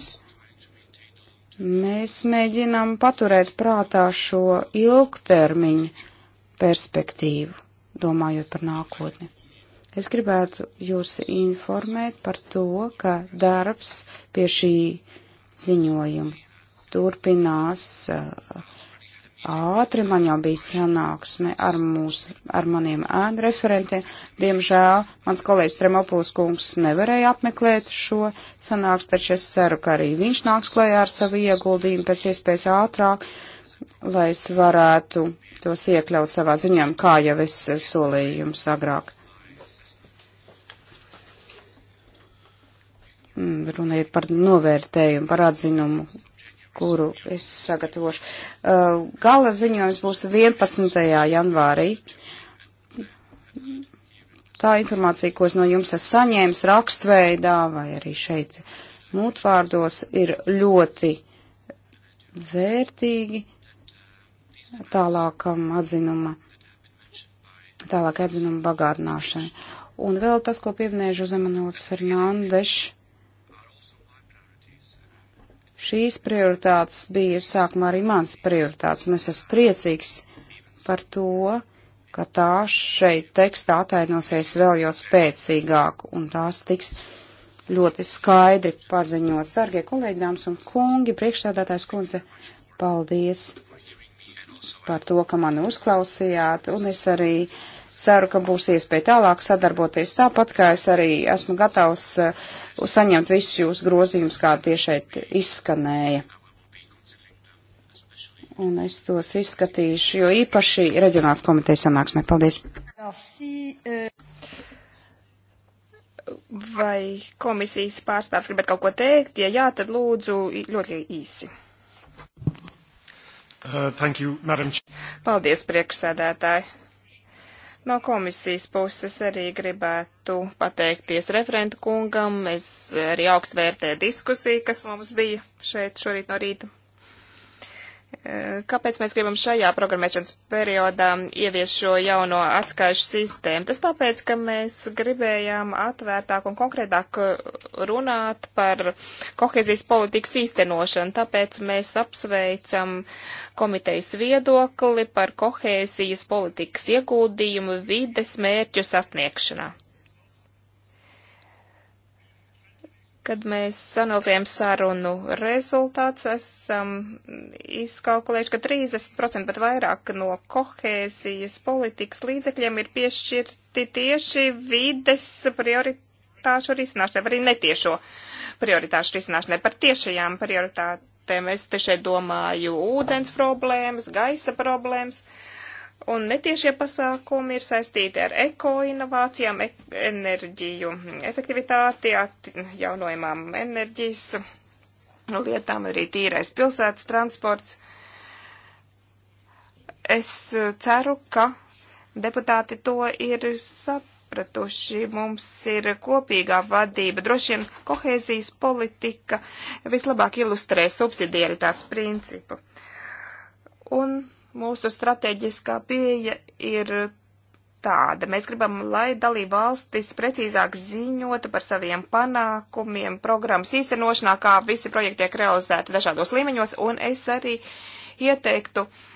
Speaker 3: Mēs mēģinām paturēt prātā šo ilgtermiņu perspektīvu, domājot par nākotni. Es gribētu jūs informēt par to, ka darbs pie šī ziņojuma turpinās uh, ātri. Man jau bija sanāksme ar, mūs, ar maniem ēnu referentiem. Diemžēl mans kolēģis Tremopulis kungs nevarēja apmeklēt šo sanāksmi, taču es ceru, ka arī viņš nāks klajā ar savu ieguldījumu pēc iespējas ātrāk, lai es varētu tos iekļaut savā ziņojumā, kā jau es solīju jums agrāk. Mm, Runa ir par novērtējumu, par atzinumu, kuru es sagatavošu. Uh, gala ziņojums būs 11. janvārī. Tā informācija, ko es no jums esmu saņēmis rakstveidā vai arī šeit mūtvārdos, ir ļoti vērtīgi tālākam atzinuma, tālāk atzinuma bagātināšanai. Un vēl tas, ko pieminēja Žozemanuels Fernandešs Šīs prioritātes bija sākumā arī mans prioritātes, un es esmu priecīgs par to, ka tā šeit tekstā atainosies vēl jau spēcīgāk, un tās tiks ļoti skaidri paziņots. Dargie kolēģi, dāmas un kungi, priekšstādātājs kundze, paldies par to, ka mani uzklausījāt, un es arī ceru, ka būs iespēja tālāk sadarboties. Tāpat kā es arī esmu gatavs uh, saņemt visus jūsu grozījumus, kādi tie šeit izskanēja. Un es tos izskatīšu, jo īpaši reģionāls komitejas sanāksmē. Paldies!
Speaker 1: Eh, vai komisijas pārstāvs gribat kaut ko teikt? Ja jā, tad lūdzu ļoti īsi. Uh, thank you, madam. Paldies, priekšsēdētāji. No komisijas puses arī gribētu pateikties referentu kungam. Es arī augstu vērtēju diskusiju, kas mums bija šeit šorīt no rīta. Kāpēc mēs gribam šajā programmēšanas periodā ievies šo jauno atskaišu sistēmu? Tas tāpēc, ka mēs gribējām atvērtāk un konkrētāk runāt par kohezijas politikas īstenošanu, tāpēc mēs apsveicam komitejas viedokli par kohezijas politikas ieguldījumu vides mērķu sasniegšanā. Kad mēs analizējam sarunu rezultātus, esam izkalkulējuši, ka 30% pat vairāk no kohēzijas politikas līdzekļiem ir piešķirti tieši vides prioritāšu risināšanai, arī netiešo prioritāšu risināšanai, par tiešajām prioritātēm. Es te šeit domāju ūdens problēmas, gaisa problēmas. Uh, Un netiešie pasākumi ir saistīti ar ekoinovācijām, e- enerģiju, efektivitāti, jaunojumām enerģijas lietām, arī tīrais pilsētas transports. Es e, ceru, ka deputāti to ir sapratuši. Mums ir kopīgā vadība. Droši vien kohēzijas politika vislabāk ilustrē subsidiaritātes principu. Un Mūsu strateģiskā pieeja ir tāda. Mēs gribam, lai dalība valstis precīzāk ziņotu par saviem panākumiem, programmas īstenošanā, kā visi projekti tiek realizēti dažādos līmeņos, un es arī ieteiktu uh,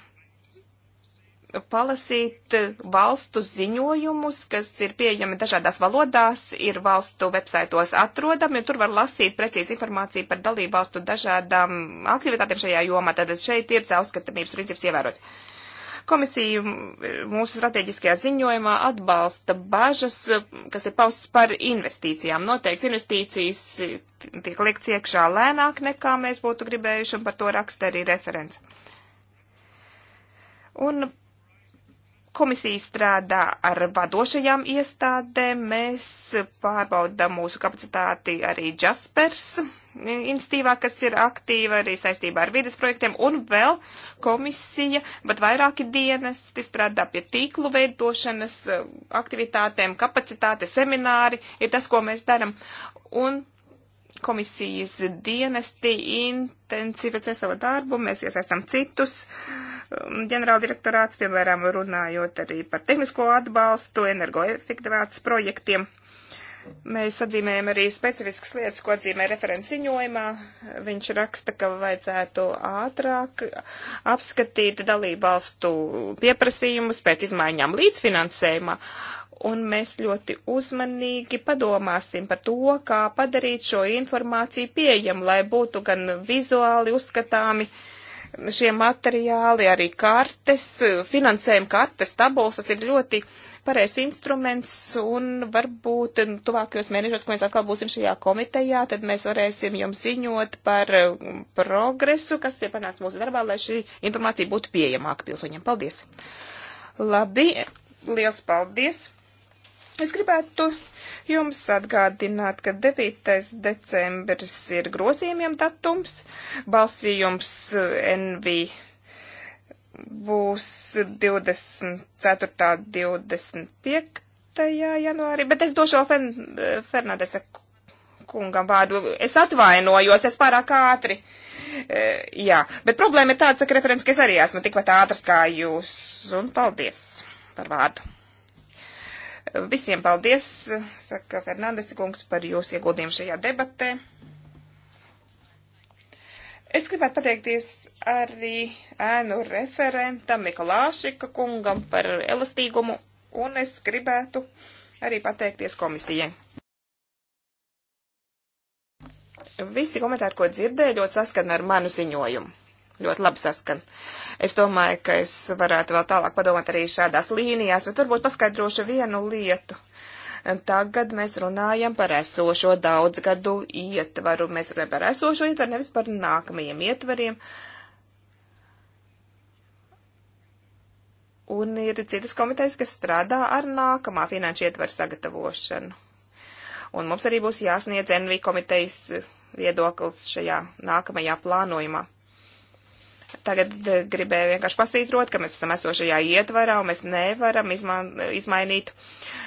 Speaker 1: palasīt valstu ziņojumus, kas ir pieejami dažādās valodās, ir valstu websaitos atrodami, un tur var lasīt precīzi informāciju par dalību valstu dažādām aktivitātēm šajā jomā. Tātad šeit ir caurskatāmības princips ievērots. Komisija mūsu strateģiskajā ziņojumā atbalsta bažas, kas ir paustas par investīcijām. Noteikti investīcijas tiek liekts iekšā lēnāk nekā mēs būtu gribējuši, un par to raksta arī referents. Un Komisija strādā ar vadošajām iestādēm, mēs pārbaudām mūsu kapacitāti arī Jaspers institīvā, kas ir aktīva arī saistībā ar vides projektiem, un vēl komisija, bet vairāki dienas strādā pie tīklu veidošanas eh, aktivitātēm, kapacitāte, semināri, ir tas, ko mēs darām. Un komisijas dienesti intensificē savu darbu, mēs iesaistām citus. Uh, Um, ģenerāldirektorāts, piemēram, runājot arī par tehnisko atbalstu, energoefektivitātes projektiem. Mēs atzīmējam arī specifiskas lietas, ko atzīmē referents ziņojumā. Viņš raksta, ka vajadzētu ātrāk apskatīt dalībvalstu pieprasījumus pēc izmaiņām līdzfinansējumā. Un mēs ļoti uzmanīgi padomāsim par to, kā padarīt šo informāciju pieejamu, lai būtu gan vizuāli uzskatāmi, uh, šie materiāli, arī kartes, finansējuma kartes, tabulas, tas ir ļoti pareizs instruments, un varbūt nu, tuvākajos mēnešos, kad mēs atkal būsim šajā komitejā, tad mēs varēsim jums ziņot par um, progresu, kas ir panākts mūsu darbā, lai šī informācija būtu pieejamāka pilsoņiem. Paldies! Labi, liels paldies! Es gribētu jums atgādināt, ka 9. decembris ir grozījumiem datums, balsījums eh, NV būs 24. 25. janvārī, bet es došu Fen eh, Fernandesa kungam vārdu. Es atvainojos, es pārāk ātri. E, jā, bet problēma ir tāda, ka referents, ka es arī esmu tikpat ātrs kā jūs, un paldies par vārdu. Visiem paldies, saka Fernandes kungs, par jūsu ieguldījumu šajā debatē. Es gribētu pateikties arī ēnu referentam Mikulāšika kungam par elastīgumu, un es gribētu arī pateikties komisijai. Visi komentāri, ko dzirdēju, ļoti saskana ar manu ziņojumu ļoti labi saskan. Es domāju, ka es varētu vēl tālāk padomāt arī šādās līnijās, un varbūt paskaidrošu vienu lietu. Tagad mēs runājam par esošo daudzgadu ietvaru. Mēs runājam par esošo ietvaru, nevis par nākamajiem ietvariem. Un ir citas komitejas, kas strādā ar nākamā finanšu ietvaru sagatavošanu. Un mums arī būs jāsniedz NV komitejas viedoklis šajā nākamajā plānojumā. Tagad e, gribēju vienkārši pasvītrot, ka mēs esam esošajā ietvarā un mēs nevaram izman, izmainīt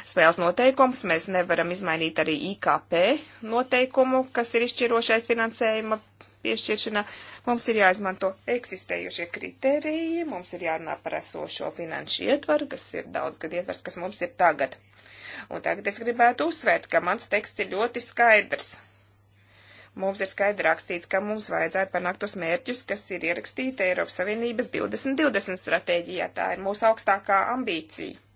Speaker 1: spēles noteikumus, mēs nevaram izmainīt arī IKP noteikumu, kas ir izšķirošais finansējuma piešķiršana. Mums ir jāizmanto eksistējušie kriteriji, mums ir jārunā par esošo finanšu ietvaru, kas ir daudz gadu ietvars, kas mums ir tagad. Un tagad es gribētu uzsvērt, ka mans teksts ir ļoti skaidrs mums ir skaidri rakstīts, ka mums vajadzētu panākt tos mērķus, kas ir ierakstīti Eiropas Savienības 2020 stratēģijā. Tā ir mūsu augstākā ambīcija.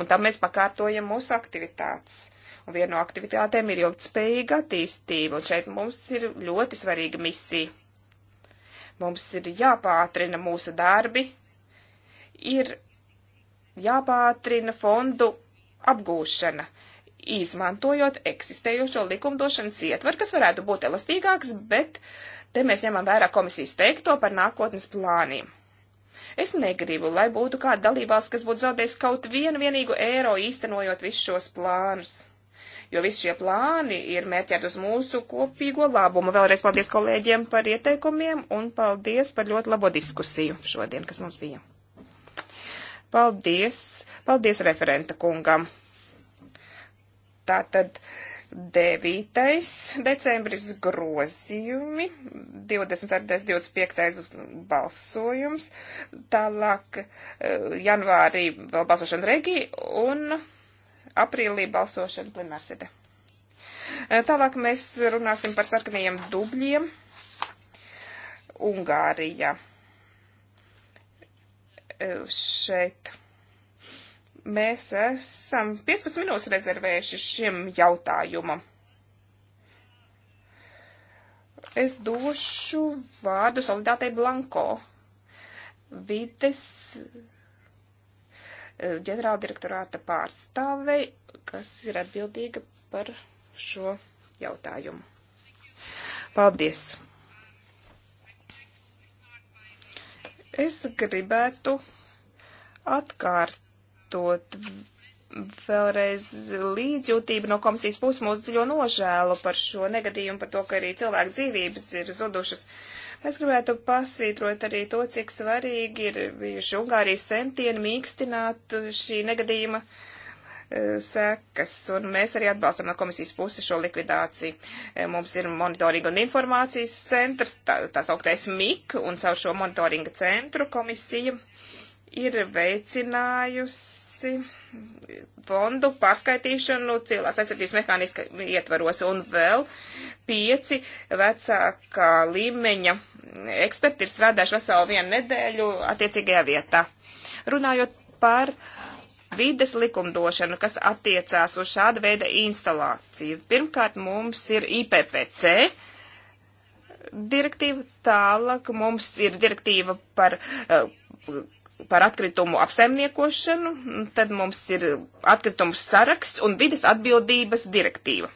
Speaker 1: Un tam mēs pakārtojam mūsu aktivitātes. Un viena no aktivitātēm ir ilgtspējīga attīstība, un šeit mums ir ļoti svarīga misija. Mums ir jāpātrina mūsu darbi, ir jāpātrina fondu apgūšana. Uh, izmantojot eksistējošo likumdošanas ietvaru, kas varētu būt elastīgāks, bet te mēs ņemam vērā komisijas teikto par nākotnes plāniem. Es negribu, lai būtu kāda dalībvalsts, kas būtu zaudējis kaut vienu vienīgu eiro īstenojot visus šos plānus. Jo visi šie plāni ir mērķēti uz mūsu kopīgo labumu. Vēlreiz paldies kolēģiem par ieteikumiem un paldies par ļoti labo diskusiju šodien, kas mums bija. Paldies! Paldies referenta kungam! Tātad 9. decembris grozījumi, 24. 25. balsojums, tālāk eh, janvārī vēl balsošana regi un aprīlī balsošana plenārsēde. Eh, tālāk mēs runāsim par sarkanajiem dubļiem Ungārijā. Eh, šeit Mēs esam 15 minūtes rezervējuši šim jautājumam. Es došu vārdu solidātei Blanko, vides eh, ģenerāldirektorāta pārstāvei, kas ir atbildīga par šo jautājumu. Paldies! Es gribētu atkārt atkārtot vēlreiz līdzjūtību no komisijas puses mūsu dziļo nožēlu par šo negadījumu, par to, ka arī cilvēku dzīvības ir zudušas. Es gribētu pasvītrot arī to, cik svarīgi ir bijuši Ungārijas centieni mīkstināt šī negadījuma e, sekas, un mēs arī atbalstam no komisijas puses šo likvidāciju. E, mums ir monitoringa un informācijas centrs, tā, tā sauktais MIK, un caur šo monitoringa centru komisiju uh, ir veicinājusi fondu pārskaitīšanu cilvēks aizsardzības mehāniska ietvaros un vēl pieci vecākā līmeņa eksperti ir strādājuši veselu vienu nedēļu attiecīgajā vietā. Runājot par vides likumdošanu, kas attiecās uz šāda veida instalāciju. Pirmkārt, mums ir IPPC, direktīva, tālāk mums ir direktīva par uh, par atkritumu apsaimniekošanu, tad mums ir atkritumu saraksts un vides atbildības direktīva.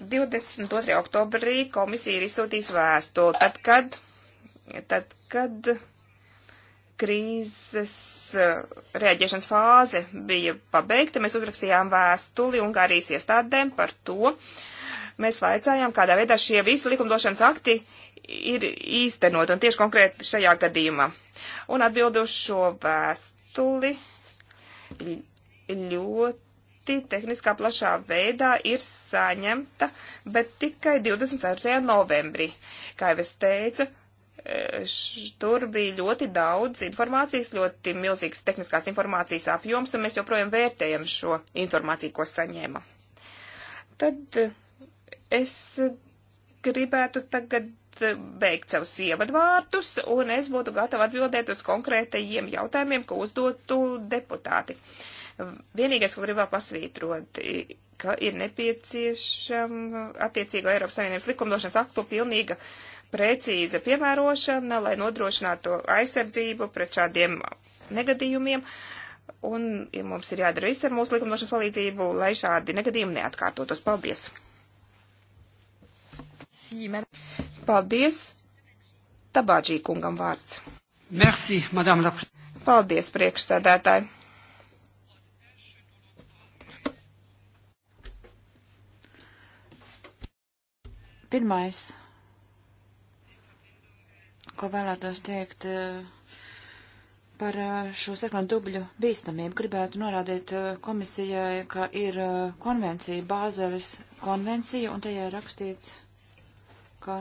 Speaker 1: 22. oktobrī komisija ir izsūtījusi vēstuli, tad, kad, tad, kad krīzes eh, rēģēšanas fāze bija pabeigta, mēs uzrakstījām vēstuli Ungārijas iestādēm par to. Mēs vaicājām, kādā veidā šie visi likumdošanas akti ir īstenot, un tieši konkrēti šajā gadījumā. Un atbildošu šo vēstuli ļoti tehniskā plašā veidā ir saņemta, bet tikai 24. novembrī. Kā jau es teicu, e, tur bija ļoti daudz informācijas, ļoti milzīgs tehniskās informācijas apjoms, un mēs joprojām vērtējam šo informāciju, ko saņēma. Tad es gribētu tagad beigt savus ievadvārdus, un es būtu gatava atbildēt uz konkrētajiem jautājumiem, ko uzdotu deputāti. Vienīgais, ko gribēju pasvītrot, ka ir nepieciešama attiecīgo Eiropas Savienības likumdošanas aktu pilnīga precīza piemērošana, lai nodrošinātu aizsardzību pret šādiem negadījumiem. Un ja mums ir jādara viss ar mūsu likumdošanas palīdzību, lai šādi negadījumi neatkārtotos. Paldies! Paldies! Tabāģī kungam vārds. Merci, madame la Paldies, priekšsēdētāji!
Speaker 4: Pirmais, ko vēlētos teikt eh, par eh, šo sarkanu dubļu bīstamību, gribētu norādīt eh, komisijai, ka ir konvencija, Bāzeles konvencija, un tajā rakstīts, ka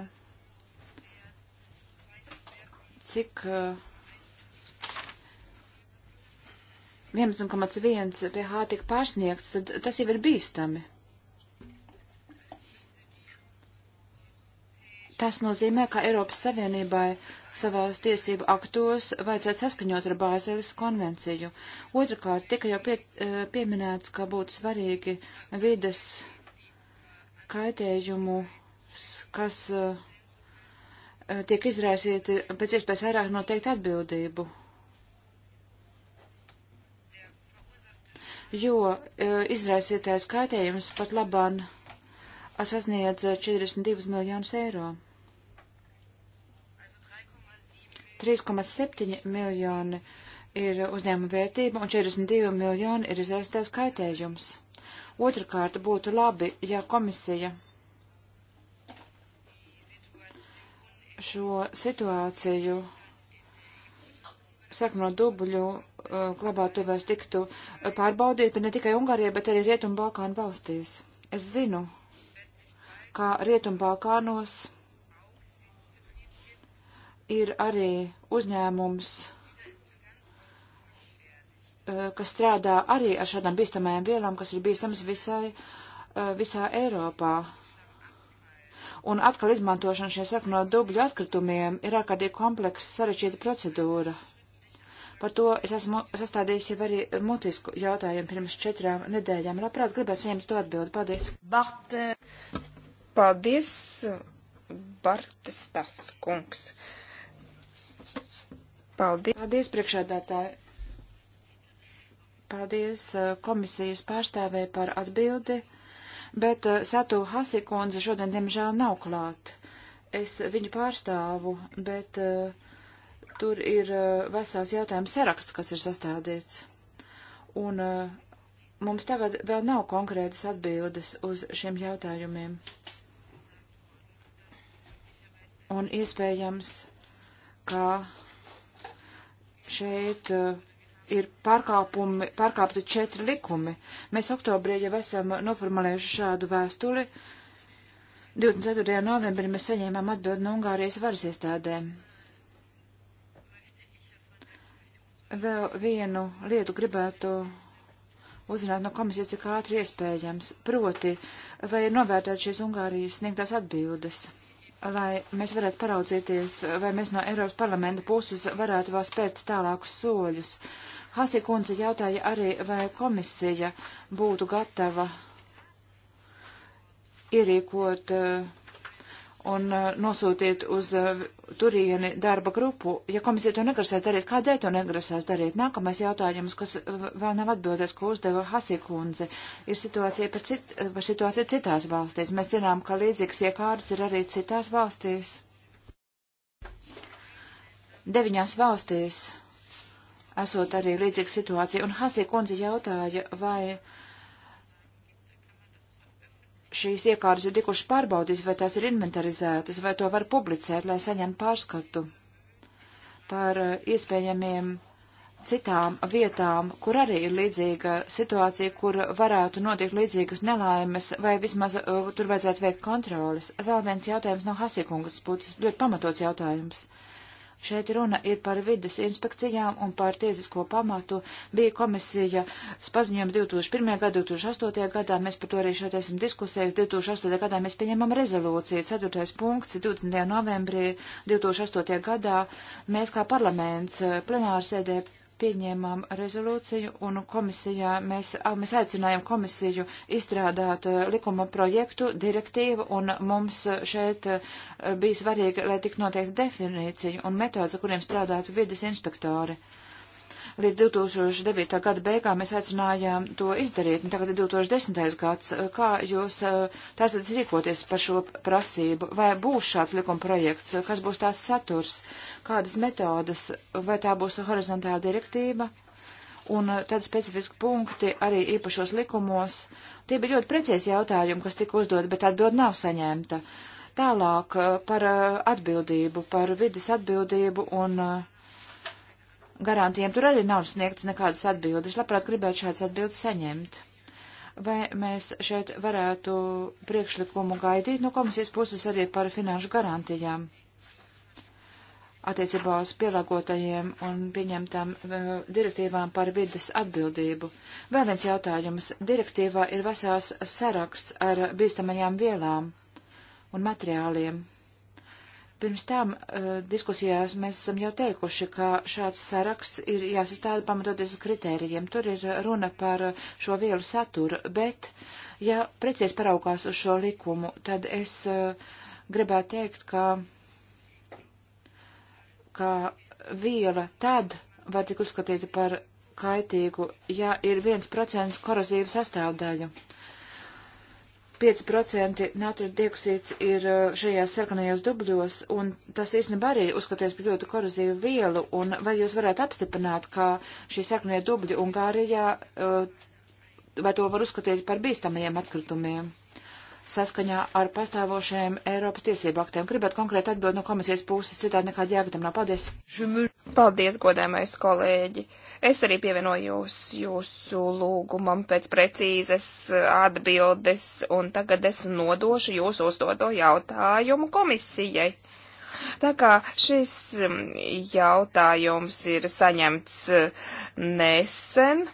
Speaker 4: cik 11,1 eh, pH tika pārsniegts, tad tas jau ir bīstami. Tas nozīmē, ka Eiropas Savienībai savās tiesību aktos vajadzētu saskaņot ar Bāzeles konvenciju. Otrakārt, tika jau pie, eh, pieminēts, ka būtu svarīgi vides kaitējumu, kas uh, Eh, tiek izraisīti pēc iespējas vairāk noteikti atbildību. Jo eh, izraisītais kaitējums pat labāk sasniedz 42 miljonus eiro. 3,7 miljoni ir uzņēmuma vērtība un 42 miljoni ir izraisītais kaitējums. Otrakārt būtu labi, ja komisija šo situāciju sakno dubuļu glabātuvēs uh, tiktu pārbaudīt, bet ne tikai Ungārijā, bet arī Rietumbalkānu valstīs. Es zinu, ka Rietumbalkānos ir arī uzņēmums, uh, kas strādā arī ar šādām bīstamajām vielām, kas ir bīstamas visai, uh, visā Eiropā un atkal izmantošana šie sarkano dubļu atkritumiem ir ārkārtīgi kompleksa sarežģīta procedūra. Par to es esmu sastādījis jau arī mutisku jautājumu pirms četrām nedēļām. Labprāt, gribētu saņemt to atbildi. Paldies. Bart. Eh,
Speaker 1: Paldies, Bartas tas kungs. Paldies. Paldies, priekšādātāji. Paldies
Speaker 4: eh, komisijas pārstāvē par atbildi bet eh, Satu Hasikundze šodien, diemžēl, nav klāt. Es viņu pārstāvu, bet eh, tur ir eh, vesels jautājums saraksts, kas ir sastādīts. Un mums tagad vēl nav konkrētas atbildes uz šiem jautājumiem. Un iespējams, ka šeit uh, ir pārkāpti četri likumi. Mēs oktobrī jau esam noformulējuši šādu vēstuli. 24. novembrī mēs saņēmām atbildi no Ungārijas varas iestādēm. Vēl vienu lietu gribētu uzzināt no komisijas, cik ātri iespējams. Proti, vai ir novērtēt šīs Ungārijas sniegtās atbildes, lai mēs varētu paraudzīties, vai mēs no Eiropas parlamenta puses varētu vēl spērt tālākus soļus, Hasi kundze jautāja arī, vai komisija būtu gatava ierīkot eh, un eh, nosūtīt uz eh, turieni darba grupu. Ja komisija to negrasās darīt, kādēļ to negrasās darīt? Nākamais jautājums, kas vēl nav atbildēts, ko uzdeva Hasi kundze, ir situācija par, cit, par situāciju citās valstīs. Mēs zinām, ka līdzīgs iekārtas ir arī citās valstīs. Deviņās valstīs esot arī līdzīga situācija. Un Hasī kundze jautāja, vai šīs iekārtas ir tikušas pārbaudītas, vai tās ir inventarizētas, vai to var publicēt, lai saņemtu pārskatu par eh, iespējamiem citām vietām, kur arī ir līdzīga situācija, kur varētu notikt līdzīgas nelaimes, vai vismaz uh, tur vajadzētu veikt kontrolas. Vēl viens jautājums no Hasīkungas būtu ļoti pamatots jautājums. Uh, Šeit runa ir par vidas inspekcijām un par tiesisko pamatu. Bija komisija spaziņojums 2001. gadā, 2008. gadā, mēs par to arī šeit esam diskusējuši. 2008. gadā mēs pieņemam rezolūciju. 4. punkts 20. novembrī 2008. gadā mēs kā parlaments plenārsēdē pieņēmām rezolūciju un komisijā mēs, mēs aicinājām komisiju izstrādāt likuma projektu, direktīvu un mums šeit bija svarīgi, lai tik noteikti definīcija un metodas, kuriem strādātu vides inspektori. Uh, Līdz 2009. gada beigām mēs aicinājām to izdarīt, un tagad ir 2010. gads. Kā jūs eh, tāsat rīkoties par šo prasību? Vai būs šāds likuma projekts? Kas būs tās saturs? Kādas metodas? Vai tā būs horizontāla direktīva? Un eh, tad specifiski punkti arī īpašos likumos. Tie bija ļoti precīzi jautājumi, kas tika uzdot, bet atbildi nav saņemta. Tālāk eh, par atbildību, par vidas atbildību un uh, garantijām tur arī nav sniegts nekādas atbildes. Labprāt gribētu šādas atbildes saņemt. Vai mēs šeit varētu priekšlikumu gaidīt no komisijas puses arī par finanšu garantijām attiecībā uz pielāgotajiem un pieņemtām uh, direktīvām par vidas atbildību? Vēl viens jautājums. Direktīvā ir vesels saraksts ar bīstamajām vielām un materiāliem Pirms tam uh, diskusijās mēs esam jau teikuši, ka šāds saraksts ir jāsastāda pamatoties uz kritērijiem. Tur ir runa par šo vielu saturu, bet, ja precīzi paraugās uz šo likumu, tad es uh, gribētu teikt, ka, ka viela tad var tik uzskatīta par kaitīgu, ja ir viens procents korozīvu sastāvdaļu. Uh, 5% natrija dioksīds ir uh, šajās sarkanajos dubļos, un tas īstenībā arī uzskaties par ļoti korozīvu vielu, un vai jūs varētu apstiprināt, ka šī sarkanie dubļi Ungārijā, uh, vai to var uzskatīt par bīstamajiem atkritumiem? saskaņā ar pastāvošajiem Eiropas tiesību aktiem. Gribētu konkrēti atbild no komisijas puses, citādi nekā jēga tam nav. Paldies!
Speaker 1: Paldies, godēmais kolēģi! Uh, Es arī pievienojos jūsu lūgumam pēc precīzes eh, atbildes, un tagad es nodošu jūsu uzdoto jautājumu komisijai. Tā kā šis mm, jautājums ir saņemts eh, nesen,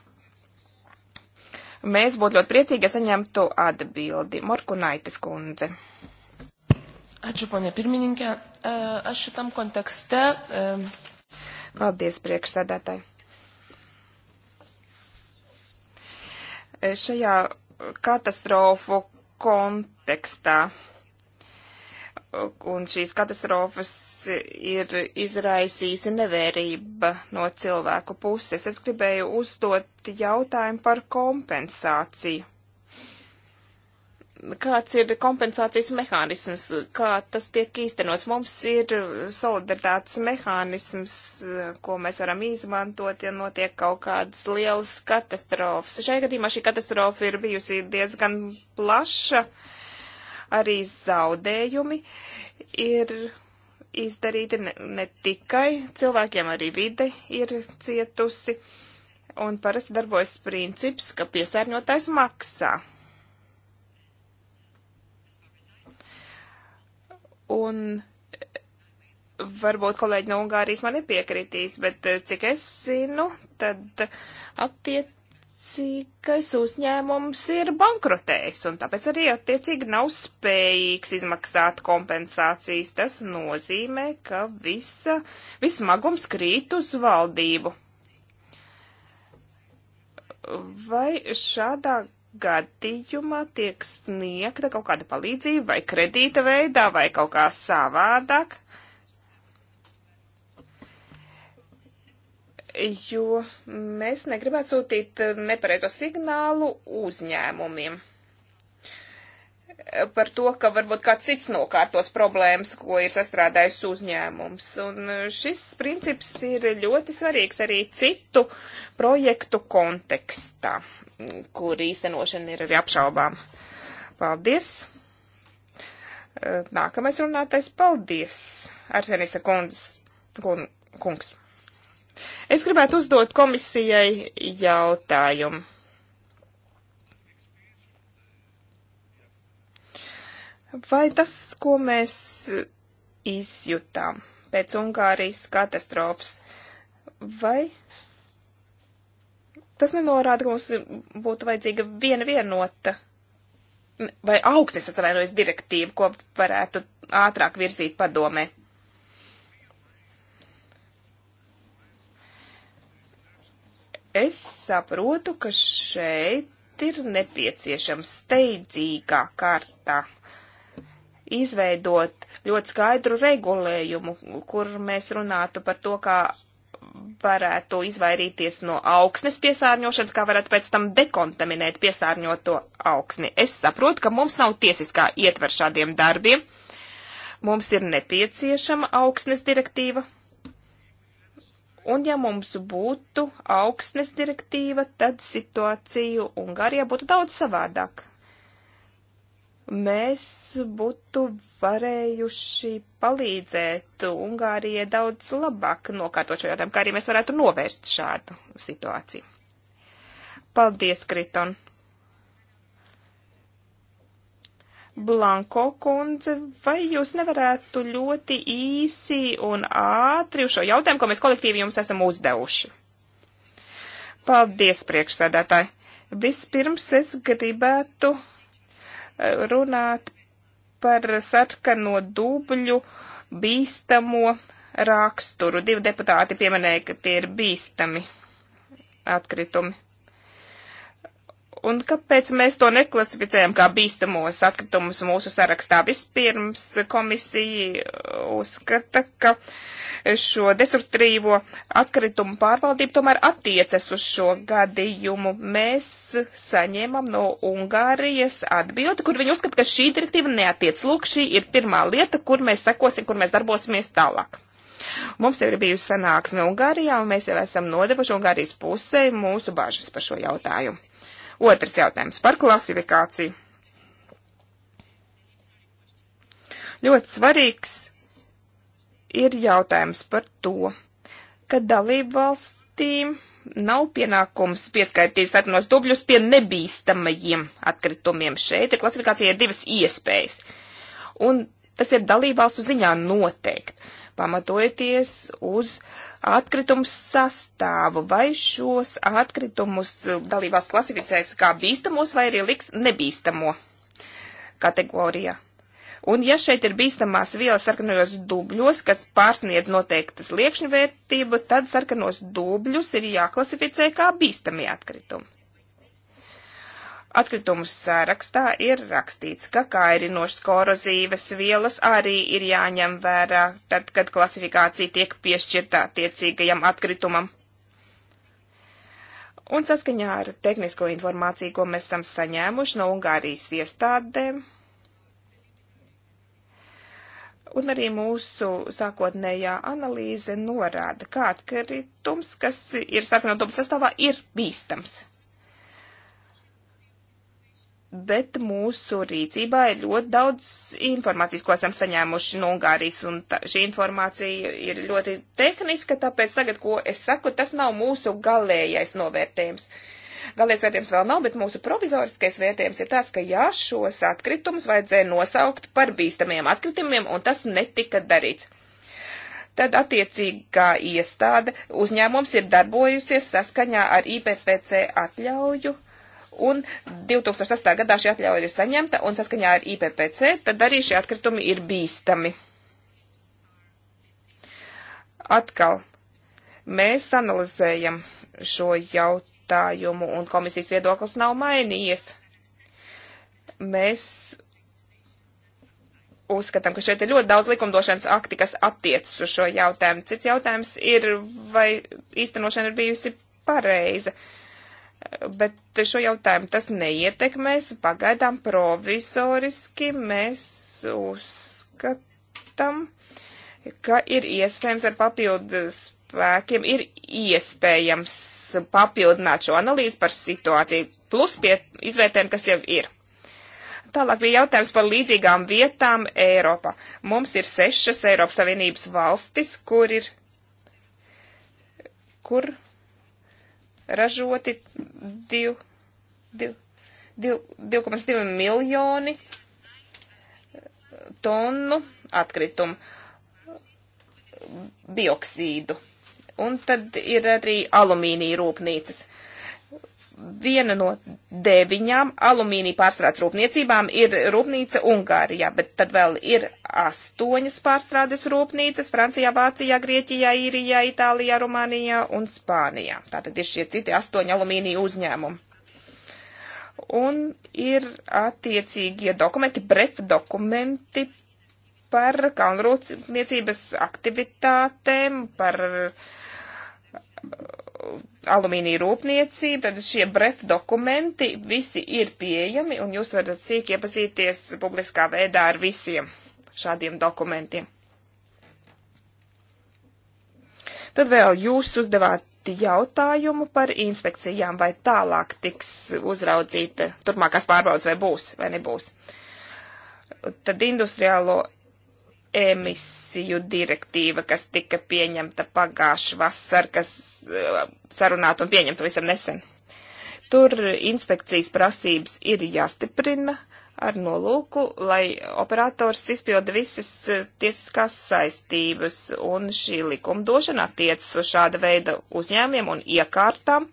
Speaker 1: mēs būtu ļoti priecīgi, ja saņemtu atbildi. Morku Naitis kundze. Ačiū, ponia pirmininkė. E, aš šitam kontekste. E, Paldies, priekšsēdētāji. E, šajā katastrofu kontekstā. Un šīs katastrofas ir izraisījusi nevērība no cilvēku puses. Es gribēju uzdot jautājumu par kompensāciju kāds ir kompensācijas mehānisms, kā tas tiek īstenos. Mums ir solidaritātes mehānisms, ko mēs varam izmantot, ja notiek kaut kādas lielas katastrofas. Šajā gadījumā šī katastrofa ir bijusi diezgan plaša, arī zaudējumi ir izdarīti ne, ne tikai cilvēkiem, arī vide ir cietusi. Un parasti darbojas princips, ka piesārņotājs maksā. Un e, varbūt kolēģi no Ungārijas man nepiekritīs, bet e, cik es zinu, tad attiec attiecīgais uzņēmums ir bankrotējis, un tāpēc arī attiecīgi nav spējīgs izmaksāt kompensācijas. Tas nozīmē, ka visa, viss smagums krīt uz valdību. Vai šādā gadījumā tiek sniegta kaut kāda palīdzība vai kredīta veidā vai kaut kā savādāk, jo mēs negribētu sūtīt nepareizo signālu uzņēmumiem par to, ka varbūt kāds cits nokārtos problēmas, ko ir sastrādājis uzņēmums. Un šis princips ir ļoti svarīgs arī citu projektu kontekstā kur īstenošana ir arī apšaubām. Paldies! Nākamais runātais, paldies! Arsenisa kundz, kun, kungs. Es gribētu uzdot komisijai jautājumu. Vai tas, ko mēs izjutām pēc Ungārijas katastrofas, vai Tas nenorāda, ka mums būtu vajadzīga viena vienota vai augstnes atvainojas direktīva, ko varētu ātrāk virzīt padomē. Es saprotu, ka šeit ir nepieciešams steidzīgā kārtā izveidot ļoti skaidru regulējumu, kur mēs runātu par to, kā varētu izvairīties no augsnes piesārņošanas, kā varētu pēc tam dekontaminēt piesārņoto augsni. Es saprotu, ka mums nav tiesiskā ietver šādiem darbiem. Mums ir nepieciešama augsnes direktīva. Un ja mums būtu augsnes direktīva, tad situācija Ungārijā būtu daudz savādāka mēs būtu varējuši palīdzēt Ungārijai daudz labāk nokārtot šo jautājumu, kā arī mēs varētu novērst šādu situāciju. Paldies, Kriton! Blanko kundze, vai jūs nevarētu ļoti īsi un ātri uz šo jautājumu, ko mēs kolektīvi jums esam uzdevuši? Paldies, priekšsēdētāji! Vispirms es gribētu runāt par sarkano dubļu bīstamo raksturu. Divi deputāti pieminēja, ka tie ir bīstami atkritumi. Un kāpēc mēs to neklasificējam kā bīstamos atkritumus mūsu sarakstā? Vispirms komisija uzskata, ka šo destruktīvo atkritumu pārvaldību tomēr attiecas uz šo gadījumu. Mēs saņēmam no Ungārijas atbildi, kur viņi uzskata, ka šī direktīva neatiec. Lūk, šī ir pirmā lieta, kur mēs sekosim, kur mēs darbosimies tālāk. Mums jau ir bijusi sanāksme Ungārijā, un mēs jau esam nodevuši Ungārijas pusē mūsu bāžas par šo jautājumu. Otrs jautājums par klasifikāciju. Ļoti svarīgs ir jautājums par to, ka dalību valstīm nav pienākums pieskaitīt sarkanos dubļus pie nebīstamajiem atkritumiem. Šeit ir klasifikācija ir divas iespējas. Un tas ir dalībvalstu ziņā noteikt pamatojoties uz atkritumu sastāvu, vai šos atkritumus dalībās klasificēs kā bīstamos vai arī liks nebīstamo kategorijā. Un ja šeit ir bīstamās vielas sarkanojos dubļos, kas pārsniedz noteiktas liekšņu vērtību, tad sarkanos dubļus ir jāklasificē kā bīstamie atkritumi. Atkritumu sarakstā ir rakstīts, ka kairinošas korozīves vielas arī ir jāņem vērā, tad, kad klasifikācija tiek piešķirta attiecīgajam atkritumam. Un saskaņā ar tehnisko informāciju, ko mēs esam saņēmuši no Ungārijas iestādēm, un arī mūsu sākotnējā analīze norāda, ka atkritums, kas ir sarkanā dubļa sastāvā, ir bīstams bet mūsu rīcībā ir ļoti daudz informācijas, ko esam saņēmuši no Ungārijas, un tā, šī informācija ir ļoti tehniska, tāpēc tagad, ko es saku, tas nav mūsu galējais novērtējums. Galējais vērtējums vēl nav, bet mūsu provizoriskais vērtējums ir tāds, ka jā, šos atkritumus vajadzēja nosaukt par bīstamiem atkritumiem, un tas netika darīts. Tad attiecīgā iestāde uzņēmums ir darbojusies saskaņā ar IPPC atļauju un 2008. gadā šī atļauja ir saņemta, un saskaņā ar IPPC, tad arī šie atkritumi ir bīstami. Atkal, mēs analizējam šo jautājumu, un komisijas viedoklis nav mainījies. Mēs uzskatām, ka šeit ir ļoti daudz likumdošanas akti, kas attiecas uz šo jautājumu. Cits jautājums ir, vai īstenošana ir bijusi pareiza. Uh, bet šo jautājumu tas neietekmēs. Pagaidām provizoriski mēs uzskatām, ka ir iespējams ar papildus spēkiem, ir iespējams papildināt šo analīzi par situāciju, plus pie izvērtēm, kas jau ir. Tālāk bija jautājums par līdzīgām vietām Eiropā. Mums ir sešas Eiropas Savienības valstis, kur ir, kur ražoti 2,2 miljoni tonu atkritumu dioksīdu. Un tad ir arī alumīnija rūpnīcas. Uh, viena no deviņām alumīnija pārstrādes rūpniecībām ir rūpnīca Ungārijā, bet tad vēl ir astoņas pārstrādes rūpnīcas Francijā, Vācijā, Grieķijā, Īrijā, Itālijā, Rumānijā un Spānijā. Tātad ir šie citi astoņi alumīnija uzņēmumi. Un ir attiecīgie dokumenti, bref dokumenti par kalnrūpniecības aktivitātēm, par alumīnija rūpniecību, tad šie bref dokumenti visi ir pieejami un jūs varat sīk iepazīties publiskā veidā ar visiem šādiem dokumentiem. Tad vēl jūs uzdevāt jautājumu par inspekcijām, vai tālāk tiks uzraudzīta turpmākās pārbaudas, vai būs vai nebūs. Tad industriālo emisiju direktīva, kas tika pieņemta pagājuši vasar, kas eh, sarunāta un pieņemta visam nesen. Tur inspekcijas prasības ir jāstiprina ar nolūku, lai operators izpilda visas eh, tiesiskās saistības, un šī likumdošana attiecas uz šāda veida uzņēmiem un iekārtām.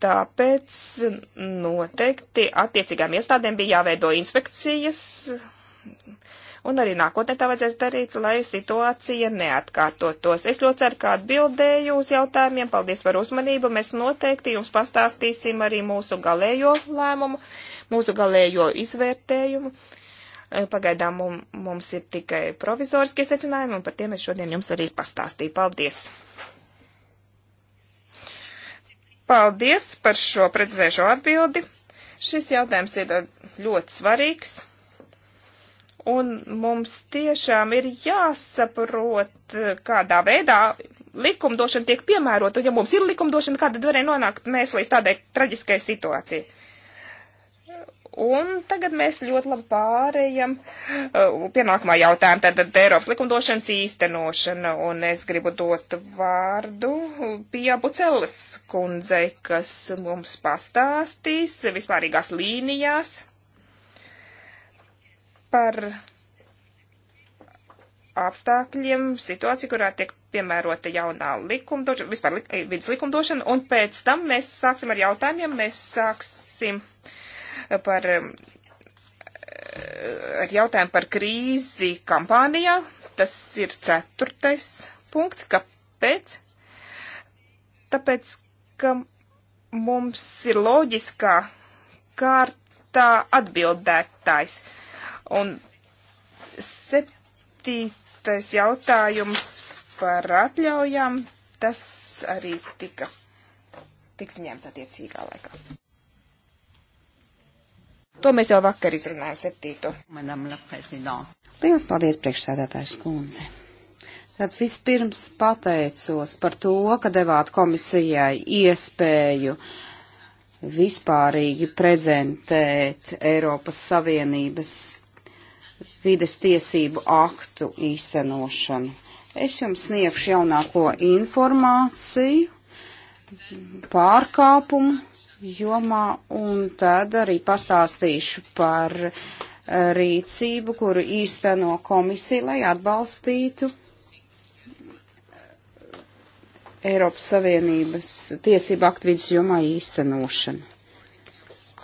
Speaker 1: Tāpēc noteikti attiecīgām iestādēm bija jāveido inspekcijas, un arī nākotnē tā vajadzēs darīt, lai situācija neatkārtotos. Es ļoti ceru, ka atbildēju uz jautājumiem. Paldies par uzmanību. Mēs noteikti jums pastāstīsim arī mūsu galējo lēmumu, mūsu galējo izvērtējumu. Eh, pagaidām mums ir tikai provizoriskie secinājumi, un par tiem es šodien jums arī pastāstīju. Paldies! Paldies par šo precizēšo atbildi. Šis jautājums ir eh, ļoti svarīgs. Un mums tiešām ir jāsaprot, kādā veidā likumdošana tiek piemērota. Un ja mums ir likumdošana, kāda varēja nonākt mēs līdz tādai traģiskai situācijai. Un tagad mēs ļoti labi pārējam uh, pie nākamā jautājuma, tātad Eiropas likumdošanas īstenošana. Un es gribu dot vārdu Pijā Bucelas kundzei, kas mums pastāstīs vispārīgās līnijās par apstākļiem, situāciju, kurā tiek piemērota jaunā likumdošana, vispār li, eh, vidas likumdošana, un pēc tam mēs sāksim ar jautājumiem, mēs sāksim eh, par, eh, ar jautājumu par krīzi kampānijā, tas ir ceturtais punkts, kāpēc? Tāpēc, ka mums ir loģiskā kārtā atbildētājs. Uh, Un septītais jautājums par atļaujām, tas arī tika, tiks ņemts attiecīgā laikā. To
Speaker 3: mēs jau vakar izrunājām septīto. Lielas paldies, priekšsēdētājs kundze. Tad vispirms pateicos par to, ka devāt komisijai iespēju uh, vispārīgi prezentēt Eiropas Savienības vides tiesību aktu īstenošanu. Es jums sniegšu jaunāko informāciju, pārkāpumu jomā un tad arī pastāstīšu par eh, rīcību, kuru īsteno komisija, lai atbalstītu eh, Eiropas Savienības tiesību aktu vidas jomā īstenošanu.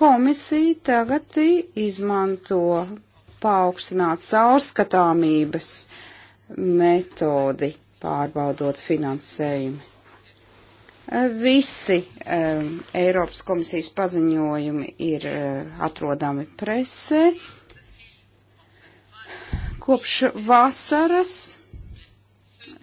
Speaker 3: Komisija tagad izmanto paaugstināt caurskatāmības metodi, pārbaudot finansējumu. Visi um, Eiropas komisijas paziņojumi ir uh, atrodami presē. Kopš vasaras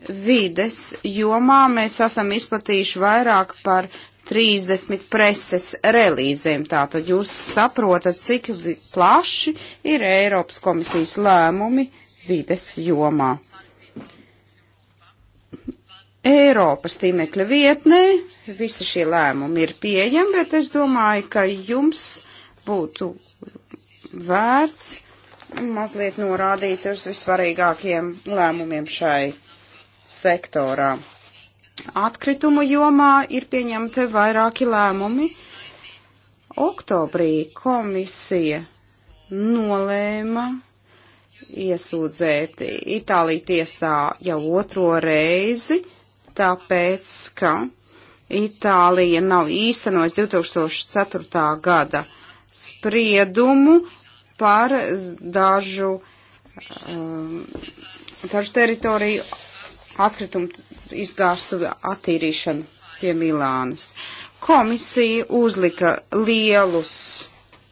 Speaker 3: vides jomā mēs esam izplatījuši vairāk par 30 preses relīzēm. Tātad jūs saprotat, cik plaši ir Eiropas komisijas lēmumi vides jomā. Eiropas tīmekļa vietnē visi šie lēmumi ir pieejami, bet es domāju, ka jums būtu vērts mazliet norādīt uz visvarīgākiem lēmumiem šai sektorā atkritumu jomā ir pieņemti vairāki lēmumi. Oktobrī komisija nolēma iesūdzēt Itāliju tiesā jau otro reizi, tāpēc, ka Itālija nav īstenojis 2004. gada spriedumu par dažu, um, dažu teritoriju atkritumu izgāstu attīrīšanu pie Milānas. Komisija uzlika lielus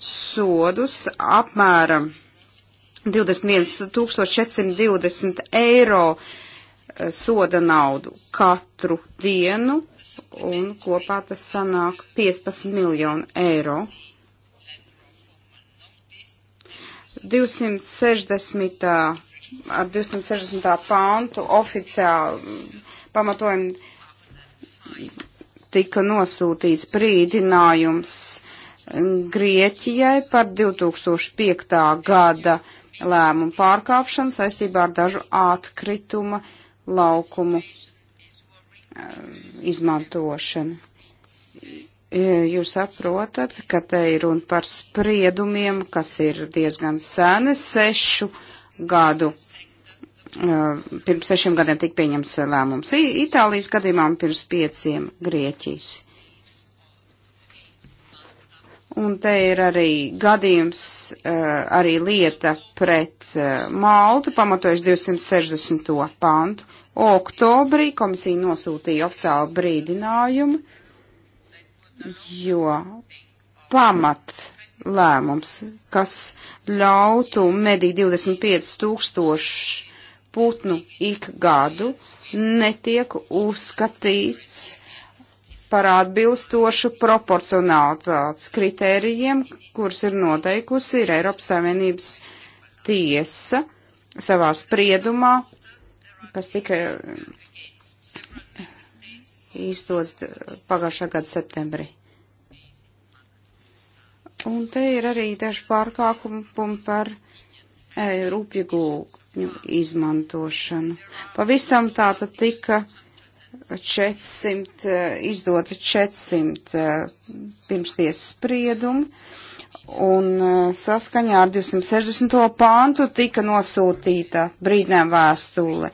Speaker 3: sodus apmēram 21,420 eiro eh, soda naudu katru dienu, un kopā tas sanāk 15 miljonu eiro. 260. ar 260. pāntu oficiāli pamatojumi tika nosūtīts brīdinājums Grieķijai par 2005. gada lēmumu pārkāpšanu saistībā ar dažu atkrituma laukumu eh, izmantošanu. E, jūs saprotat, ka te ir runa par spriedumiem, kas ir diezgan seni, sešu gadu pirms sešiem gadiem tika pieņemts lēmums Itālijas gadījumā un pirms pieciem Grieķijas. Un te ir arī gadījums, arī lieta pret Maltu, pamatojas 260. pantu. Oktobrī komisija nosūtīja oficiālu brīdinājumu, jo pamat lēmums, kas ļautu medī 25 tūkstoši putnu ik gadu netiek uzskatīts par atbilstošu proporcionālitātes kritērijiem, kurus ir noteikusi ir Eiropas Savienības tiesa savā spriedumā, kas tika īstots eh, pagājušā gada septembrī. Un te ir arī daži pārkāpumi par rūpjagūkņu izmantošanu. Pavisam tāda tika 400, izdota 400 pirmstiesas spriedumu, un eh, saskaņā ar 260. pāntu tika nosūtīta brīdnēm vēstule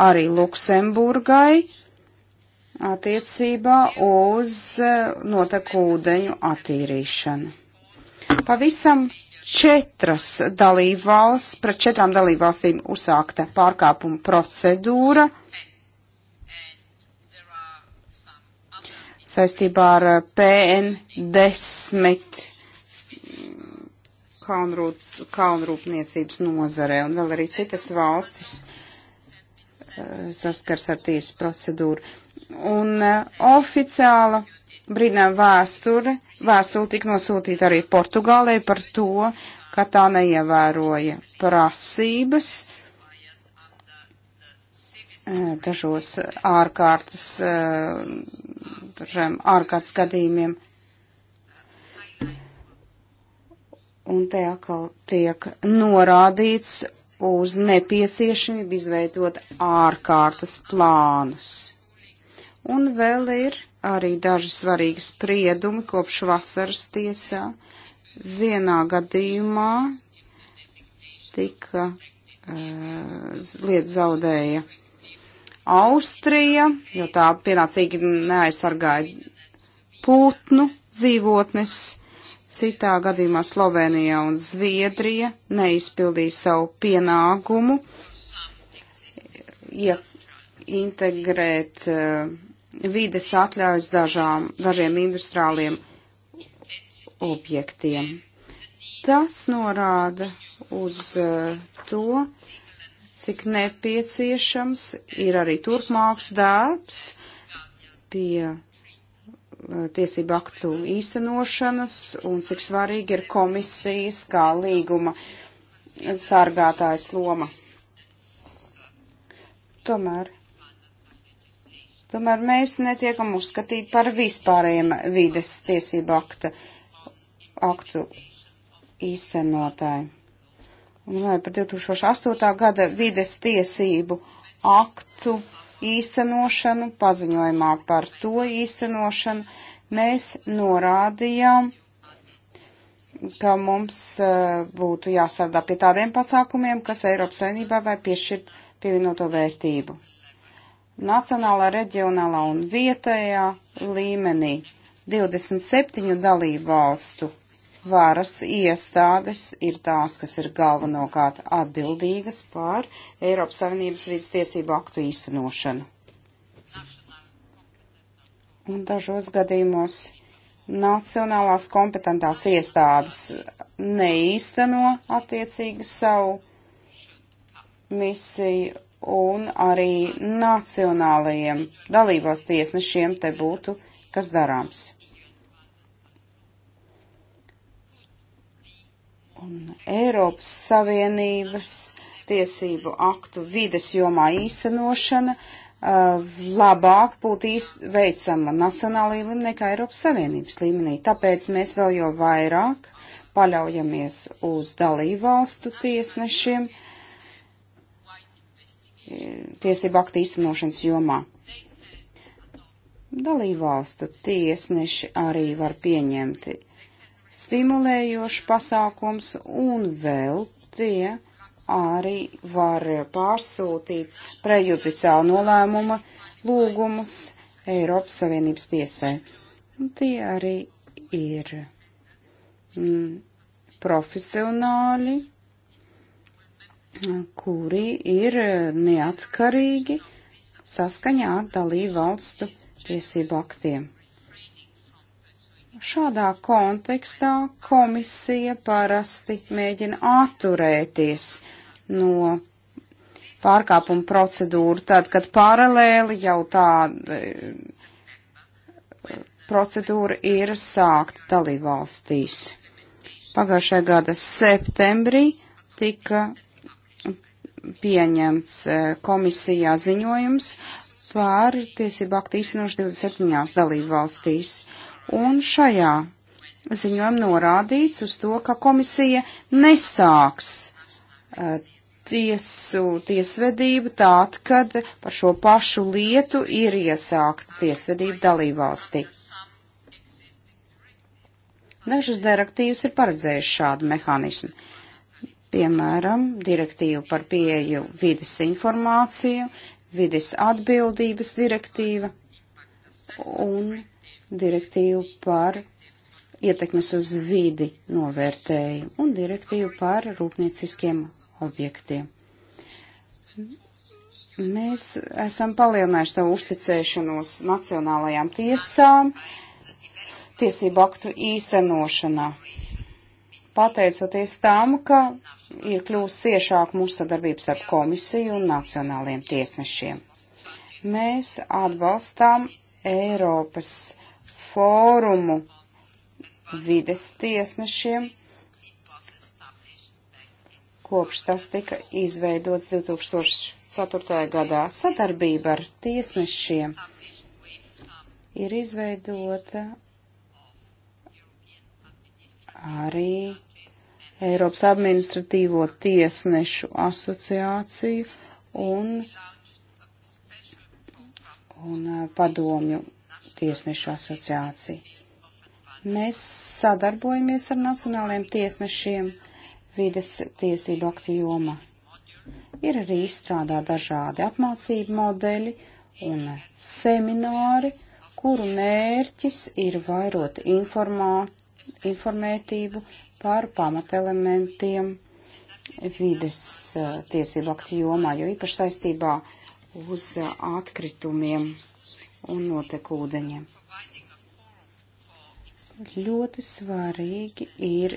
Speaker 3: arī Luksemburgai attiecībā uz eh, notekūdeņu attīrīšanu. Pavisam četras dalībvalsts, pret četrām dalībvalstīm uzsākta pārkāpuma procedūra saistībā ar PN10 kalnrūpniecības nozare un vēl arī citas valstis eh, saskars ar tiesas procedūru. Un uh, oficiāla brīdinājuma vēsture Vēstuli tika nosūtīta arī Portugālei par to, ka tā neievēroja prasības eh, dažos ārkārtas, eh, dažiem ārkārtas gadījumiem. Un te atkal tiek norādīts uz nepieciešamību izveidot ārkārtas plānus. Un vēl ir arī daži svarīgi spriedumi kopš vasaras tiesā. Vienā gadījumā tika uh, eh, lietu zaudēja Austrija, jo tā pienācīgi neaizsargāja putnu dzīvotnes. Citā gadījumā Slovenija un Zviedrija neizpildīja savu pienākumu ja integrēt uh, vides atļaujas dažām, dažiem industriāliem objektiem. Tas norāda uz eh, to, cik nepieciešams ir arī turpmāks darbs pie eh, tiesību aktu īstenošanas un cik svarīgi ir komisijas kā līguma sargātājs loma. Tomēr Tomēr mēs netiekam uzskatīti par vispārējiem vides tiesību akta, aktu īstenotāju. Un vai par 2008. gada vides tiesību aktu īstenošanu, paziņojumā par to īstenošanu, mēs norādījām, ka mums e, būtu jāstrādā pie tādiem pasākumiem, kas Eiropas saimnībā vai piešķirt pievienoto vērtību nacionālā, reģionālā un vietējā līmenī 27 dalību valstu varas iestādes ir tās, kas ir galvenokārt atbildīgas pār Eiropas Savienības vidas tiesību aktu īstenošanu. Un dažos gadījumos nacionālās kompetentās iestādes neīsteno attiecīgi savu misiju un arī nacionālajiem dalībās tiesnešiem te būtu kas darāms. Un Eiropas Savienības tiesību aktu vides jomā īstenošana uh, labāk būtu veicama nacionālajā līmenī nekā Eiropas Savienības līmenī. Tāpēc mēs vēl jau vairāk paļaujamies uz dalībvalstu tiesnešiem, uh, tiesību aktu īstenošanas jomā. Dalībvalstu tiesneši arī var pieņemt stimulējošu pasākums un vēl tie arī var pārsūtīt prejudiciālu nolēmuma lūgumus Eiropas Savienības tiesai. Un tie arī ir mm, profesionāļi kuri ir eh, neatkarīgi saskaņā ar dalību valstu tiesību aktiem. Šādā kontekstā komisija parasti mēģina atturēties no pārkāpuma procedūru, tad, kad paralēli jau tā eh, procedūra ir sākta dalībvalstīs. Pagājušajā gada septembrī tika pieņemts e, komisijā ziņojums par tiesību aktu īstenošu 27 dalību valstīs. Un šajā ziņojumā norādīts uz to, ka komisija nesāks e, tiesu, tiesvedību tād, kad par šo pašu lietu ir iesākta tiesvedība dalībvalstī. Dažas direktīvas ir paredzējušas šādu mehānismu. Piemēram, direktīva par pieeju vides informāciju, vides atbildības direktīva un direktīva par ietekmes uz vidi novērtēju un direktīvu par rūpnieciskiem objektiem. Mēs esam palielinājuši savu uzticēšanos nacionālajām tiesām, tiesību aktu īstenošanā, pateicoties tam, ka ir kļūst ciešāk mūsu sadarbības ar komisiju un nacionāliem tiesnešiem. Mēs atbalstām Eiropas fórumu vides tiesnešiem, kopš tas tika izveidots 2004. gadā. Sadarbība ar tiesnešiem ir izveidota arī Eiropas administratīvo tiesnešu asociāciju un, un uh, padomju tiesnešu asociāciju. Mēs sadarbojamies ar nacionāliem tiesnešiem vides tiesību aktu jomā. Ir arī izstrādā dažādi apmācību modeļi un semināri, kuru mērķis ir vairot informā, informētību par pamatelementiem vides eh, tiesību aktu jomā, jo īpaši saistībā uz eh, atkritumiem un notekūdeņiem. Ļoti svarīgi ir,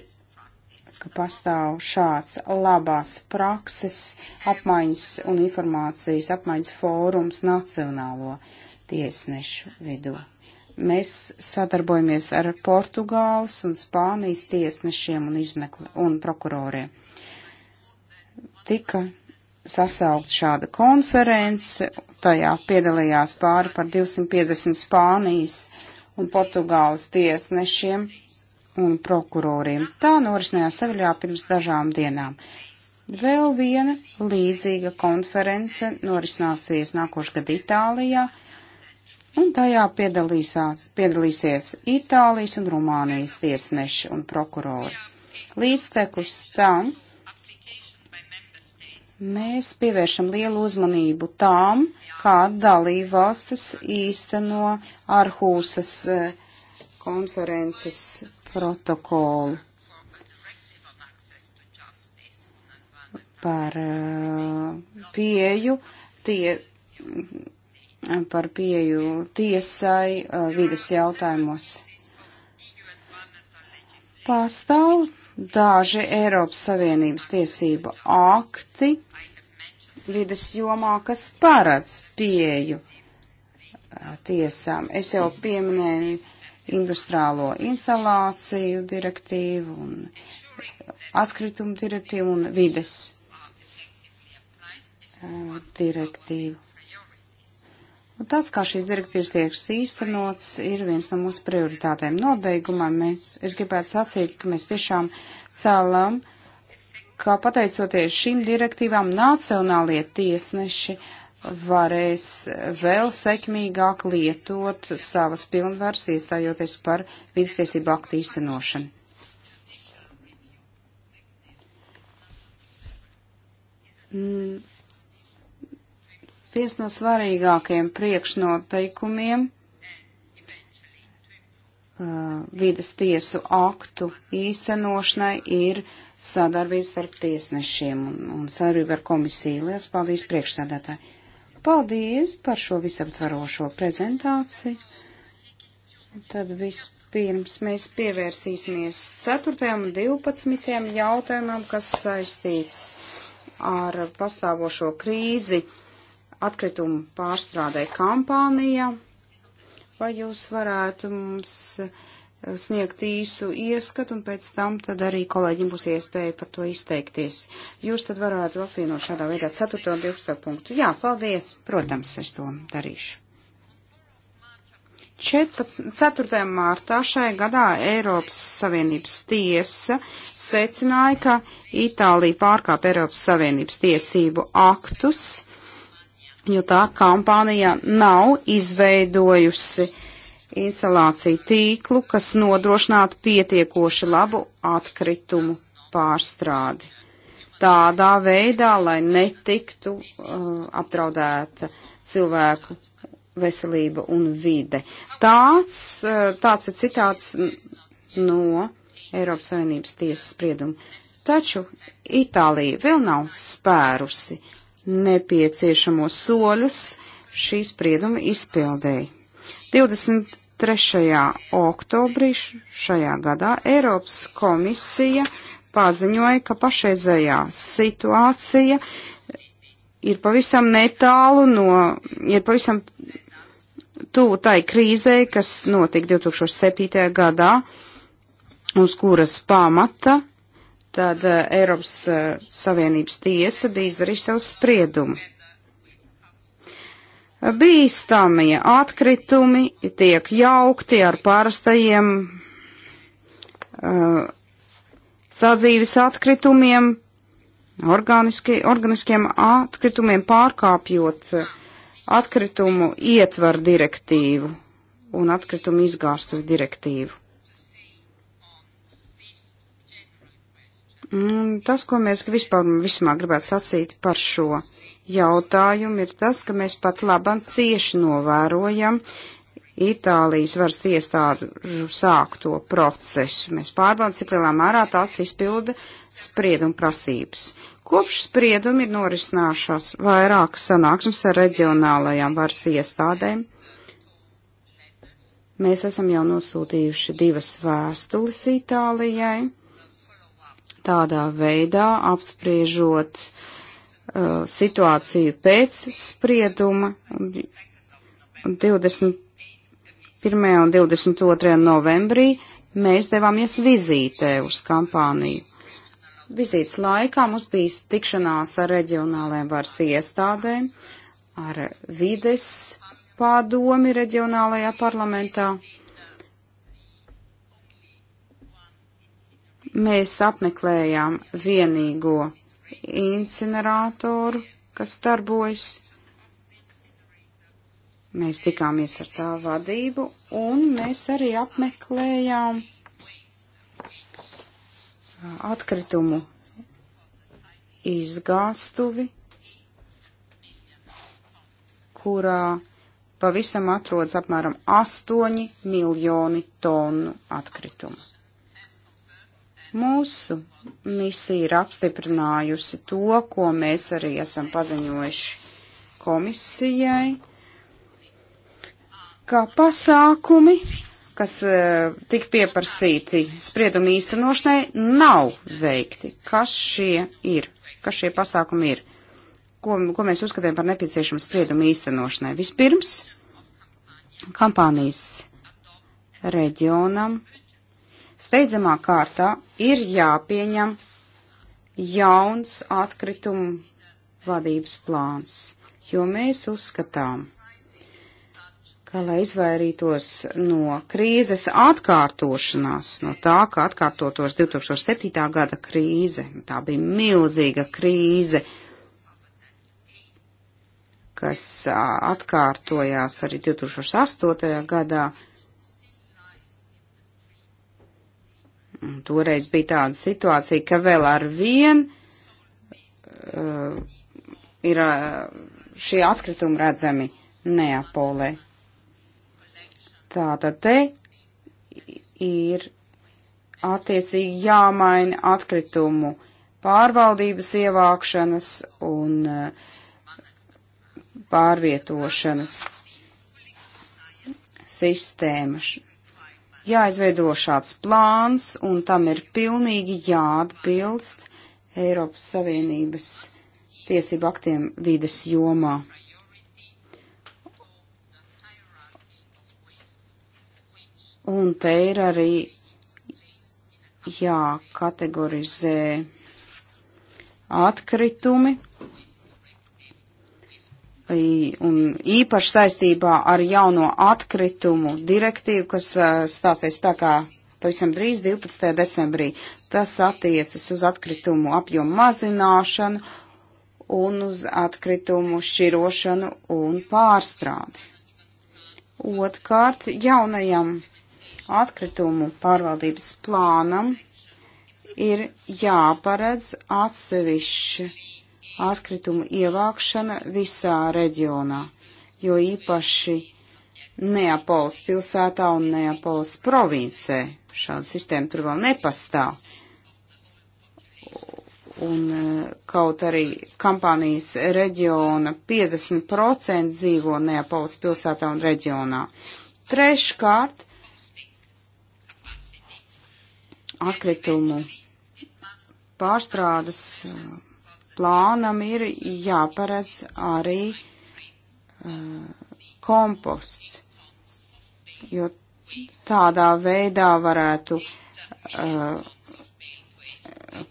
Speaker 3: ka pastāv šāds labās prakses apmaiņas un informācijas apmaiņas fórums nacionālo tiesnešu vidū. Mēs sadarbojamies ar Portugāles un Spānijas tiesnešiem un, izmekli, un prokuroriem. Tika sasaukt šāda konference, tajā piedalījās pāri par 250 Spānijas un Portugāles tiesnešiem un prokuroriem. Tā norisinājās Seviļā pirms dažām dienām. Vēl viena līdzīga konference norisināsies nākošgad Itālijā un tajā piedalīsies Itālijas un Rumānijas tiesneši un prokurori. Līdztekus tam mēs pievēršam lielu uzmanību tām, kā dalībvalstis īsteno Arhūsas eh, konferences protokolu par eh, pieju tie par pieju tiesai uh, vidas jautājumos. Pastāv daži Eiropas Savienības tiesību akti vidas jomā, kas paredz pieju uh, tiesām. Es jau pieminēju industriālo instalāciju direktīvu un atkritumu direktīvu un vides uh, direktīvu. Un tas, kā šīs direktīvas tieks īstenots, ir viens no mūsu prioritātēm. Nobeigumā mēs, es gribētu sacīt, ka mēs tiešām cēlam, ka pateicoties šīm direktīvām nacionālie tiesneši varēs vēl sekmīgāk lietot savas pilnvaras, iestājoties par vidustiesību aktu īstenošanu. Mm viens no svarīgākajiem priekšnoteikumiem uh, vides tiesu aktu īstenošanai ir sadarbības starp tiesnešiem un, un sadarbība ar komisiju. Lielas paldies priekšsēdētāji! Paldies par šo visaptvarošo prezentāciju. Tad vispirms mēs pievērsīsimies 4. un 12. jautājumam, kas saistīts ar pastāvošo krīzi atkritumu pārstrādē kampānija, vai jūs varētu mums eh, sniegt īsu ieskatu, un pēc tam tad arī kolēģim būs iespēja par to izteikties. Jūs tad varētu apvienot šādā veidā 4. un 12. punktu. Jā, paldies, protams, es to darīšu. 14. 4. mārtā šajā gadā Eiropas Savienības tiesa secināja, ka Itālija pārkāpa Eiropas Savienības tiesību aktus jo tā kompānija nav izveidojusi instalāciju tīklu, kas nodrošinātu pietiekoši labu atkritumu pārstrādi. Tādā veidā, lai netiktu uh, apdraudēta cilvēku veselība un vide. Tāds, uh, tāds ir citāts no Eiropas Savienības tiesas sprieduma. Taču Itālija vēl nav spērusi uh, nepieciešamos soļus šī sprieduma izpildēji. 23. oktobrī šajā gadā Eiropas komisija paziņoja, ka pašreizējā situācija ir pavisam netālu no, ir pavisam tuvu tai krīzē, kas notika 2007. gadā, uz kuras pamata tad eh, Eiropas eh, Savienības tiesa bija izdarījusi savu spriedumu. Bīstamie atkritumi tiek jaukti ar pārstajiem uh, eh, sadzīves atkritumiem, organiski, organiskiem atkritumiem pārkāpjot atkritumu ietvaru direktīvu un atkritumu izgāstu direktīvu. Mm, tas, ko mēs vispār vismā gribētu sacīt par šo jautājumu, ir tas, ka mēs pat labam cieši novērojam Itālijas varas iestādu sākto procesu. Mēs pārbaudām, cik lielā mērā tās izpilda spriedumu prasības. Kopš spriedumi ir norisinājušās vairākas sanāksmes ar reģionālajām varas iestādēm. Mēs esam jau nosūtījuši divas vēstules Itālijai tādā veidā apspriežot uh, situāciju pēc sprieduma 21. un 22. novembrī mēs devāmies vizītē uz kampāniju. Vizītes laikā mums bija tikšanās ar reģionālajiem varas iestādēm, ar vides pārdomi reģionālajā parlamentā Mēs apmeklējām vienīgo incineratoru, kas darbojas. Mēs tikāmies ar tā vadību un mēs arī apmeklējām atkritumu izgāstuvi, kurā pavisam atrodas apmēram 8 miljoni tonu atkritumu. Mūsu misija ir apstiprinājusi to, ko mēs arī esam paziņojuši komisijai, ka pasākumi, kas e, tik pieprasīti spriedumu īstenošanai, nav veikti. Kas šie ir? Kas šie pasākumi ir? Ko, ko mēs uzskatām par nepieciešamu spriedumu īstenošanai? Vispirms, kampānijas reģionam steidzamā kārtā ir jāpieņem jauns atkritumu vadības plāns, jo mēs uzskatām, ka, lai izvairītos no krīzes atkārtošanās, no tā, ka atkārtotos 2007. gada krīze, tā bija milzīga krīze, kas atkārtojās arī 2008. gadā, Un toreiz bija tāda situācija, ka vēl ar vien uh, ir uh, šie atkritumi redzami Neapolē. Tātad te ir attiecīgi jāmaina atkritumu pārvaldības ievākšanas un uh, pārvietošanas sistēmas jāizveido šāds plāns, un tam ir pilnīgi jāatbilst Eiropas Savienības tiesību aktiem vides jomā. Un te ir arī jākategorizē atkritumi, un īpaši saistībā ar jauno atkritumu direktīvu, kas uh, stāsies spēkā pavisam drīz 12. decembrī. Tas attiecas uz atkritumu apjomu mazināšanu un uz atkritumu šķirošanu un pārstrādi. Otkārt, jaunajam atkritumu pārvaldības plānam ir jāparedz atsevišķi atkritumu ievākšana visā reģionā, jo īpaši Neapols pilsētā un Neapols provincē šāda sistēma tur vēl nepastāv. Un e, kaut arī kampānijas reģiona 50% dzīvo Neapols pilsētā un reģionā. Treškārt, atkritumu pārstrādes e, plānam ir jāparedz arī uh, komposts, jo tādā veidā varētu uh,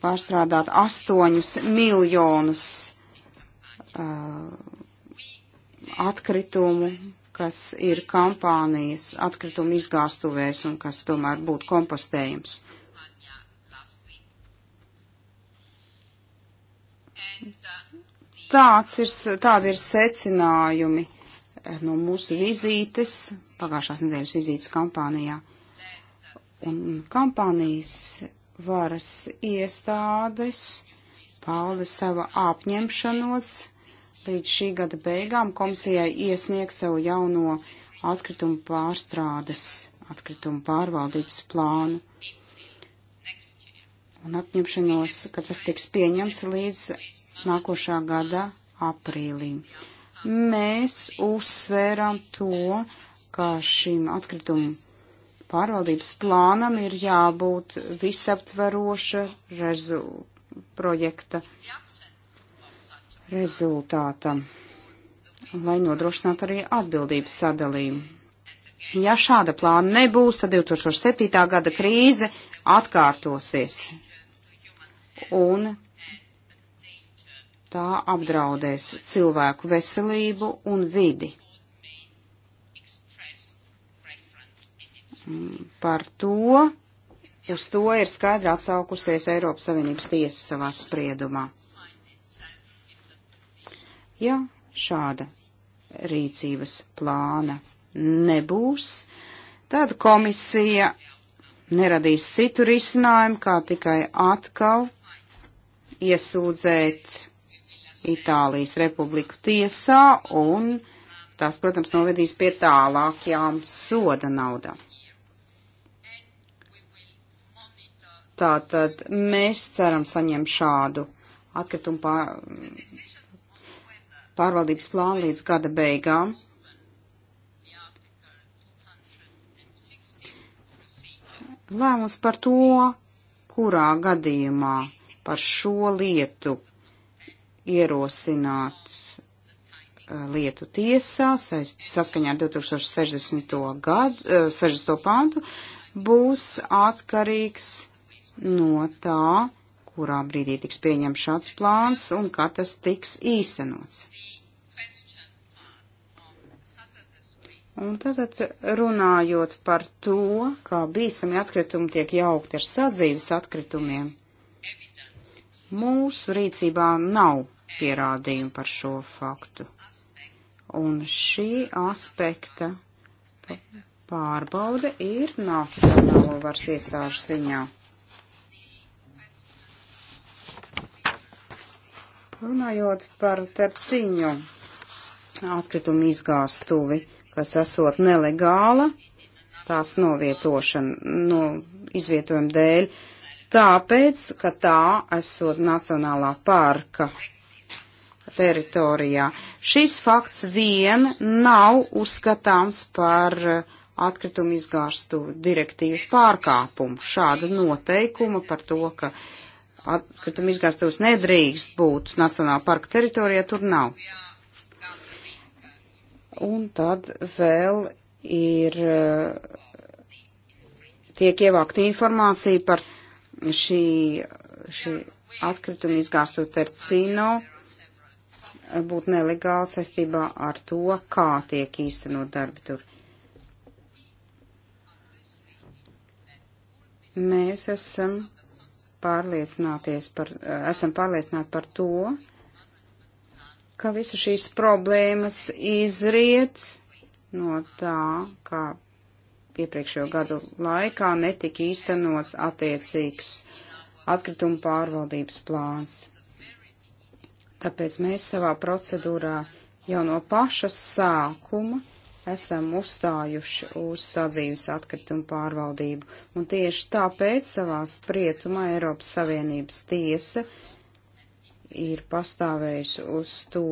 Speaker 3: pārstrādāt astoņus miljonus uh, atkritumu, kas ir kampānijas atkritumu izgāstuvēs un kas tomēr būtu kompostējums. Tāds ir, tādi ir secinājumi eh, no mūsu vizītes, pagājušās nedēļas vizītes kampānijā. Un kampānijas varas iestādes pauda sava apņemšanos līdz šī gada beigām komisijai iesniegt savu jauno atkritumu pārstrādes, atkritumu pārvaldības plānu. Un apņemšanos, ka tas tiks pieņemts līdz nākošā gada aprīlī. Mēs uzsvērām to, ka šim atkritumu pārvaldības plānam ir jābūt visaptveroša rezu projekta rezultātam, lai nodrošinātu arī atbildības sadalījumu. Ja šāda plāna nebūs, tad 2007. gada krīze atkārtosies. Un tā apdraudēs cilvēku veselību un vidi. Mm, par to, uz to ir skaidri atsaukusies Eiropas Savienības tiesa savā spriedumā. Ja šāda rīcības plāna nebūs, tad komisija neradīs citu risinājumu, kā tikai atkal iesūdzēt Itālijas republiku tiesā, un tas, protams, novedīs pie tālākajām soda naudām. Tātad mēs ceram saņemt šādu atkritumu pār, pārvaldības plānu līdz gada beigām. Lēmums par to, kurā gadījumā par šo lietu ierosināt uh, lietu tiesā saskaņā ar 2060. gadu, 60. Uh, pāntu, būs atkarīgs no tā, kurā brīdī tiks pieņemts šāds plāns un kā tas tiks īstenots. Un tagad runājot par to, kā bīstami atkritumi tiek jaukti ar sadzīves atkritumiem, mūsu rīcībā nav pierādījumu par šo faktu. Un šī aspekta pārbaude ir nacionālo varas iestāžu ziņā. Runājot par terciņu atkritumu izgāstuvi, kas esot nelegāla, tās novietošana, no izvietojuma dēļ, tāpēc, ka tā esot Nacionālā parka teritorijā. Šis fakts vien nav uzskatāms par atkritumu izgārstu direktīvas pārkāpumu. Šāda noteikuma par to, ka atkritumu izgārstos nedrīkst būt Nacionāla parka teritorijā, tur nav. Un tad vēl ir tiek ievākta informācija par šī, šī atkrituma izgāstu tercino būt nelegāli saistībā ar to, kā tiek īstenot darbi tur. Mēs esam pārliecināties par, esam pārliecināti par to, ka visu šīs problēmas izriet no tā, kā iepriekšējo gadu laikā netika īstenots attiecīgs atkritumu pārvaldības plāns. Tāpēc mēs savā procedūrā jau no paša sākuma esam uzstājuši uz sadzīves atkritumu pārvaldību, un tieši tāpēc savā sprietumā Eiropas Savienības tiesa ir pastāvējusi uz to,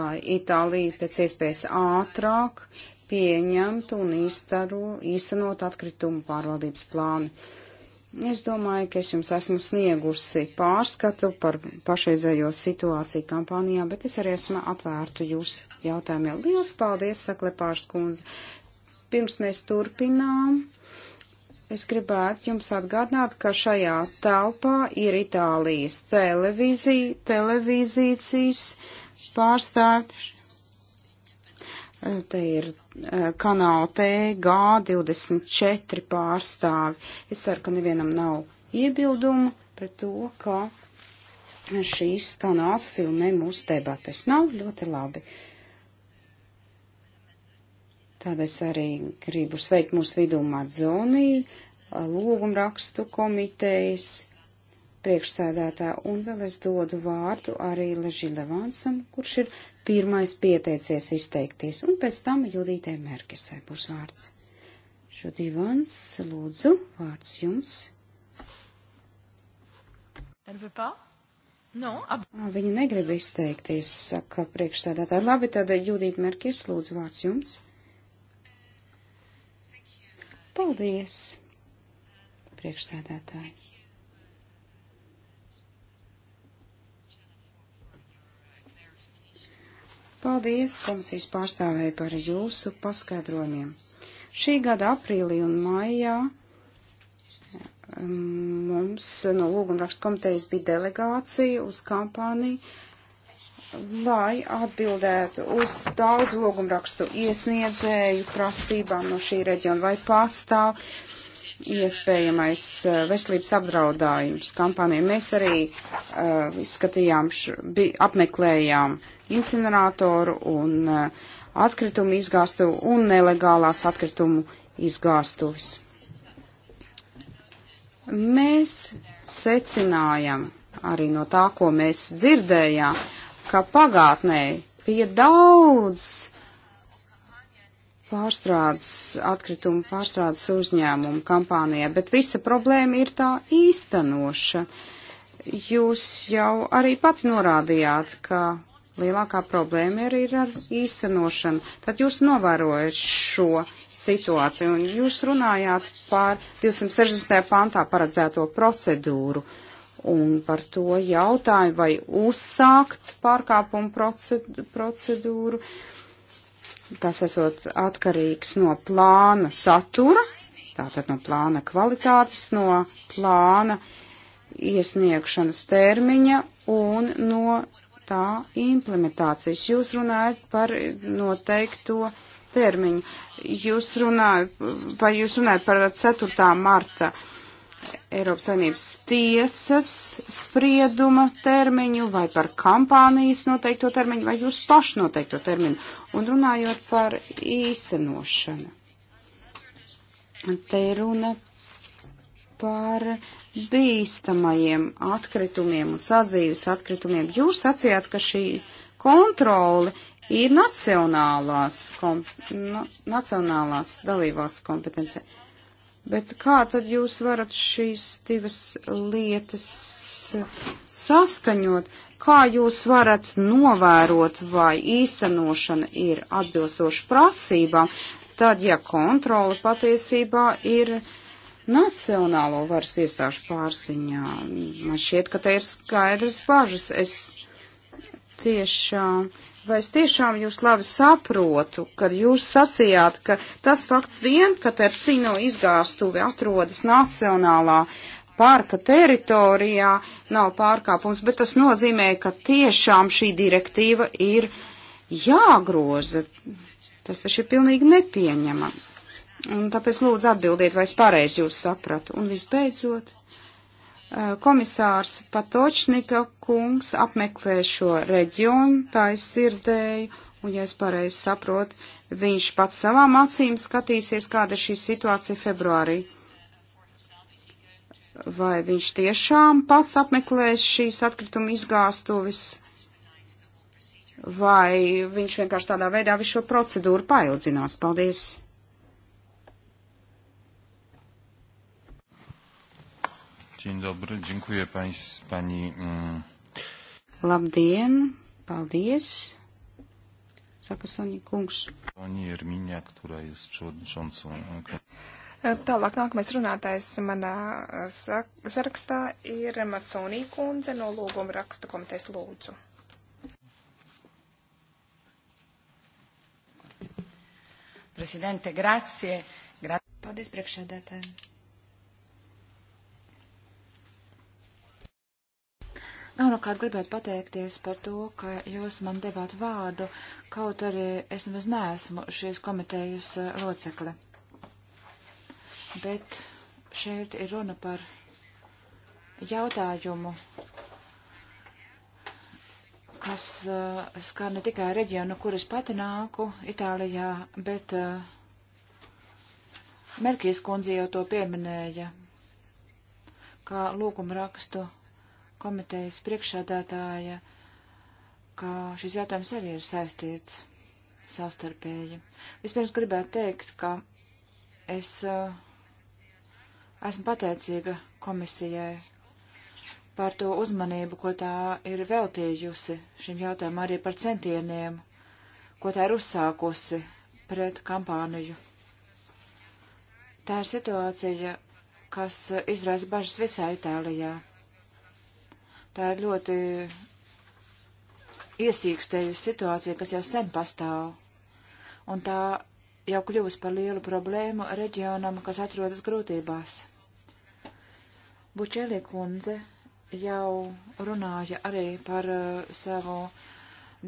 Speaker 3: lai Itālija pēc iespējas ātrāk pieņemtu un īstaro, īstenot atkritumu pārvaldības plānu. Es domāju, ka es jums esmu sniegusi pārskatu par pašreizējo situāciju kampānijā, bet es arī esmu atvērtu jūsu jautājumiem. Liels paldies, saka Lepārs kundze. Pirms mēs turpinām, es gribētu jums atgādināt, ka šajā telpā ir Itālijas televīzija, televīzijas pārstāvji Te ir eh, kanāla T, G24 pārstāvi. Es ceru, ka nevienam nav iebildumu pret to, ka šīs kanāls filmē mūsu debates. Nav ļoti labi. Tad es arī gribu sveikt mūsu vidū Madzonī, eh, lūgumrakstu komitejas priekšsēdētā, un vēl es dodu vārdu arī Leži Levansam, kurš ir pirmais pieteicies izteikties, un pēc tam Judītē Merkisē būs vārds. Šudīvans, lūdzu, vārds jums.
Speaker 1: No,
Speaker 3: ab... Ah ah, viņa negrib izteikties, saka priekšsēdētāji. Labi, tad eh, Judīte Merkis, lūdzu, vārds jums. Paldies, priekšsēdētāji. Paldies komisijas pārstāvēji par jūsu paskaidrojumiem. Šī gada aprīlī un maijā mm, mums no lūgumrakstu komitejas bija delegācija uz kampāniju, lai atbildētu uz daudz lūgumrakstu iesniedzēju prasībām no šī reģiona vai pastāv iespējamais eh, veselības apdraudājums kampānijai. Mēs arī uh, izskatījām, š, bi, apmeklējām uh, incineratoru un eh, atkritumu izgāstuvu un nelegālās atkritumu izgāstuvis. Mēs secinājam arī no tā, ko mēs dzirdējām, ka pagātnē bija daudz pārstrādes, atkritumu pārstrādes uzņēmumu kampānijā, bet visa problēma ir tā īstenoša. Jūs jau arī pati norādījāt, ka lielākā problēma ir, ir ar īstenošanu. Tad jūs novērojat šo situāciju, un jūs runājāt par 260. pantā paredzēto procedūru, un par to jautāju, vai uzsākt pārkāpumu procedūru. Tas esot atkarīgs no plāna satura, tātad no plāna kvalitātes, no plāna iesniegšanas termiņa un no tā implementācijas. Jūs runājat par noteikto termiņu. Jūs runājat, vai jūs runājat par 4. marta Eiropas Savienības tiesas sprieduma termiņu vai par kampānijas noteikto termiņu vai jūs pašu noteikto termiņu? Un runājot par īstenošanu. Te ir runa par bīstamajiem atkritumiem un sadzīves atkritumiem. Jūs sacījāt, ka šī kontrole ir nacionālās, kom, na, nacionālās dalībās kompetence. Bet kā tad jūs varat šīs divas lietas saskaņot? Kā jūs varat novērot, vai īstenošana ir atbilstoša prasībām, tad, ja kontrole patiesībā ir uh, nacionālo varas iestāžu pārziņā. Man šķiet, ka te ir skaidrs bažas. Es tiešām, vai es tiešām jūs labi saprotu, kad jūs sacījāt, ka tas fakts vien, ka Tercino izgāstuvi atrodas nacionālā parka teritorijā, nav pārkāpums, bet tas nozīmē, ka tiešām šī direktīva ir jāgroza. Tas taču ir pilnīgi nepieņemami. Un tāpēc lūdzu atbildiet, vai es pareizi jūs sapratu. Un visbeidzot, eh, komisārs Patočnika kungs apmeklē šo reģionu, tā es dzirdēju, un ja es pareizi saprotu, viņš pats savām acīm skatīsies, kāda ir šī situācija februārī. Vai viņš tiešām pats apmeklēs šīs atkrituma izgāstuvis, vai viņš vienkārši tādā veidā visu šo procedūru paildzinās? Paldies!
Speaker 2: Dzień dobry, dziękuję pańs, pani. Mm.
Speaker 3: Labdien, paldies.
Speaker 1: Saka Sonija kungs.
Speaker 2: Sonija ir miņā, kurā jūs przewodniczącą.
Speaker 1: E, Tālāk nākamais runātājs manā sarakstā ir Maconī kundze no lūguma rakstu komitejas lūdzu.
Speaker 4: Prezidente, grazie. Gra Paldies priekšsēdētājiem. Galvenokārt gribētu pateikties par to, ka jūs man devāt vārdu, kaut arī es nemaz neesmu šīs komitejas eh, locekle. Bet šeit ir runa par jautājumu, kas uh, skar ne tikai reģionu, kuras pati nāku Itālijā, bet uh, eh, Merkīs kundze jau to pieminēja, kā lūgumrakstu rakstu komitejas priekšsēdētāja, ka šis jautājums arī ir saistīts savstarpēji. Vispirms gribētu teikt, ka es uh, esmu pateicīga komisijai par to uzmanību, ko tā ir veltījusi šim jautājumam, arī par centieniem, ko tā ir uzsākusi pret kampāniju. Tā ir situācija, kas izraisa bažas visā Itālijā. Tā ir ļoti iesīkstējusi situācija, kas jau sen pastāv. Un tā jau kļuvusi par lielu problēmu reģionam, kas atrodas grūtībās. Bučēlī kundze jau runāja arī par uh, savu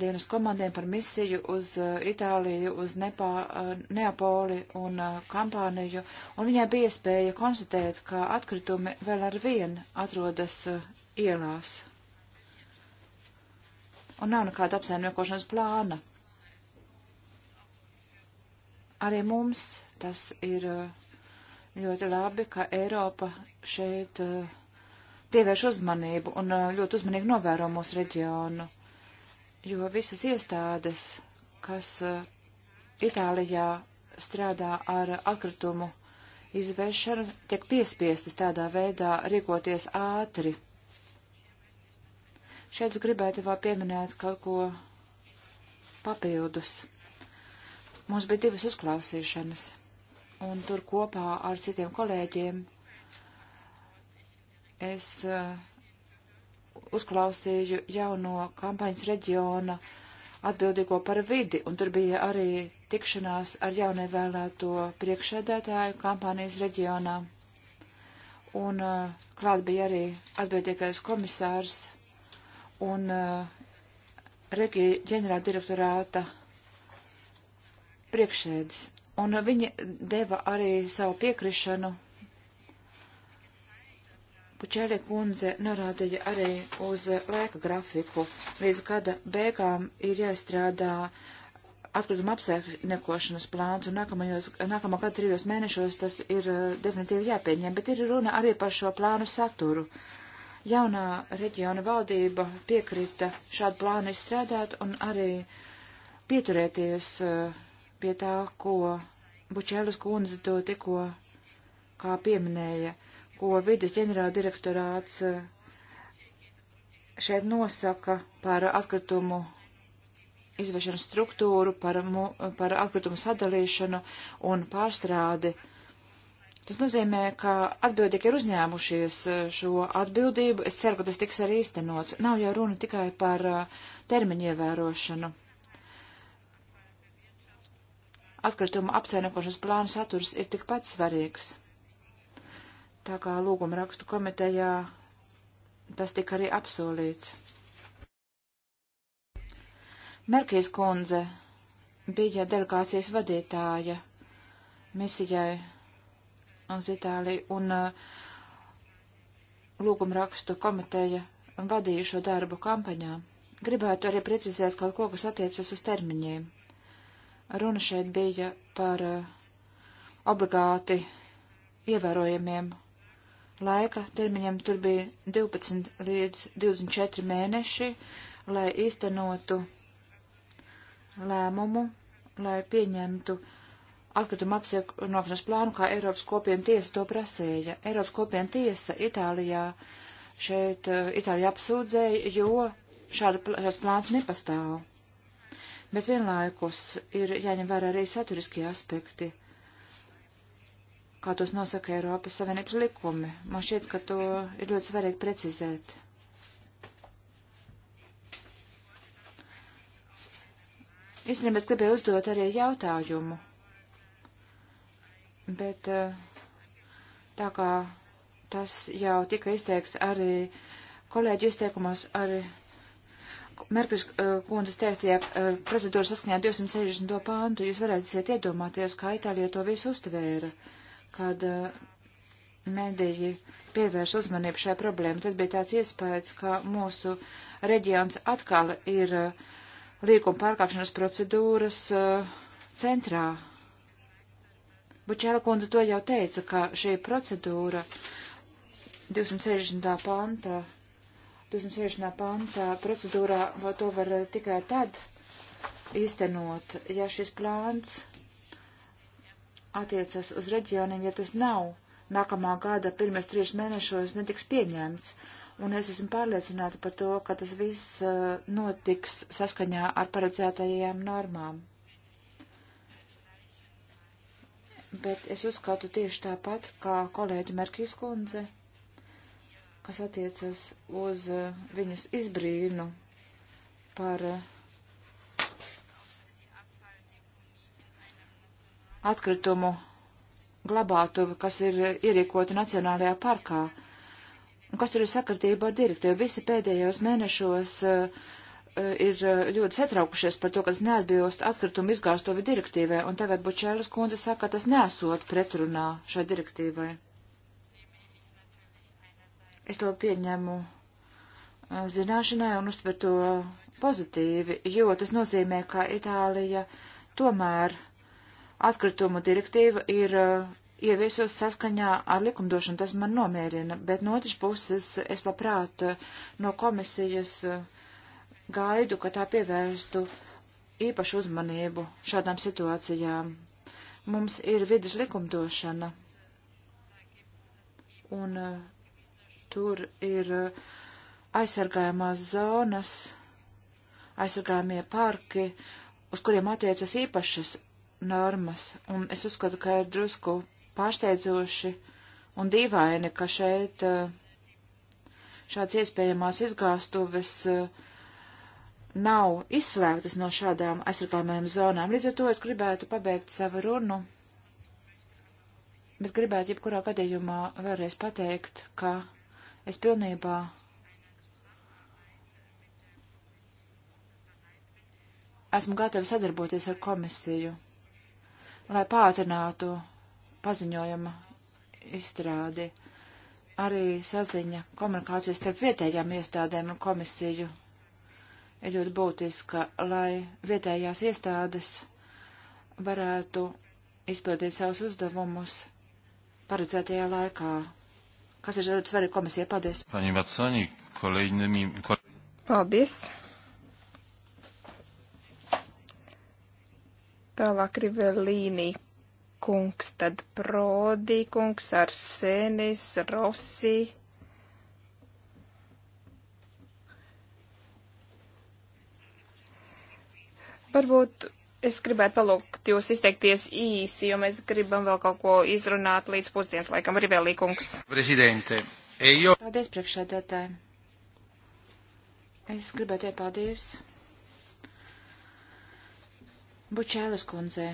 Speaker 4: dienas komandiem, par misiju uz uh, Itāliju, uz Nepā, uh, Neapoli un uh, Kampāniju, un viņai bija iespēja konstatēt, ka atkritumi vēl ar vienu atrodas uh, ielās. Un nav nekāda apsaimniekošanas plāna. Arī mums tas ir eh, ļoti labi, ka Eiropa šeit eh, pievērš uzmanību un eh, ļoti uzmanīgi novēro mūsu reģionu, jo visas iestādes, kas Itālijā strādā ar atkritumu izvēršana tiek piespiestas tādā veidā rīkoties ātri Šeit es gribētu vēl pieminēt kaut ko papildus. Mums bija divas uzklausīšanas, un tur kopā ar citiem kolēģiem es uh, uzklausīju jauno kampaņas reģiona atbildīgo par vidi, un tur bija arī tikšanās ar jaunievēlēto priekšsēdētāju kampānijas reģionā. Un uh, klāt bija arī atbildīgais komisārs un uh, Regi ģenerāla direktorāta priekšsēdis. Un uh, viņi deva arī savu piekrišanu. Pučēri kundze norādīja arī uz laika grafiku. Līdz gada beigām ir jāizstrādā atkrituma apsaimniekošanas plāns, un nākamajos, nākamā gada trijos mēnešos tas ir uh, definitīvi jāpieņem, bet ir runa arī par šo plānu saturu. Uh, Jaunā reģiona valdība piekrita šādu plānu izstrādāt un arī pieturēties eh, pie tā, ko Bučēlas kundze to tikko kā pieminēja, ko vides ģenerāla direktorāts eh, šeit nosaka par atkritumu izvešanas struktūru, par, par atkritumu sadalīšanu un pārstrādi. Uh, Tas nozīmē, ka atbildīgi ir uzņēmušies e, šo atbildību. Es ceru, ka tas tiks arī īstenots. Nav jau runa tikai par e, termiņu ievērošanu. Atkrituma apsainakošanas plāna saturs ir tikpat svarīgs. Tā kā lūguma rakstu komitejā tas tika arī apsolīts. Merkīs kundze bija delegācijas vadītāja misijai uz Itāliju un uh, lūgumrakstu komiteja vadīja šo darbu kampaņā. Gribētu arī precizēt kaut ko, kas attiecas uz termiņiem. Runa šeit bija par uh, obligāti ievērojamiem laika termiņiem. Tur bija 12 līdz 24 mēneši, lai īstenotu lēmumu, lai pieņemtu uh, atkrituma apsiekšanas plānu, kā Eiropas kopiena tiesa to prasīja. Eiropas kopiena tiesa Itālijā šeit eh, Itālijā apsūdzēja, jo šāda plāns nepastāv. Bet vienlaikus ir jāņem vērā arī saturiskie aspekti, kā tos nosaka Eiropas Savienības likumi. Man šķiet, ka to ir ļoti svarīgi precizēt. Īstenībā es gribēju uzdot arī jautājumu Bet eh, tā kā tas jau tika izteikts arī kolēģi izteikumos, arī Merkļus eh, kundzes teiktajā eh, procedūra saskaņā 260. pāntu, jūs varētu iedomāties, kā Itālija to visu uztvēra, kad mediji pievērš uzmanību šai problēmai. Tad bija tāds iespējas, ka mūsu reģions atkal ir līguma pārkāpšanas procedūras centrā Bučēra kundze to jau teica, ka šī procedūra 260. panta, 260. panta procedūrā to var tikai tad īstenot, ja šis plāns attiecas uz reģioniem, ja tas nav nākamā gada pirmais trīs mēnešos netiks pieņemts. Un es esmu pārliecināta par to, ka tas viss uh, notiks saskaņā ar paredzētajām normām. bet es uzskatu tieši tāpat, kā kolēģi Merkīs kundze, kas attiecas uz eh, viņas izbrīnu par eh, atkritumu glabātuvi, kas ir eh, ierīkota Nacionālajā parkā. Un kas tur ir sakartība ar direktīvu? Visi pēdējos mēnešos uh, Eh, ir eh, ļoti satraukušies par to, kas neatbilst atkritumu izgāstuvi direktīvai, un tagad Bučēlas kundze saka, ka tas nesot pretrunā šai direktīvai. Es to pieņemu eh, zināšanai un uztver to pozitīvi, jo tas nozīmē, ka Itālija tomēr atkritumu direktīva ir ieviesos saskaņā ar likumdošanu, tas man nomierina, bet no otras puses es labprāt no komisijas uh, gaidu, ka tā pievērstu īpašu uzmanību šādām situācijām. Mums ir vidas likumdošana, un eh, tur ir eh, aizsargājumās zonas, aizsargājumie parki, uz kuriem attiecas īpašas normas, un es uzskatu, ka ir drusku pārsteidzoši un dīvaini, ka šeit eh, šāds iespējamās izgāstuves uh, nav izslēgtas no šādām aizsargājumiem zonām. Līdz ar to es gribētu pabeigt savu runu, bet gribētu jebkurā gadījumā vēlreiz pateikt, ka es pilnībā esmu gatava sadarboties ar komisiju, lai pātrinātu paziņojuma izstrādi, arī saziņa komunikācijas starp vietējām iestādēm un komisiju ir ļoti būtiska, lai vietējās iestādes varētu izpildīt savus uzdevumus paredzētajā laikā. Kas ir ļoti svarīgi komisijai? Paldies!
Speaker 1: Paldies! Tālāk Rivelīni kungs, tad Prodi kungs, Arsenis, Rosi Varbūt es gribētu palūgt jūs izteikties īsi, jo mēs gribam vēl kaut ko izrunāt līdz pusdienas laikam. Arī vēl līkums.
Speaker 2: Prezidente,
Speaker 1: ejo. Paldies, priekšsēdētāji. Es gribētu iepaldies.
Speaker 4: Bučēlis kundze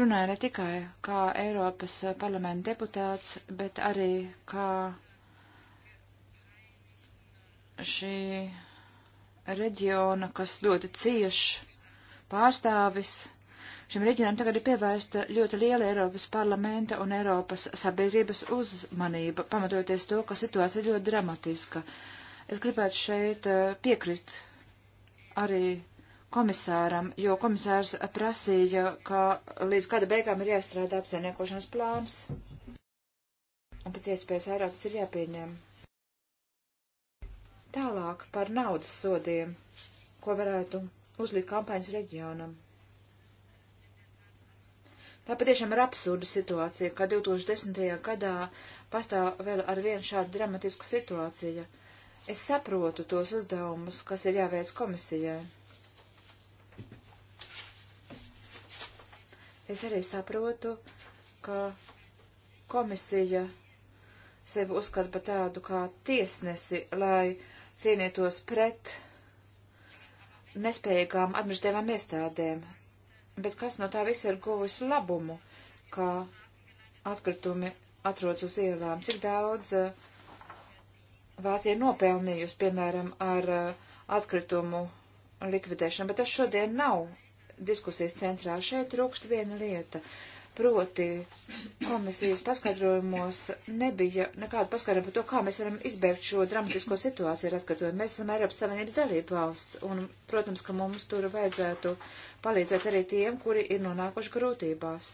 Speaker 4: runāja ne tikai kā Eiropas parlamenta deputāts, bet arī kā šī reģiona, kas ļoti cieši pārstāvis. Šim reģionam tagad ir pievērsta ļoti liela Eiropas parlamenta un Eiropas sabiedrības uzmanība, pamatojoties to, ka situācija ir ļoti dramatiska. Es gribētu šeit eh, piekrist arī komisāram, jo komisārs prasīja, ka līdz kāda beigām ir jāstrādā apsaimniekošanas plāns. Un pēc iespējas vairāk tas ir jāpieņem. Tālāk par naudas sodiem, ko varētu uzlikt kampaņas reģionam. Tā patiešām ir absurda situācija, ka 2010. gadā pastāv vēl ar vienu šādu dramatisku situāciju. Es saprotu tos uzdevumus, kas ir jāveic komisijai. Es arī saprotu, ka komisija sevi uzskata par tādu kā tiesnesi, lai cīnītos pret uh, nespējīgām administratīvām iestādēm. Bet kas no tā visa ir guvis labumu, kā atkritumi atrodas uz ielām? Cik daudz uh, Vācija nopelnījusi, piemēram, ar uh, atkritumu likvidēšanu, bet tas šodien nav diskusijas centrā. Šeit rūkst viena lieta. Proti, komisijas paskaidrojumos nebija nekāda paskaidrojuma par to, kā mēs varam izbēgt šo dramatisko situāciju ar atkārtojumu. Mēs esam Eiropas Savienības dalība valsts, un, protams, ka mums tur vajadzētu palīdzēt arī tiem, kuri ir nonākuši grūtībās.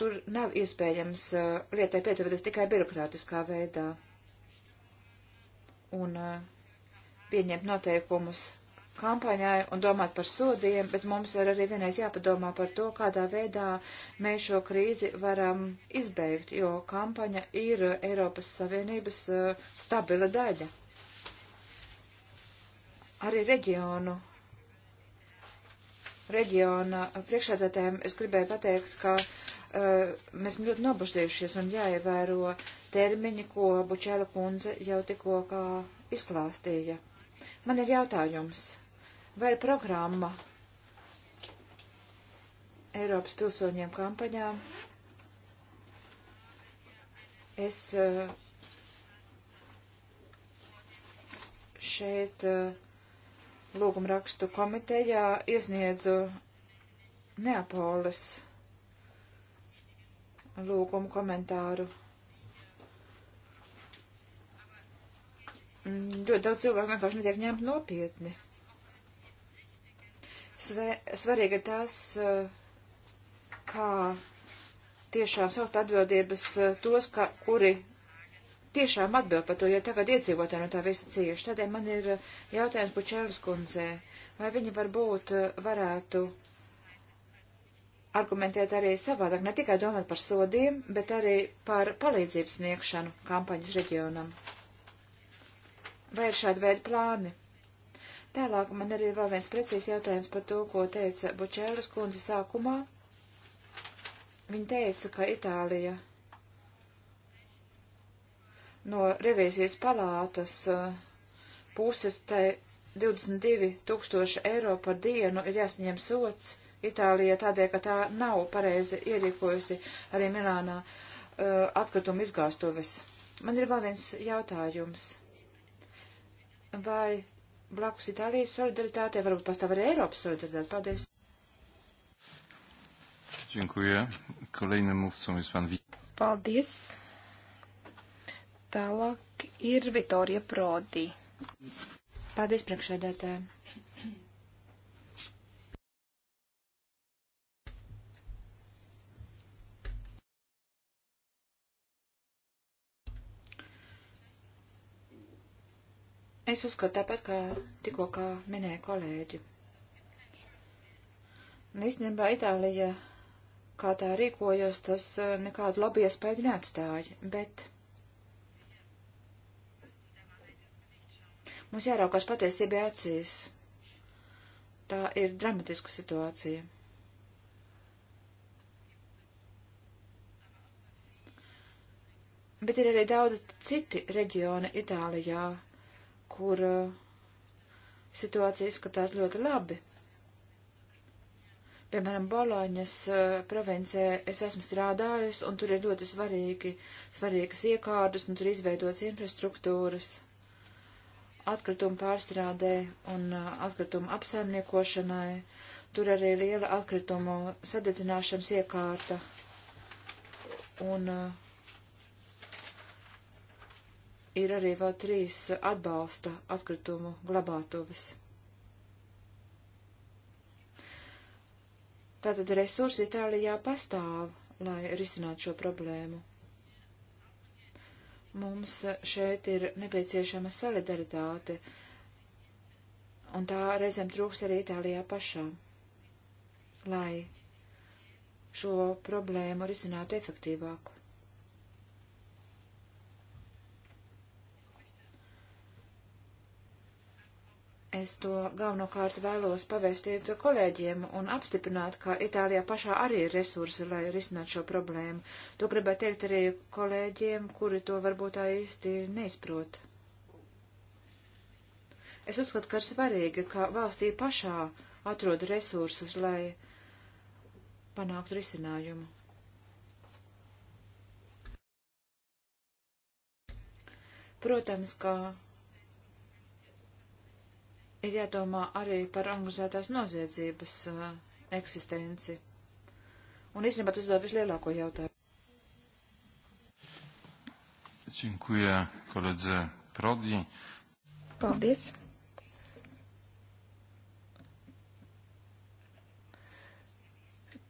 Speaker 4: Tur nav iespējams uh, lietai pietuvēties tikai birokrātiskā veidā un uh, pieņemt noteikumus kampaņai un domāt par sodiem, bet mums ir arī vienreiz jāpadomā par to, kādā veidā mēs šo krīzi varam izbeigt, jo kampaņa ir Eiropas Savienības uh, stabila daļa. Arī reģionu, reģiona priekšādātēm es gribēju pateikt, ka uh, mēs ļoti nobušdījušies un jāievēro termiņi, ko Bučēla kundze jau tikko kā izklāstīja. Man ir jautājums Vai ir programma Eiropas pilsoņiem kampaņām? Es eh, šeit eh, lūgumrakstu komitejā iesniedzu Neapoles lūgumu komentāru. Mm, ļoti daudz cilvēku vienkārši netiek ņemt nopietni. Svarīgi ir tas, eh, kā tiešām saukt atbildības eh, tos, ka, kuri tiešām atbild par to, ja tagad iedzīvotāji no tā visa cieši. Tādēļ man ir eh, jautājums Pučēlis kundzē, vai viņa varbūt varētu argumentēt arī savādāk, ne tikai domāt par sodiem, bet arī par palīdzības sniegšanu kampaņas reģionam. Vai ir šādi veidi plāni? Tālāk man arī ir vēl viens precīzs jautājums par to, ko teica Bučēras kundze sākumā. Viņa teica, ka Itālija no revīzijas palātas eh, puses tai 22 tūkstoši eiro par dienu ir jāsņem sots Itālijai tādēļ, ka tā nav pareizi ierīkojusi arī Milānā uh, atkritumu izgāstuves. Man ir vēl viens jautājums. Vai blakus Itālijas solidaritātei varbūt pastāv arī Eiropas solidaritāte. Paldies!
Speaker 2: Dziękuję. Kolejnym mówcą jest pan
Speaker 1: Paldies! Tālāk ir Vitorija Prodi. Paldies priekšēdētājiem!
Speaker 4: Es uzskatu tāpat, kā tikko kā minēja kolēģi. Un īstenībā Itālija, kā tā rīkojas, tas eh, nekādu labu iespēju neatstāja, bet mums jāraukās patiesībai acīs. Tā ir dramatiska situācija. Bet ir arī daudz citi reģioni Itālijā, kur uh, situācija izskatās ļoti labi. Piemēram, Boloņas uh, provincē es esmu strādājusi, un tur ir ļoti svarīgi, svarīgas iekārtas, un tur izveidos infrastruktūras atkritumu pārstrādē un uh, atkritumu apsaimniekošanai. Tur arī liela atkritumu sadedzināšanas iekārta. Un uh, ir arī vēl trīs atbalsta atkritumu glabātuves. Tātad resursi Itālijā pastāv, lai risinātu šo problēmu. Mums šeit ir nepieciešama solidaritāte, un tā reizēm trūkst arī Itālijā pašā, lai šo problēmu risinātu efektīvāk. Es to galvenokārt vēlos pavēstīt kolēģiem un apstiprināt, ka Itālijā pašā arī ir resursi, lai risinātu šo problēmu. To gribētu teikt arī kolēģiem, kuri to varbūt tā īsti neizprot. Es uzskatu, ka ir svarīgi, ka valstī pašā atrod resursus, lai panāktu risinājumu. Protams, ka ir jādomā arī par organizētās noziedzības uh, eksistenci. Un īstenībā tas uzdod vislielāko jautājumu.
Speaker 2: Dziękuję koledze Prodi.
Speaker 1: Paldies.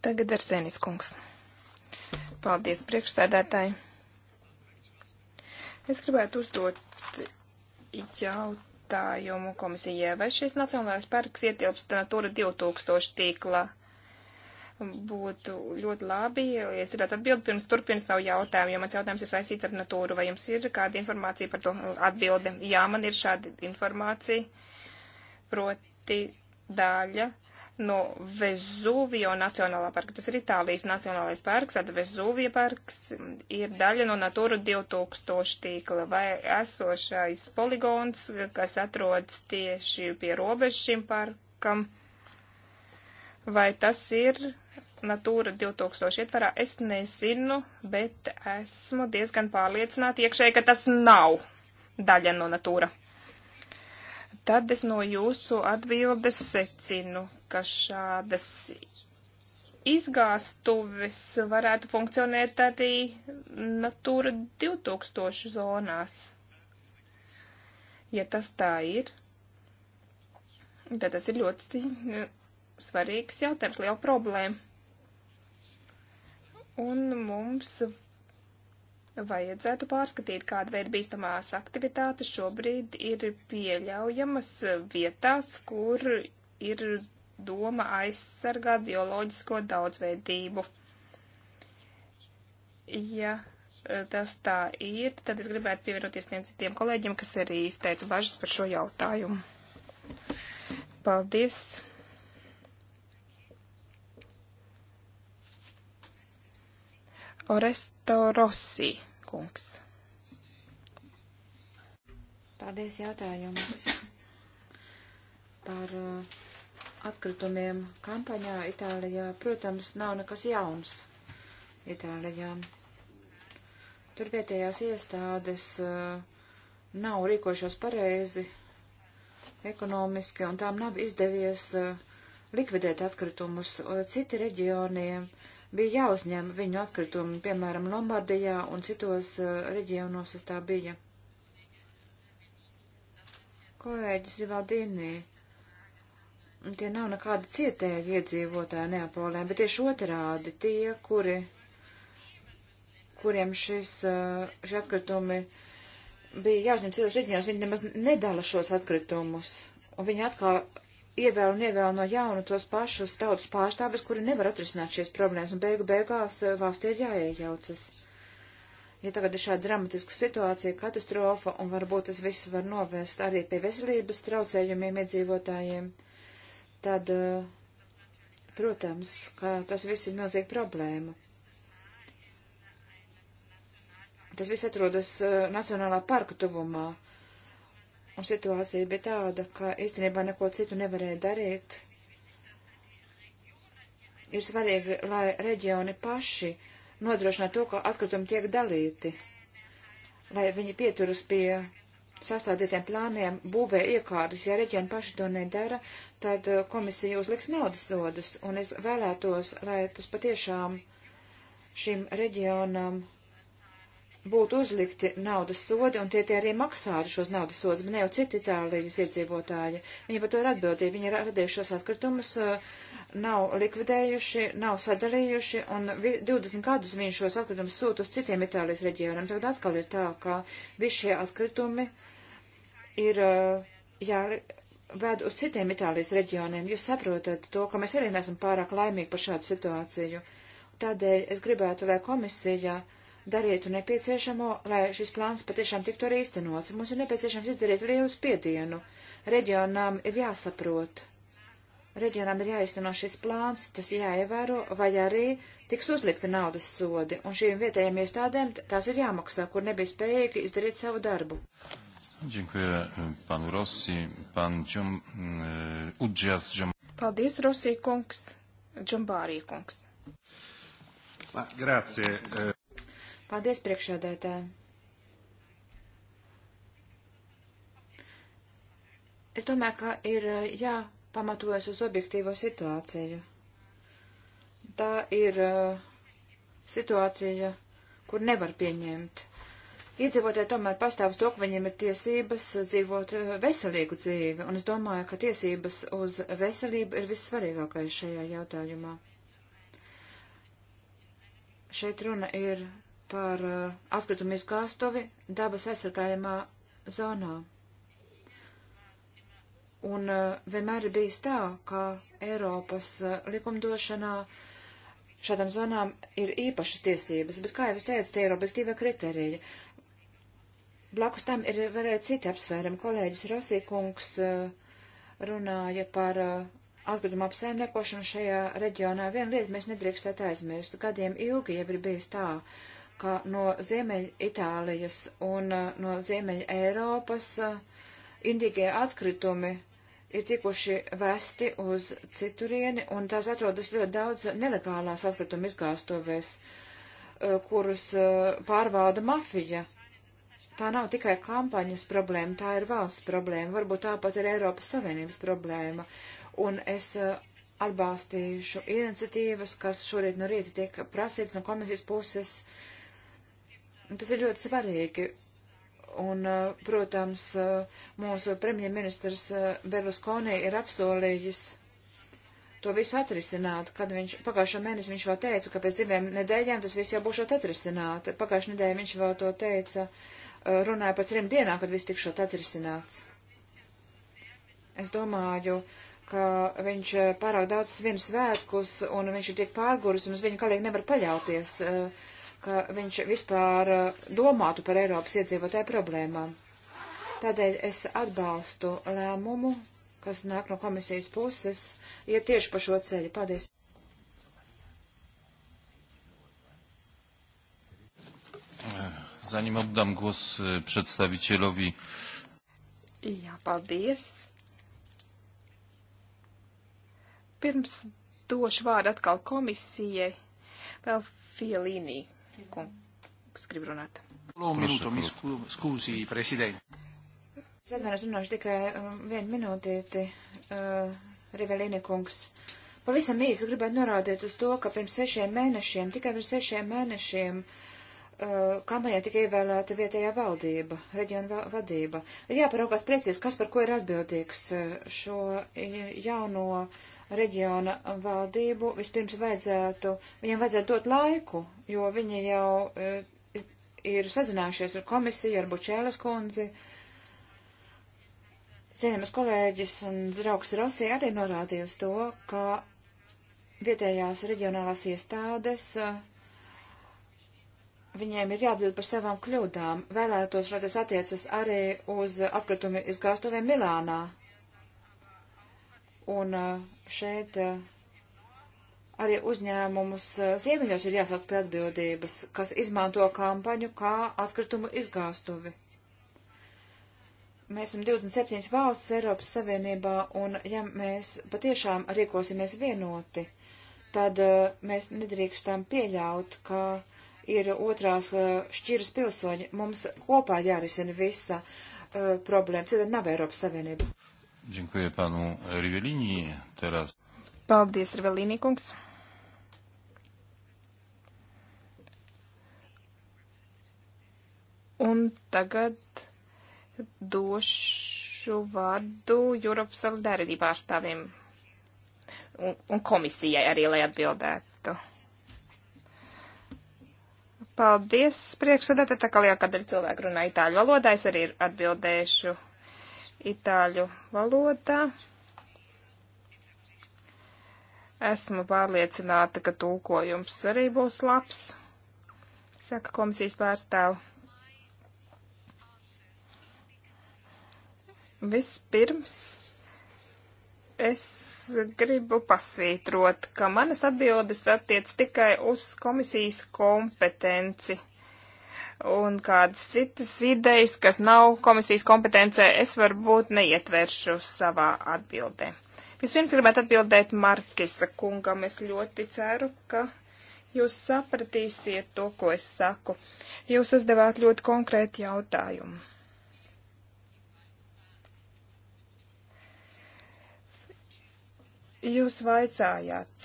Speaker 1: Tagad Arsenis kungs. Paldies priekšsēdētāji. Es gribētu uzdot jautājumu jautājumu komisijai. Vai šis nacionālais parks ietilpst Natura 2000 tīklā? Būtu ļoti labi, ja dzirdētu atbildi pirms turpina savu jautājumu, jo mans jautājums ir saistīts ar Natūru. Vai jums ir kāda informācija par to atbildi? Jā, man ir šāda informācija. Proti daļa no nu, Vezuvio Nacionālā parka. Tas ir Itālijas Nacionālais parks, tad Vezuvija parks ir daļa no Natūra 2000 tīkla vai esošais poligons, kas atrodas tieši pie robežas šim parkam. Vai tas ir Natūra 2000 ietvarā? Es nezinu, bet esmu diezgan pārliecināta iekšēji, ka tas nav daļa no Natūra. Tad es no jūsu atbildes secinu, ka šādas izgāstuves varētu funkcionēt arī Natūra 2000 zonās. Ja tas tā ir, tad tas ir ļoti nu, svarīgs jautājums, liela problēma. Un mums vajadzētu pārskatīt, kāda veida bīstamās aktivitātes šobrīd ir pieļaujamas vietās, kur ir doma aizsargāt bioloģisko daudzveidību. Ja e, tas tā ir, tad es gribētu pievienoties tiem citiem kolēģiem, kas arī izteica bažas par šo jautājumu. Paldies! Oresto Rossi kungs.
Speaker 4: Paldies jautājumus par uh, atkritumiem kampaņā Itālijā, protams, nav nekas jauns Itālijā. Tur vietējās iestādes eh, nav rīkošos pareizi ekonomiski, un tām nav izdevies eh, likvidēt atkritumus. Citi reģioni bija jāuzņem viņu atkritumi, piemēram, Lombardijā un citos eh, reģionos tas tā bija. Kolēģis Rivaldīnī tie nav nekādi cietēji iedzīvotāji Neapolē, bet tieši otrādi tie, kuri, kuriem šis, šie atkritumi bija jāuzņem citos reģionos, viņi nemaz nedala šos atkritumus. Un viņi atkal ievēl un ievēl no jauna tos pašus tautas pārstāvis, kuri nevar atrisināt šīs problēmas, un beigu beigās valstī ir jāiejaucas. Ja tagad ir šāda dramatiska situācija, katastrofa, un varbūt tas viss var novest arī pie veselības traucējumiem iedzīvotājiem. Ja tad, eh, protams, ka tas viss ir milzīga problēma. Tas viss atrodas eh, Nacionālā parka tuvumā, un situācija bija tāda, ka īstenībā neko citu nevarēja darīt. Ir svarīgi, lai reģioni paši nodrošinātu to, ka atkritumi tiek dalīti, lai viņi pieturas pie sastādītiem plāniem būvē iekārtas, ja reģioni paši to nedara, tad uh, komisija uzliks naudas sodus, un es vēlētos, lai tas patiešām šim reģionam būtu uzlikti naudas sodi, un tie, tie arī maksātu šos naudas sodus, bet ne jau citi Itālijas iedzīvotāji. Viņi par to ir atbildīgi, viņi ir radījuši šos atkritumus, uh, nav likvidējuši, nav sadalījuši, un 20 gadus viņi šos atkritumus sūta uz citiem Itālijas reģioniem. Tagad atkal ir tā, ka visi šie atkritumi uh, ir jāved uz citiem Itālijas reģioniem. Jūs saprotat to, ka mēs arī neesam pārāk laimīgi par šādu situāciju. Tādēļ es gribētu, lai komisija darītu nepieciešamo, lai šis plāns patiešām tiktu arī īstenots. Mums ir nepieciešams izdarīt lielu spiedienu. Reģionām ir jāsaprot. Reģionām ir jāizteno šis plāns, tas jāievēro, vai arī tiks uzlikti naudas sodi, un šīm vietējām iestādēm tās ir jāmaksā, kur nebija spējīgi izdarīt savu darbu.
Speaker 2: Dziękuję panu Rossi. Pan Džum, Udžas Džum.
Speaker 1: Paldies, Rosī kungs, Džumbārī kungs.
Speaker 2: Grācie. E-
Speaker 1: Paldies, priekšsēdētāji.
Speaker 4: Es domāju, ka ir e, jāpamatojas uz objektīvo situāciju. Tā ir e, situācija, kur nevar pieņemt uh, iedzīvotāji tomēr pastāv uz to, ka viņiem ir tiesības dzīvot eh, veselīgu dzīvi, un es domāju, ka tiesības uz veselību ir vissvarīgākais šajā jautājumā. Šeit runa ir par eh, atkritumu izgāstuvi dabas aizsargājumā zonā. Un eh, vienmēr ir bijis tā, ka Eiropas likumdošanā šādām zonām ir īpašas tiesības, bet, kā jau es teicu, tie ir objektīvie kriteriji. Blakus tam ir varēja citi apsvērumi. Kolēģis Rosīkungs eh, runāja par eh, atkritumu apsaimniekošanu šajā reģionā. Viena lieta mēs nedrīkstēt aizmirst. Gadiem ilgi jau ir bijis tā, ka no Ziemeļa Itālijas un eh, no Ziemeļa Eiropas indīgie atkritumi ir tikuši vesti uz citurieni, un tās atrodas ļoti daudz nelegālās atkrituma izgāstuvēs, kurus pārvalda mafija tā nav tikai kampaņas problēma, tā ir valsts problēma, varbūt tāpat ir Eiropas Savienības problēma. Un es eh, atbalstīšu iniciatīvas, kas šorīt no rīta tiek prasītas no komisijas puses. Tas ir ļoti svarīgi. Un, eh, protams, eh, mūsu premjerministrs Berlusconi ir apsolījis to visu atrisināt, kad viņš pagājušā mēnesī viņš vēl teica, ka pēc diviem nedēļām tas viss jau būšot atrisināt. Pagājušā nedēļa viņš vēl to teica runāja par trim dienām, kad viss tikšot atrisināts. Es domāju, ka viņš eh, pārāk daudz svin svētkus, un viņš ir tik pārguris, un uz viņu kalīgi nevar paļauties, eh, ka viņš vispār eh, domātu par Eiropas iedzīvotāju problēmām. Tādēļ es atbalstu lēmumu, kas nāk no komisijas puses, iet tieši pa šo ceļu. Paldies!
Speaker 2: Uh. Zanim oddam głos e, przedstawicielowi.
Speaker 1: Jā, paldies. Pirms došu vārdu atkal komisijai, vēl Fielīnī, kungs grib runāt.
Speaker 2: Minūto, skūzī, prezident.
Speaker 4: Es atvainojos, runāšu tikai um, vienu minūtīti, uh, Rivelīnī kungs. Pavisam īsi gribētu norādīt uz to, ka pirms sešiem mēnešiem, tikai pirms sešiem mēnešiem, uh, Uh, kampaņā tika ievēlēta vietējā valdība, reģiona vadība. Ir jāparaugās precīzi, kas par ko ir atbildīgs uh, šo uh, jauno reģiona valdību. Vispirms vajadzētu, viņiem vajadzētu dot laiku, jo viņi jau ir sazinājušies ar komisiju, ar Bučēlas kundzi. Cienījamas kolēģis un draugs Rosija arī norādījusi to, ka vietējās reģionālās iestādes uh, viņiem ir jāatbild par savām kļūdām. Vēlētos, lai tas attiecas arī uz atkritumi izgāstuviem Milānā. Un eh, šeit eh, arī uzņēmumus eh, ziemeļos ir jāsauc pie atbildības, kas izmanto kampaņu kā atkritumu izgāstuvi. Mēs esam 27 valsts Eiropas Savienībā, un ja mēs patiešām rīkosimies vienoti, tad mēs nedrīkstam pieļaut, ka ir otrās eh, šķiras pilsoņi. Mums kopā jārisina visa uh, problēma. Citādi nav Eiropas Savienība.
Speaker 2: Dziękuję panu Rivelini teraz.
Speaker 1: Paldies, Rivelini kungs. Un tagad došu vārdu Eiropas Solidarity pārstāvim un, un komisijai arī, lai atbildētu. Paldies, priekšsēdētāji, tā kā lielākā daļa cilvēku runā itāļu valodā, es arī atbildēšu itāļu valodā. Esmu pārliecināta, ka tulkojums arī būs labs, saka komisijas pārstāv. Vispirms es gribu pasvītrot, ka manas atbildes attiec tikai uz komisijas kompetenci. Un kādas citas idejas, kas nav komisijas kompetencē, es varbūt neietvēršu savā atbildē. Vispirms gribētu atbildēt Markisa kungam. Es ļoti ceru, ka jūs sapratīsiet to, ko es saku. Jūs uzdevāt ļoti konkrētu jautājumu. Jūs vaicājāt,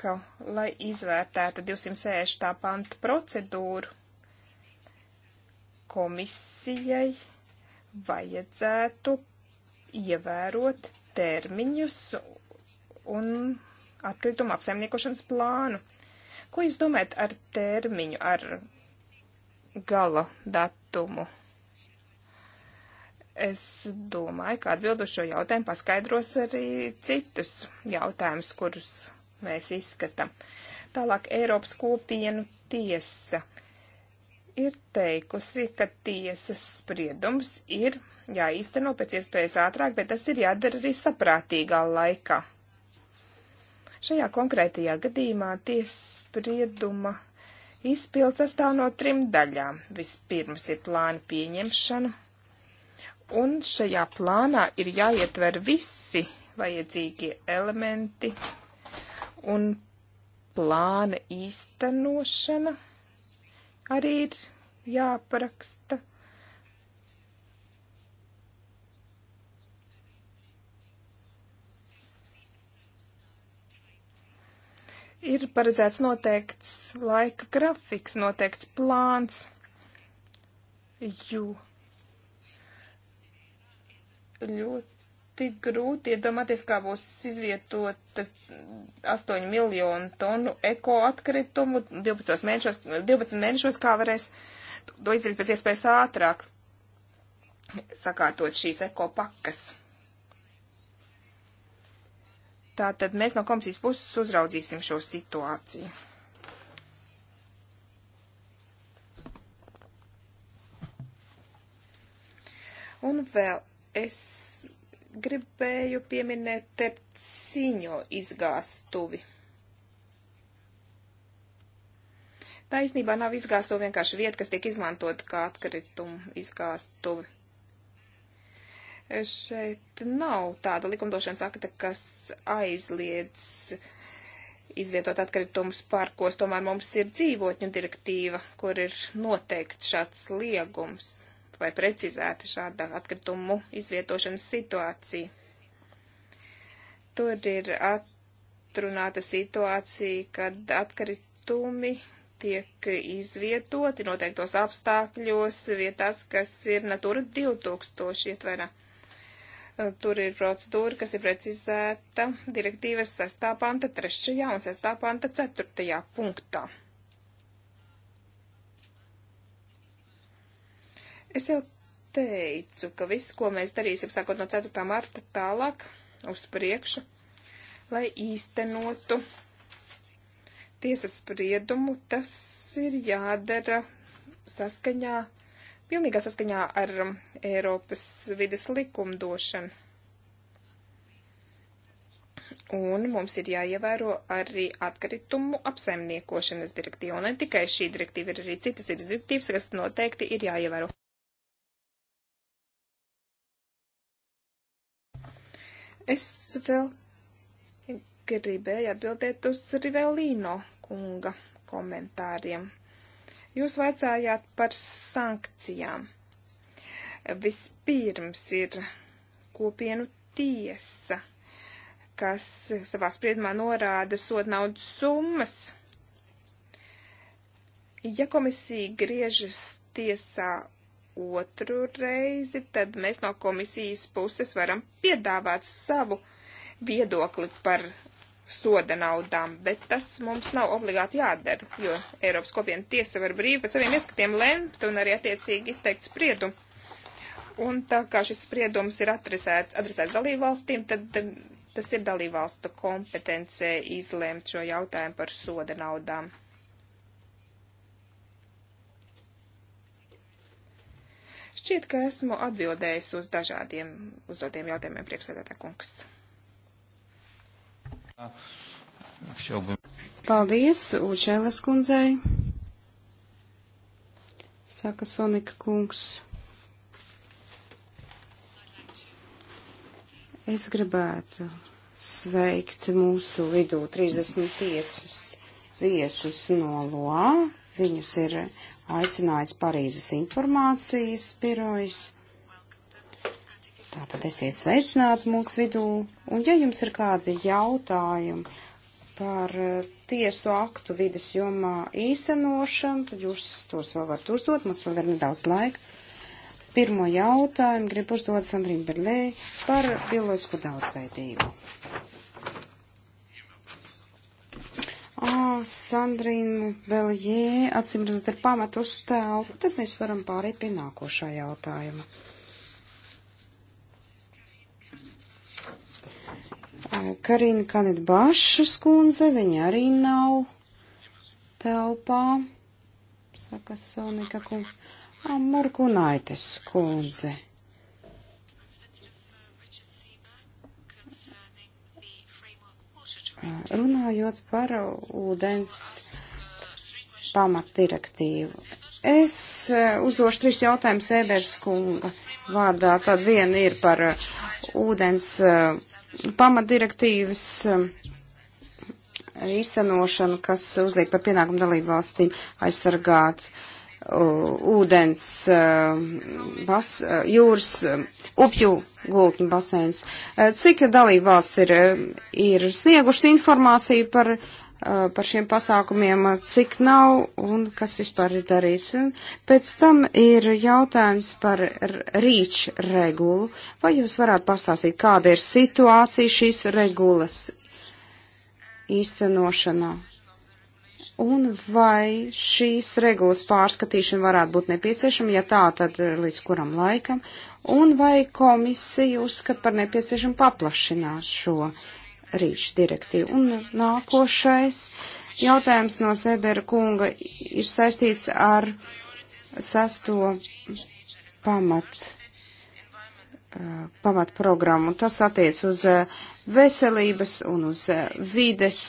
Speaker 1: ka, lai izvērtētu 206. panta procedūru, komisijai vajadzētu ievērot termiņus un atkritumu apsaimniekošanas plānu. Ko jūs domājat ar termiņu, ar gala datumu? Es domāju, ka atbildu šo jautājumu paskaidros arī citus jautājumus, kurus mēs izskatām. Tālāk Eiropas kopienu tiesa ir teikusi, ka tiesas spriedums ir jāīsteno pēc iespējas ātrāk, bet tas ir jādara arī saprātīgā laikā. Šajā konkrētajā gadījumā tiesas sprieduma izpildes sastāv no trim daļām. Vispirms ir plāna pieņemšana Un šajā plānā ir jāietver visi vajadzīgie elementi un plāna īstenošana arī ir jāparaksta. Ir paredzēts noteikts laika grafiks, noteikts plāns, jo ļoti grūti iedomāties, kā būs izvietotas 8 miljonu tonu eko atkritumu 12 mēnešos, 12 mēnešos kā varēs to izdarīt pēc iespējas ātrāk, sakārtot šīs eko pakas. Tātad mēs no komisijas puses uzraudzīsim šo situāciju. Un vēl Es gribēju pieminēt terciņo izgāstuvi. Tā īstenībā nav izgāstuvi vienkārši vieta, kas tiek izmantot kā atkritumu izgāstuvi. Šeit nav tāda likumdošanas akta, kas aizliedz izvietot atkritumus parkos, tomēr mums ir dzīvotņu direktīva, kur ir noteikts šāds liegums vai precizēta šāda atkritumu izvietošanas situācija. Tur ir atrunāta situācija, kad atkritumi tiek izvietoti noteiktos apstākļos vietās, kas ir Natura 2000 ietverā. Tur ir procedūra, kas ir precizēta direktīvas 6. panta 3. un 6. panta 4. punktā. Es jau teicu, ka viss, ko mēs darīsim sākot no 4. marta tālāk uz priekšu, lai īstenotu tiesas spriedumu, tas ir jādara saskaņā, pilnīgā saskaņā ar um, Eiropas vides likumdošanu. Un mums ir jāievēro arī atkritumu apsaimniekošanas direktīva. Un ne tikai šī direktīva, ir arī citas direktīvas, kas noteikti ir jāievēro. Es vēl gribēju atbildēt uz Rivelino kunga komentāriem. Jūs vaicājāt par sankcijām. Vispirms ir kopienu tiesa, kas savā spriedumā norāda sodnaudas summas. Ja komisija griežas tiesā otru reizi, tad mēs no komisijas puses varam piedāvāt savu viedokli par soda naudām, bet tas mums nav obligāti jādara, jo Eiropas kopiena tiesa var brīvi pēc saviem ieskatiem lemt un arī attiecīgi izteikt spriedumu. Un tā kā šis spriedums ir adresēts, adresēts dalībvalstīm, tad tas ir dalībvalstu kompetencē izlemt šo jautājumu par soda naudām. Šķiet, ka esmu atbildējis uz dažādiem uzdotiem jautājumiem priekšsēdētā kungs.
Speaker 3: Paldies Učēlas kundzei, saka Sonika kungs. Es gribētu sveikt mūsu vidū 35 viesus no LOA. Viņus ir aicinājis Parīzes informācijas birojas. Tātad esiet sveicināti mūsu vidū, un ja jums ir kādi jautājumi par eh, tiesu aktu vides jomā īstenošanu, tad jūs tos vēl varat uzdot, mums vēl ir nedaudz laika. Pirmo jautājumu gribu uzdot Sandrīna Berlē par bioloģisko daudzveidību. Oh, Sandrīna Belijē, atsimredzot, ir pamat uz telpu, tad mēs varam pāriet pie nākošā jautājuma. Karina Kanet Bašas kundze, viņa arī nav telpā, saka Sonika kundze. Amorkunaitis kundze. Runājot par ūdens pamatdirektīvu. Es eh, uzdošu trīs jautājumus Ebers kunga vārdā. Tad viena ir par eh, ūdens eh, pamatdirektīvas īstenošanu, kas uzliek par pienākumu dalību valstīm aizsargāt uh, ūdens, uh, bas, uh, jūras upju gultņu basēns. Eh, cik dalībās ir, eh, ir sniegušas informāciju par, eh, par šiem pasākumiem, cik nav un kas vispār ir darīts? Pēc tam ir jautājums par rīču regulu. Vai jūs varētu pastāstīt, kāda ir situācija šīs regulas īstenošanā? Un vai šīs regulas pārskatīšana varētu būt nepieciešama, ja tā, tad līdz kuram laikam? un vai komisija uzskat par nepieciešamu paplašināt šo rīšu direktīvu. Un nākošais jautājums no Sebera kunga ir saistīts ar sesto pamat eh, pamatprogrammu. Tas attiec uz eh, veselības un uz eh, vides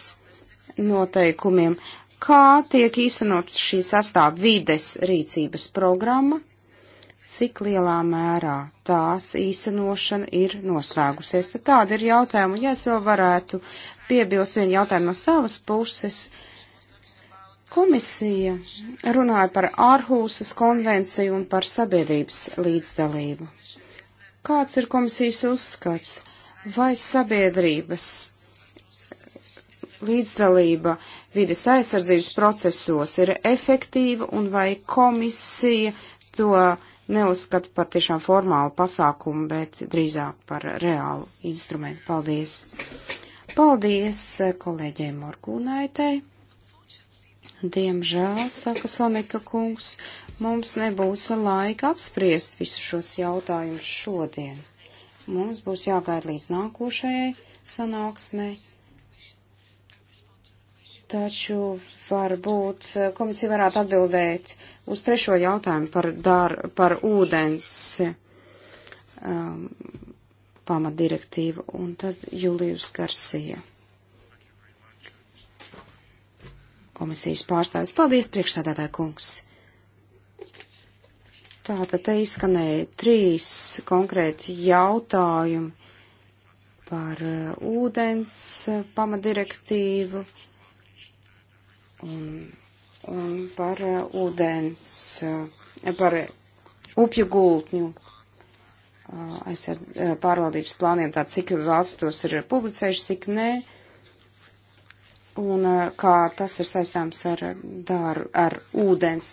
Speaker 3: noteikumiem. Kā tiek īstenot šī sastāv vides rīcības programma? cik lielā mērā tās īstenošana ir noslēgusies. Tad tāda ir jautājuma, ja es vēl varētu piebilst vienu jautājumu no savas puses. Komisija runāja par ārhūsas konvenciju un par sabiedrības līdzdalību. Kāds ir komisijas uzskats? Vai sabiedrības līdzdalība vides aizsardzības procesos ir efektīva un vai komisija to neuzskatu par tiešām formālu pasākumu, bet drīzāk par reālu instrumentu. Paldies! Paldies eh, kolēģei Morgūnaitei! Diemžēl, saka Sonika kungs, mums nebūs laika apspriest visus šos jautājumus šodien. Mums būs jāgaida līdz nākošajai sanāksmei Taču varbūt eh, komisija varētu atbildēt uz trešo jautājumu par, dar, par ūdens um, pamatdirektīvu un tad Julijus Garsija. Komisijas pārstāvis. Paldies, priekšsēdētāja kungs. Tātad te izskanēja trīs konkrēti jautājumi par eh, ūdens eh, pamatdirektīvu un, un par uh, ūdens, uh, par upju gultņu uh, aizsardz, pārvaldības plāniem, tā cik valsts tos ir publicējuši, cik nē, un kā tas ir saistāms ar, dar, ar ūdens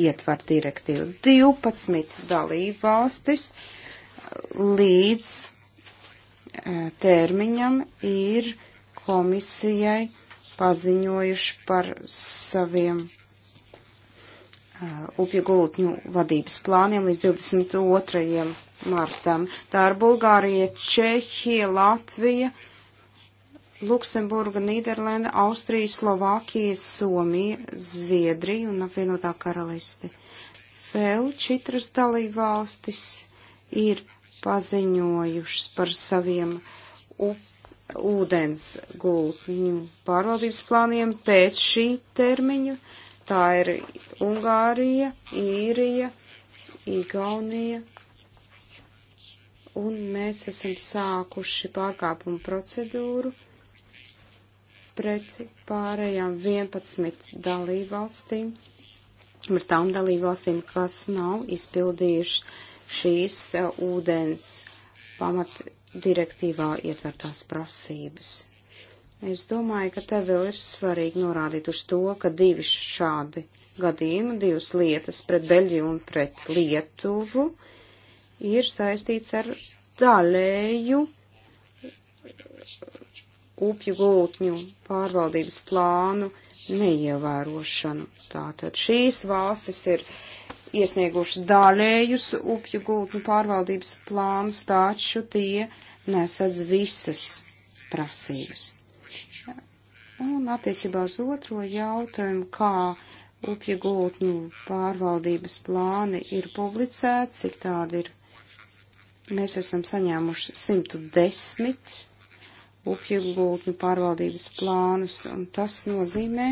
Speaker 3: ietvar direktīvu. 12 dalību valstis līdz termiņam ir komisijai paziņojuši par saviem uh, upju gultņu vadības plāniem līdz 22. martam. Tā ir Bulgārija, Čehija, Latvija, Luksemburga, Nīderlanda, Austrija, Slovākija, Somija, Zviedrija un apvienotā karalisti. Vēl četras dalībvalstis ir paziņojušas par saviem upju ūdens gultņu pārvaldības plāniem pēc šī termiņa. Tā ir Ungārija, Īrija, Igaunija. Un mēs esam sākuši pārkāpumu procedūru pret pārējām 11 dalībvalstīm, ar tām dalībvalstīm, kas nav izpildījuši šīs uh, ūdens pamat direktīvā ietvertās prasības. Es domāju, ka tev vēl ir svarīgi norādīt uz to, ka divi šādi gadījumi, divas lietas pret Beļģiju un pret Lietuvu ir saistīts ar daļēju upju gultņu pārvaldības plānu neievērošanu. Tātad šīs valstis ir iesniegušas daļējus upju gultņu pārvaldības plānus, taču tie nesadz visas prasības. Un attiecībā uz otro jautājumu, kā upju gultņu pārvaldības plāni ir publicēti, cik tādi ir. Mēs esam saņēmuši 110 upju gultņu pārvaldības plānus, un tas nozīmē,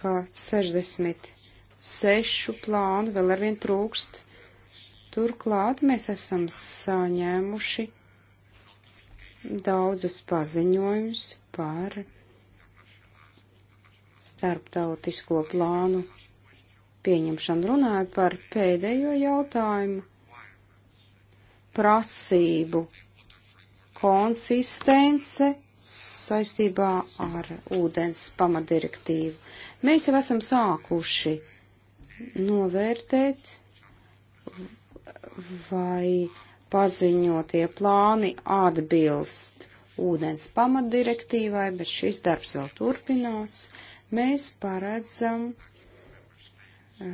Speaker 3: ka 60 sešu plānu vēl arvien trūkst. Turklāt mēs esam saņēmuši daudzus paziņojumus par starptautisko plānu pieņemšanu. Runājot par pēdējo jautājumu, prasību konsistence saistībā ar ūdens pamatdirektīvu. Mēs jau esam sākuši novērtēt, vai paziņotie plāni atbilst ūdens pamatdirektīvai, bet šis darbs vēl turpinās. Mēs paredzam uh,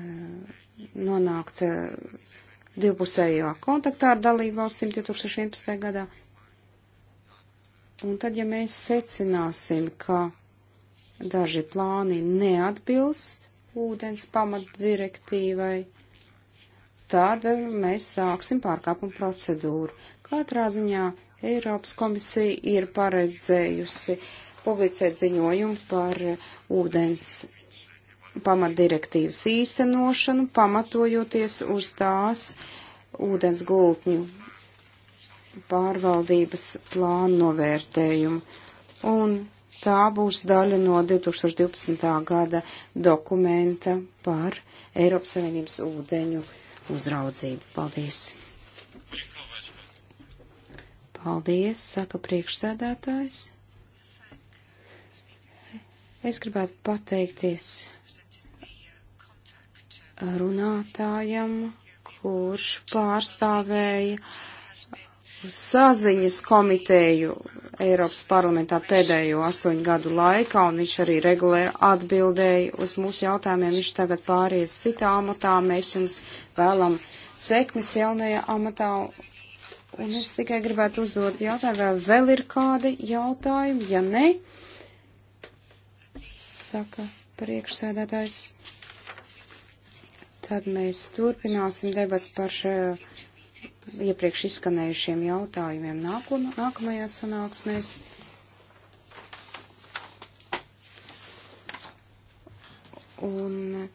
Speaker 3: nonākt uh, eh, divpusējā kontaktā ar dalību valstīm 2011. gadā. Un tad, ja mēs secināsim, ka daži plāni neatbilst ūdens pamatdirektīvai, tad mēs sāksim pārkāpumu procedūru. Katrā ziņā Eiropas komisija ir paredzējusi publicēt ziņojumu par ūdens pamatdirektīvas īstenošanu, pamatojoties uz tās ūdens gultņu pārvaldības plānu novērtējumu. Un tā būs daļa no 2012. gada dokumenta par Eiropas Savienības ūdeņu uzraudzību. Paldies! Paldies, saka priekšsēdētājs. Es gribētu pateikties runātājam, kurš pārstāvēja saziņas komiteju Eiropas parlamentā pēdējo astoņu gadu laikā, un viņš arī regulēri atbildēja uz mūsu jautājumiem. Viņš tagad pāries citā amatā, mēs jums vēlam sekmes jaunajā amatā, un es tikai gribētu uzdot jautājumu, vai vēl ir kādi jautājumi, ja ne, saka priekšsēdētājs. Tad mēs turpināsim debas par. Uh, iepriekš izskanējušiem jautājumiem nākam, nākamajās sanāksmēs. Un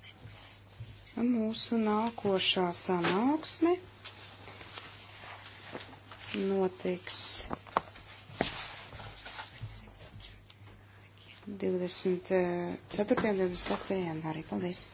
Speaker 3: mūsu nākošā sanāksme notiks 24. un 26. janvārī. Paldies!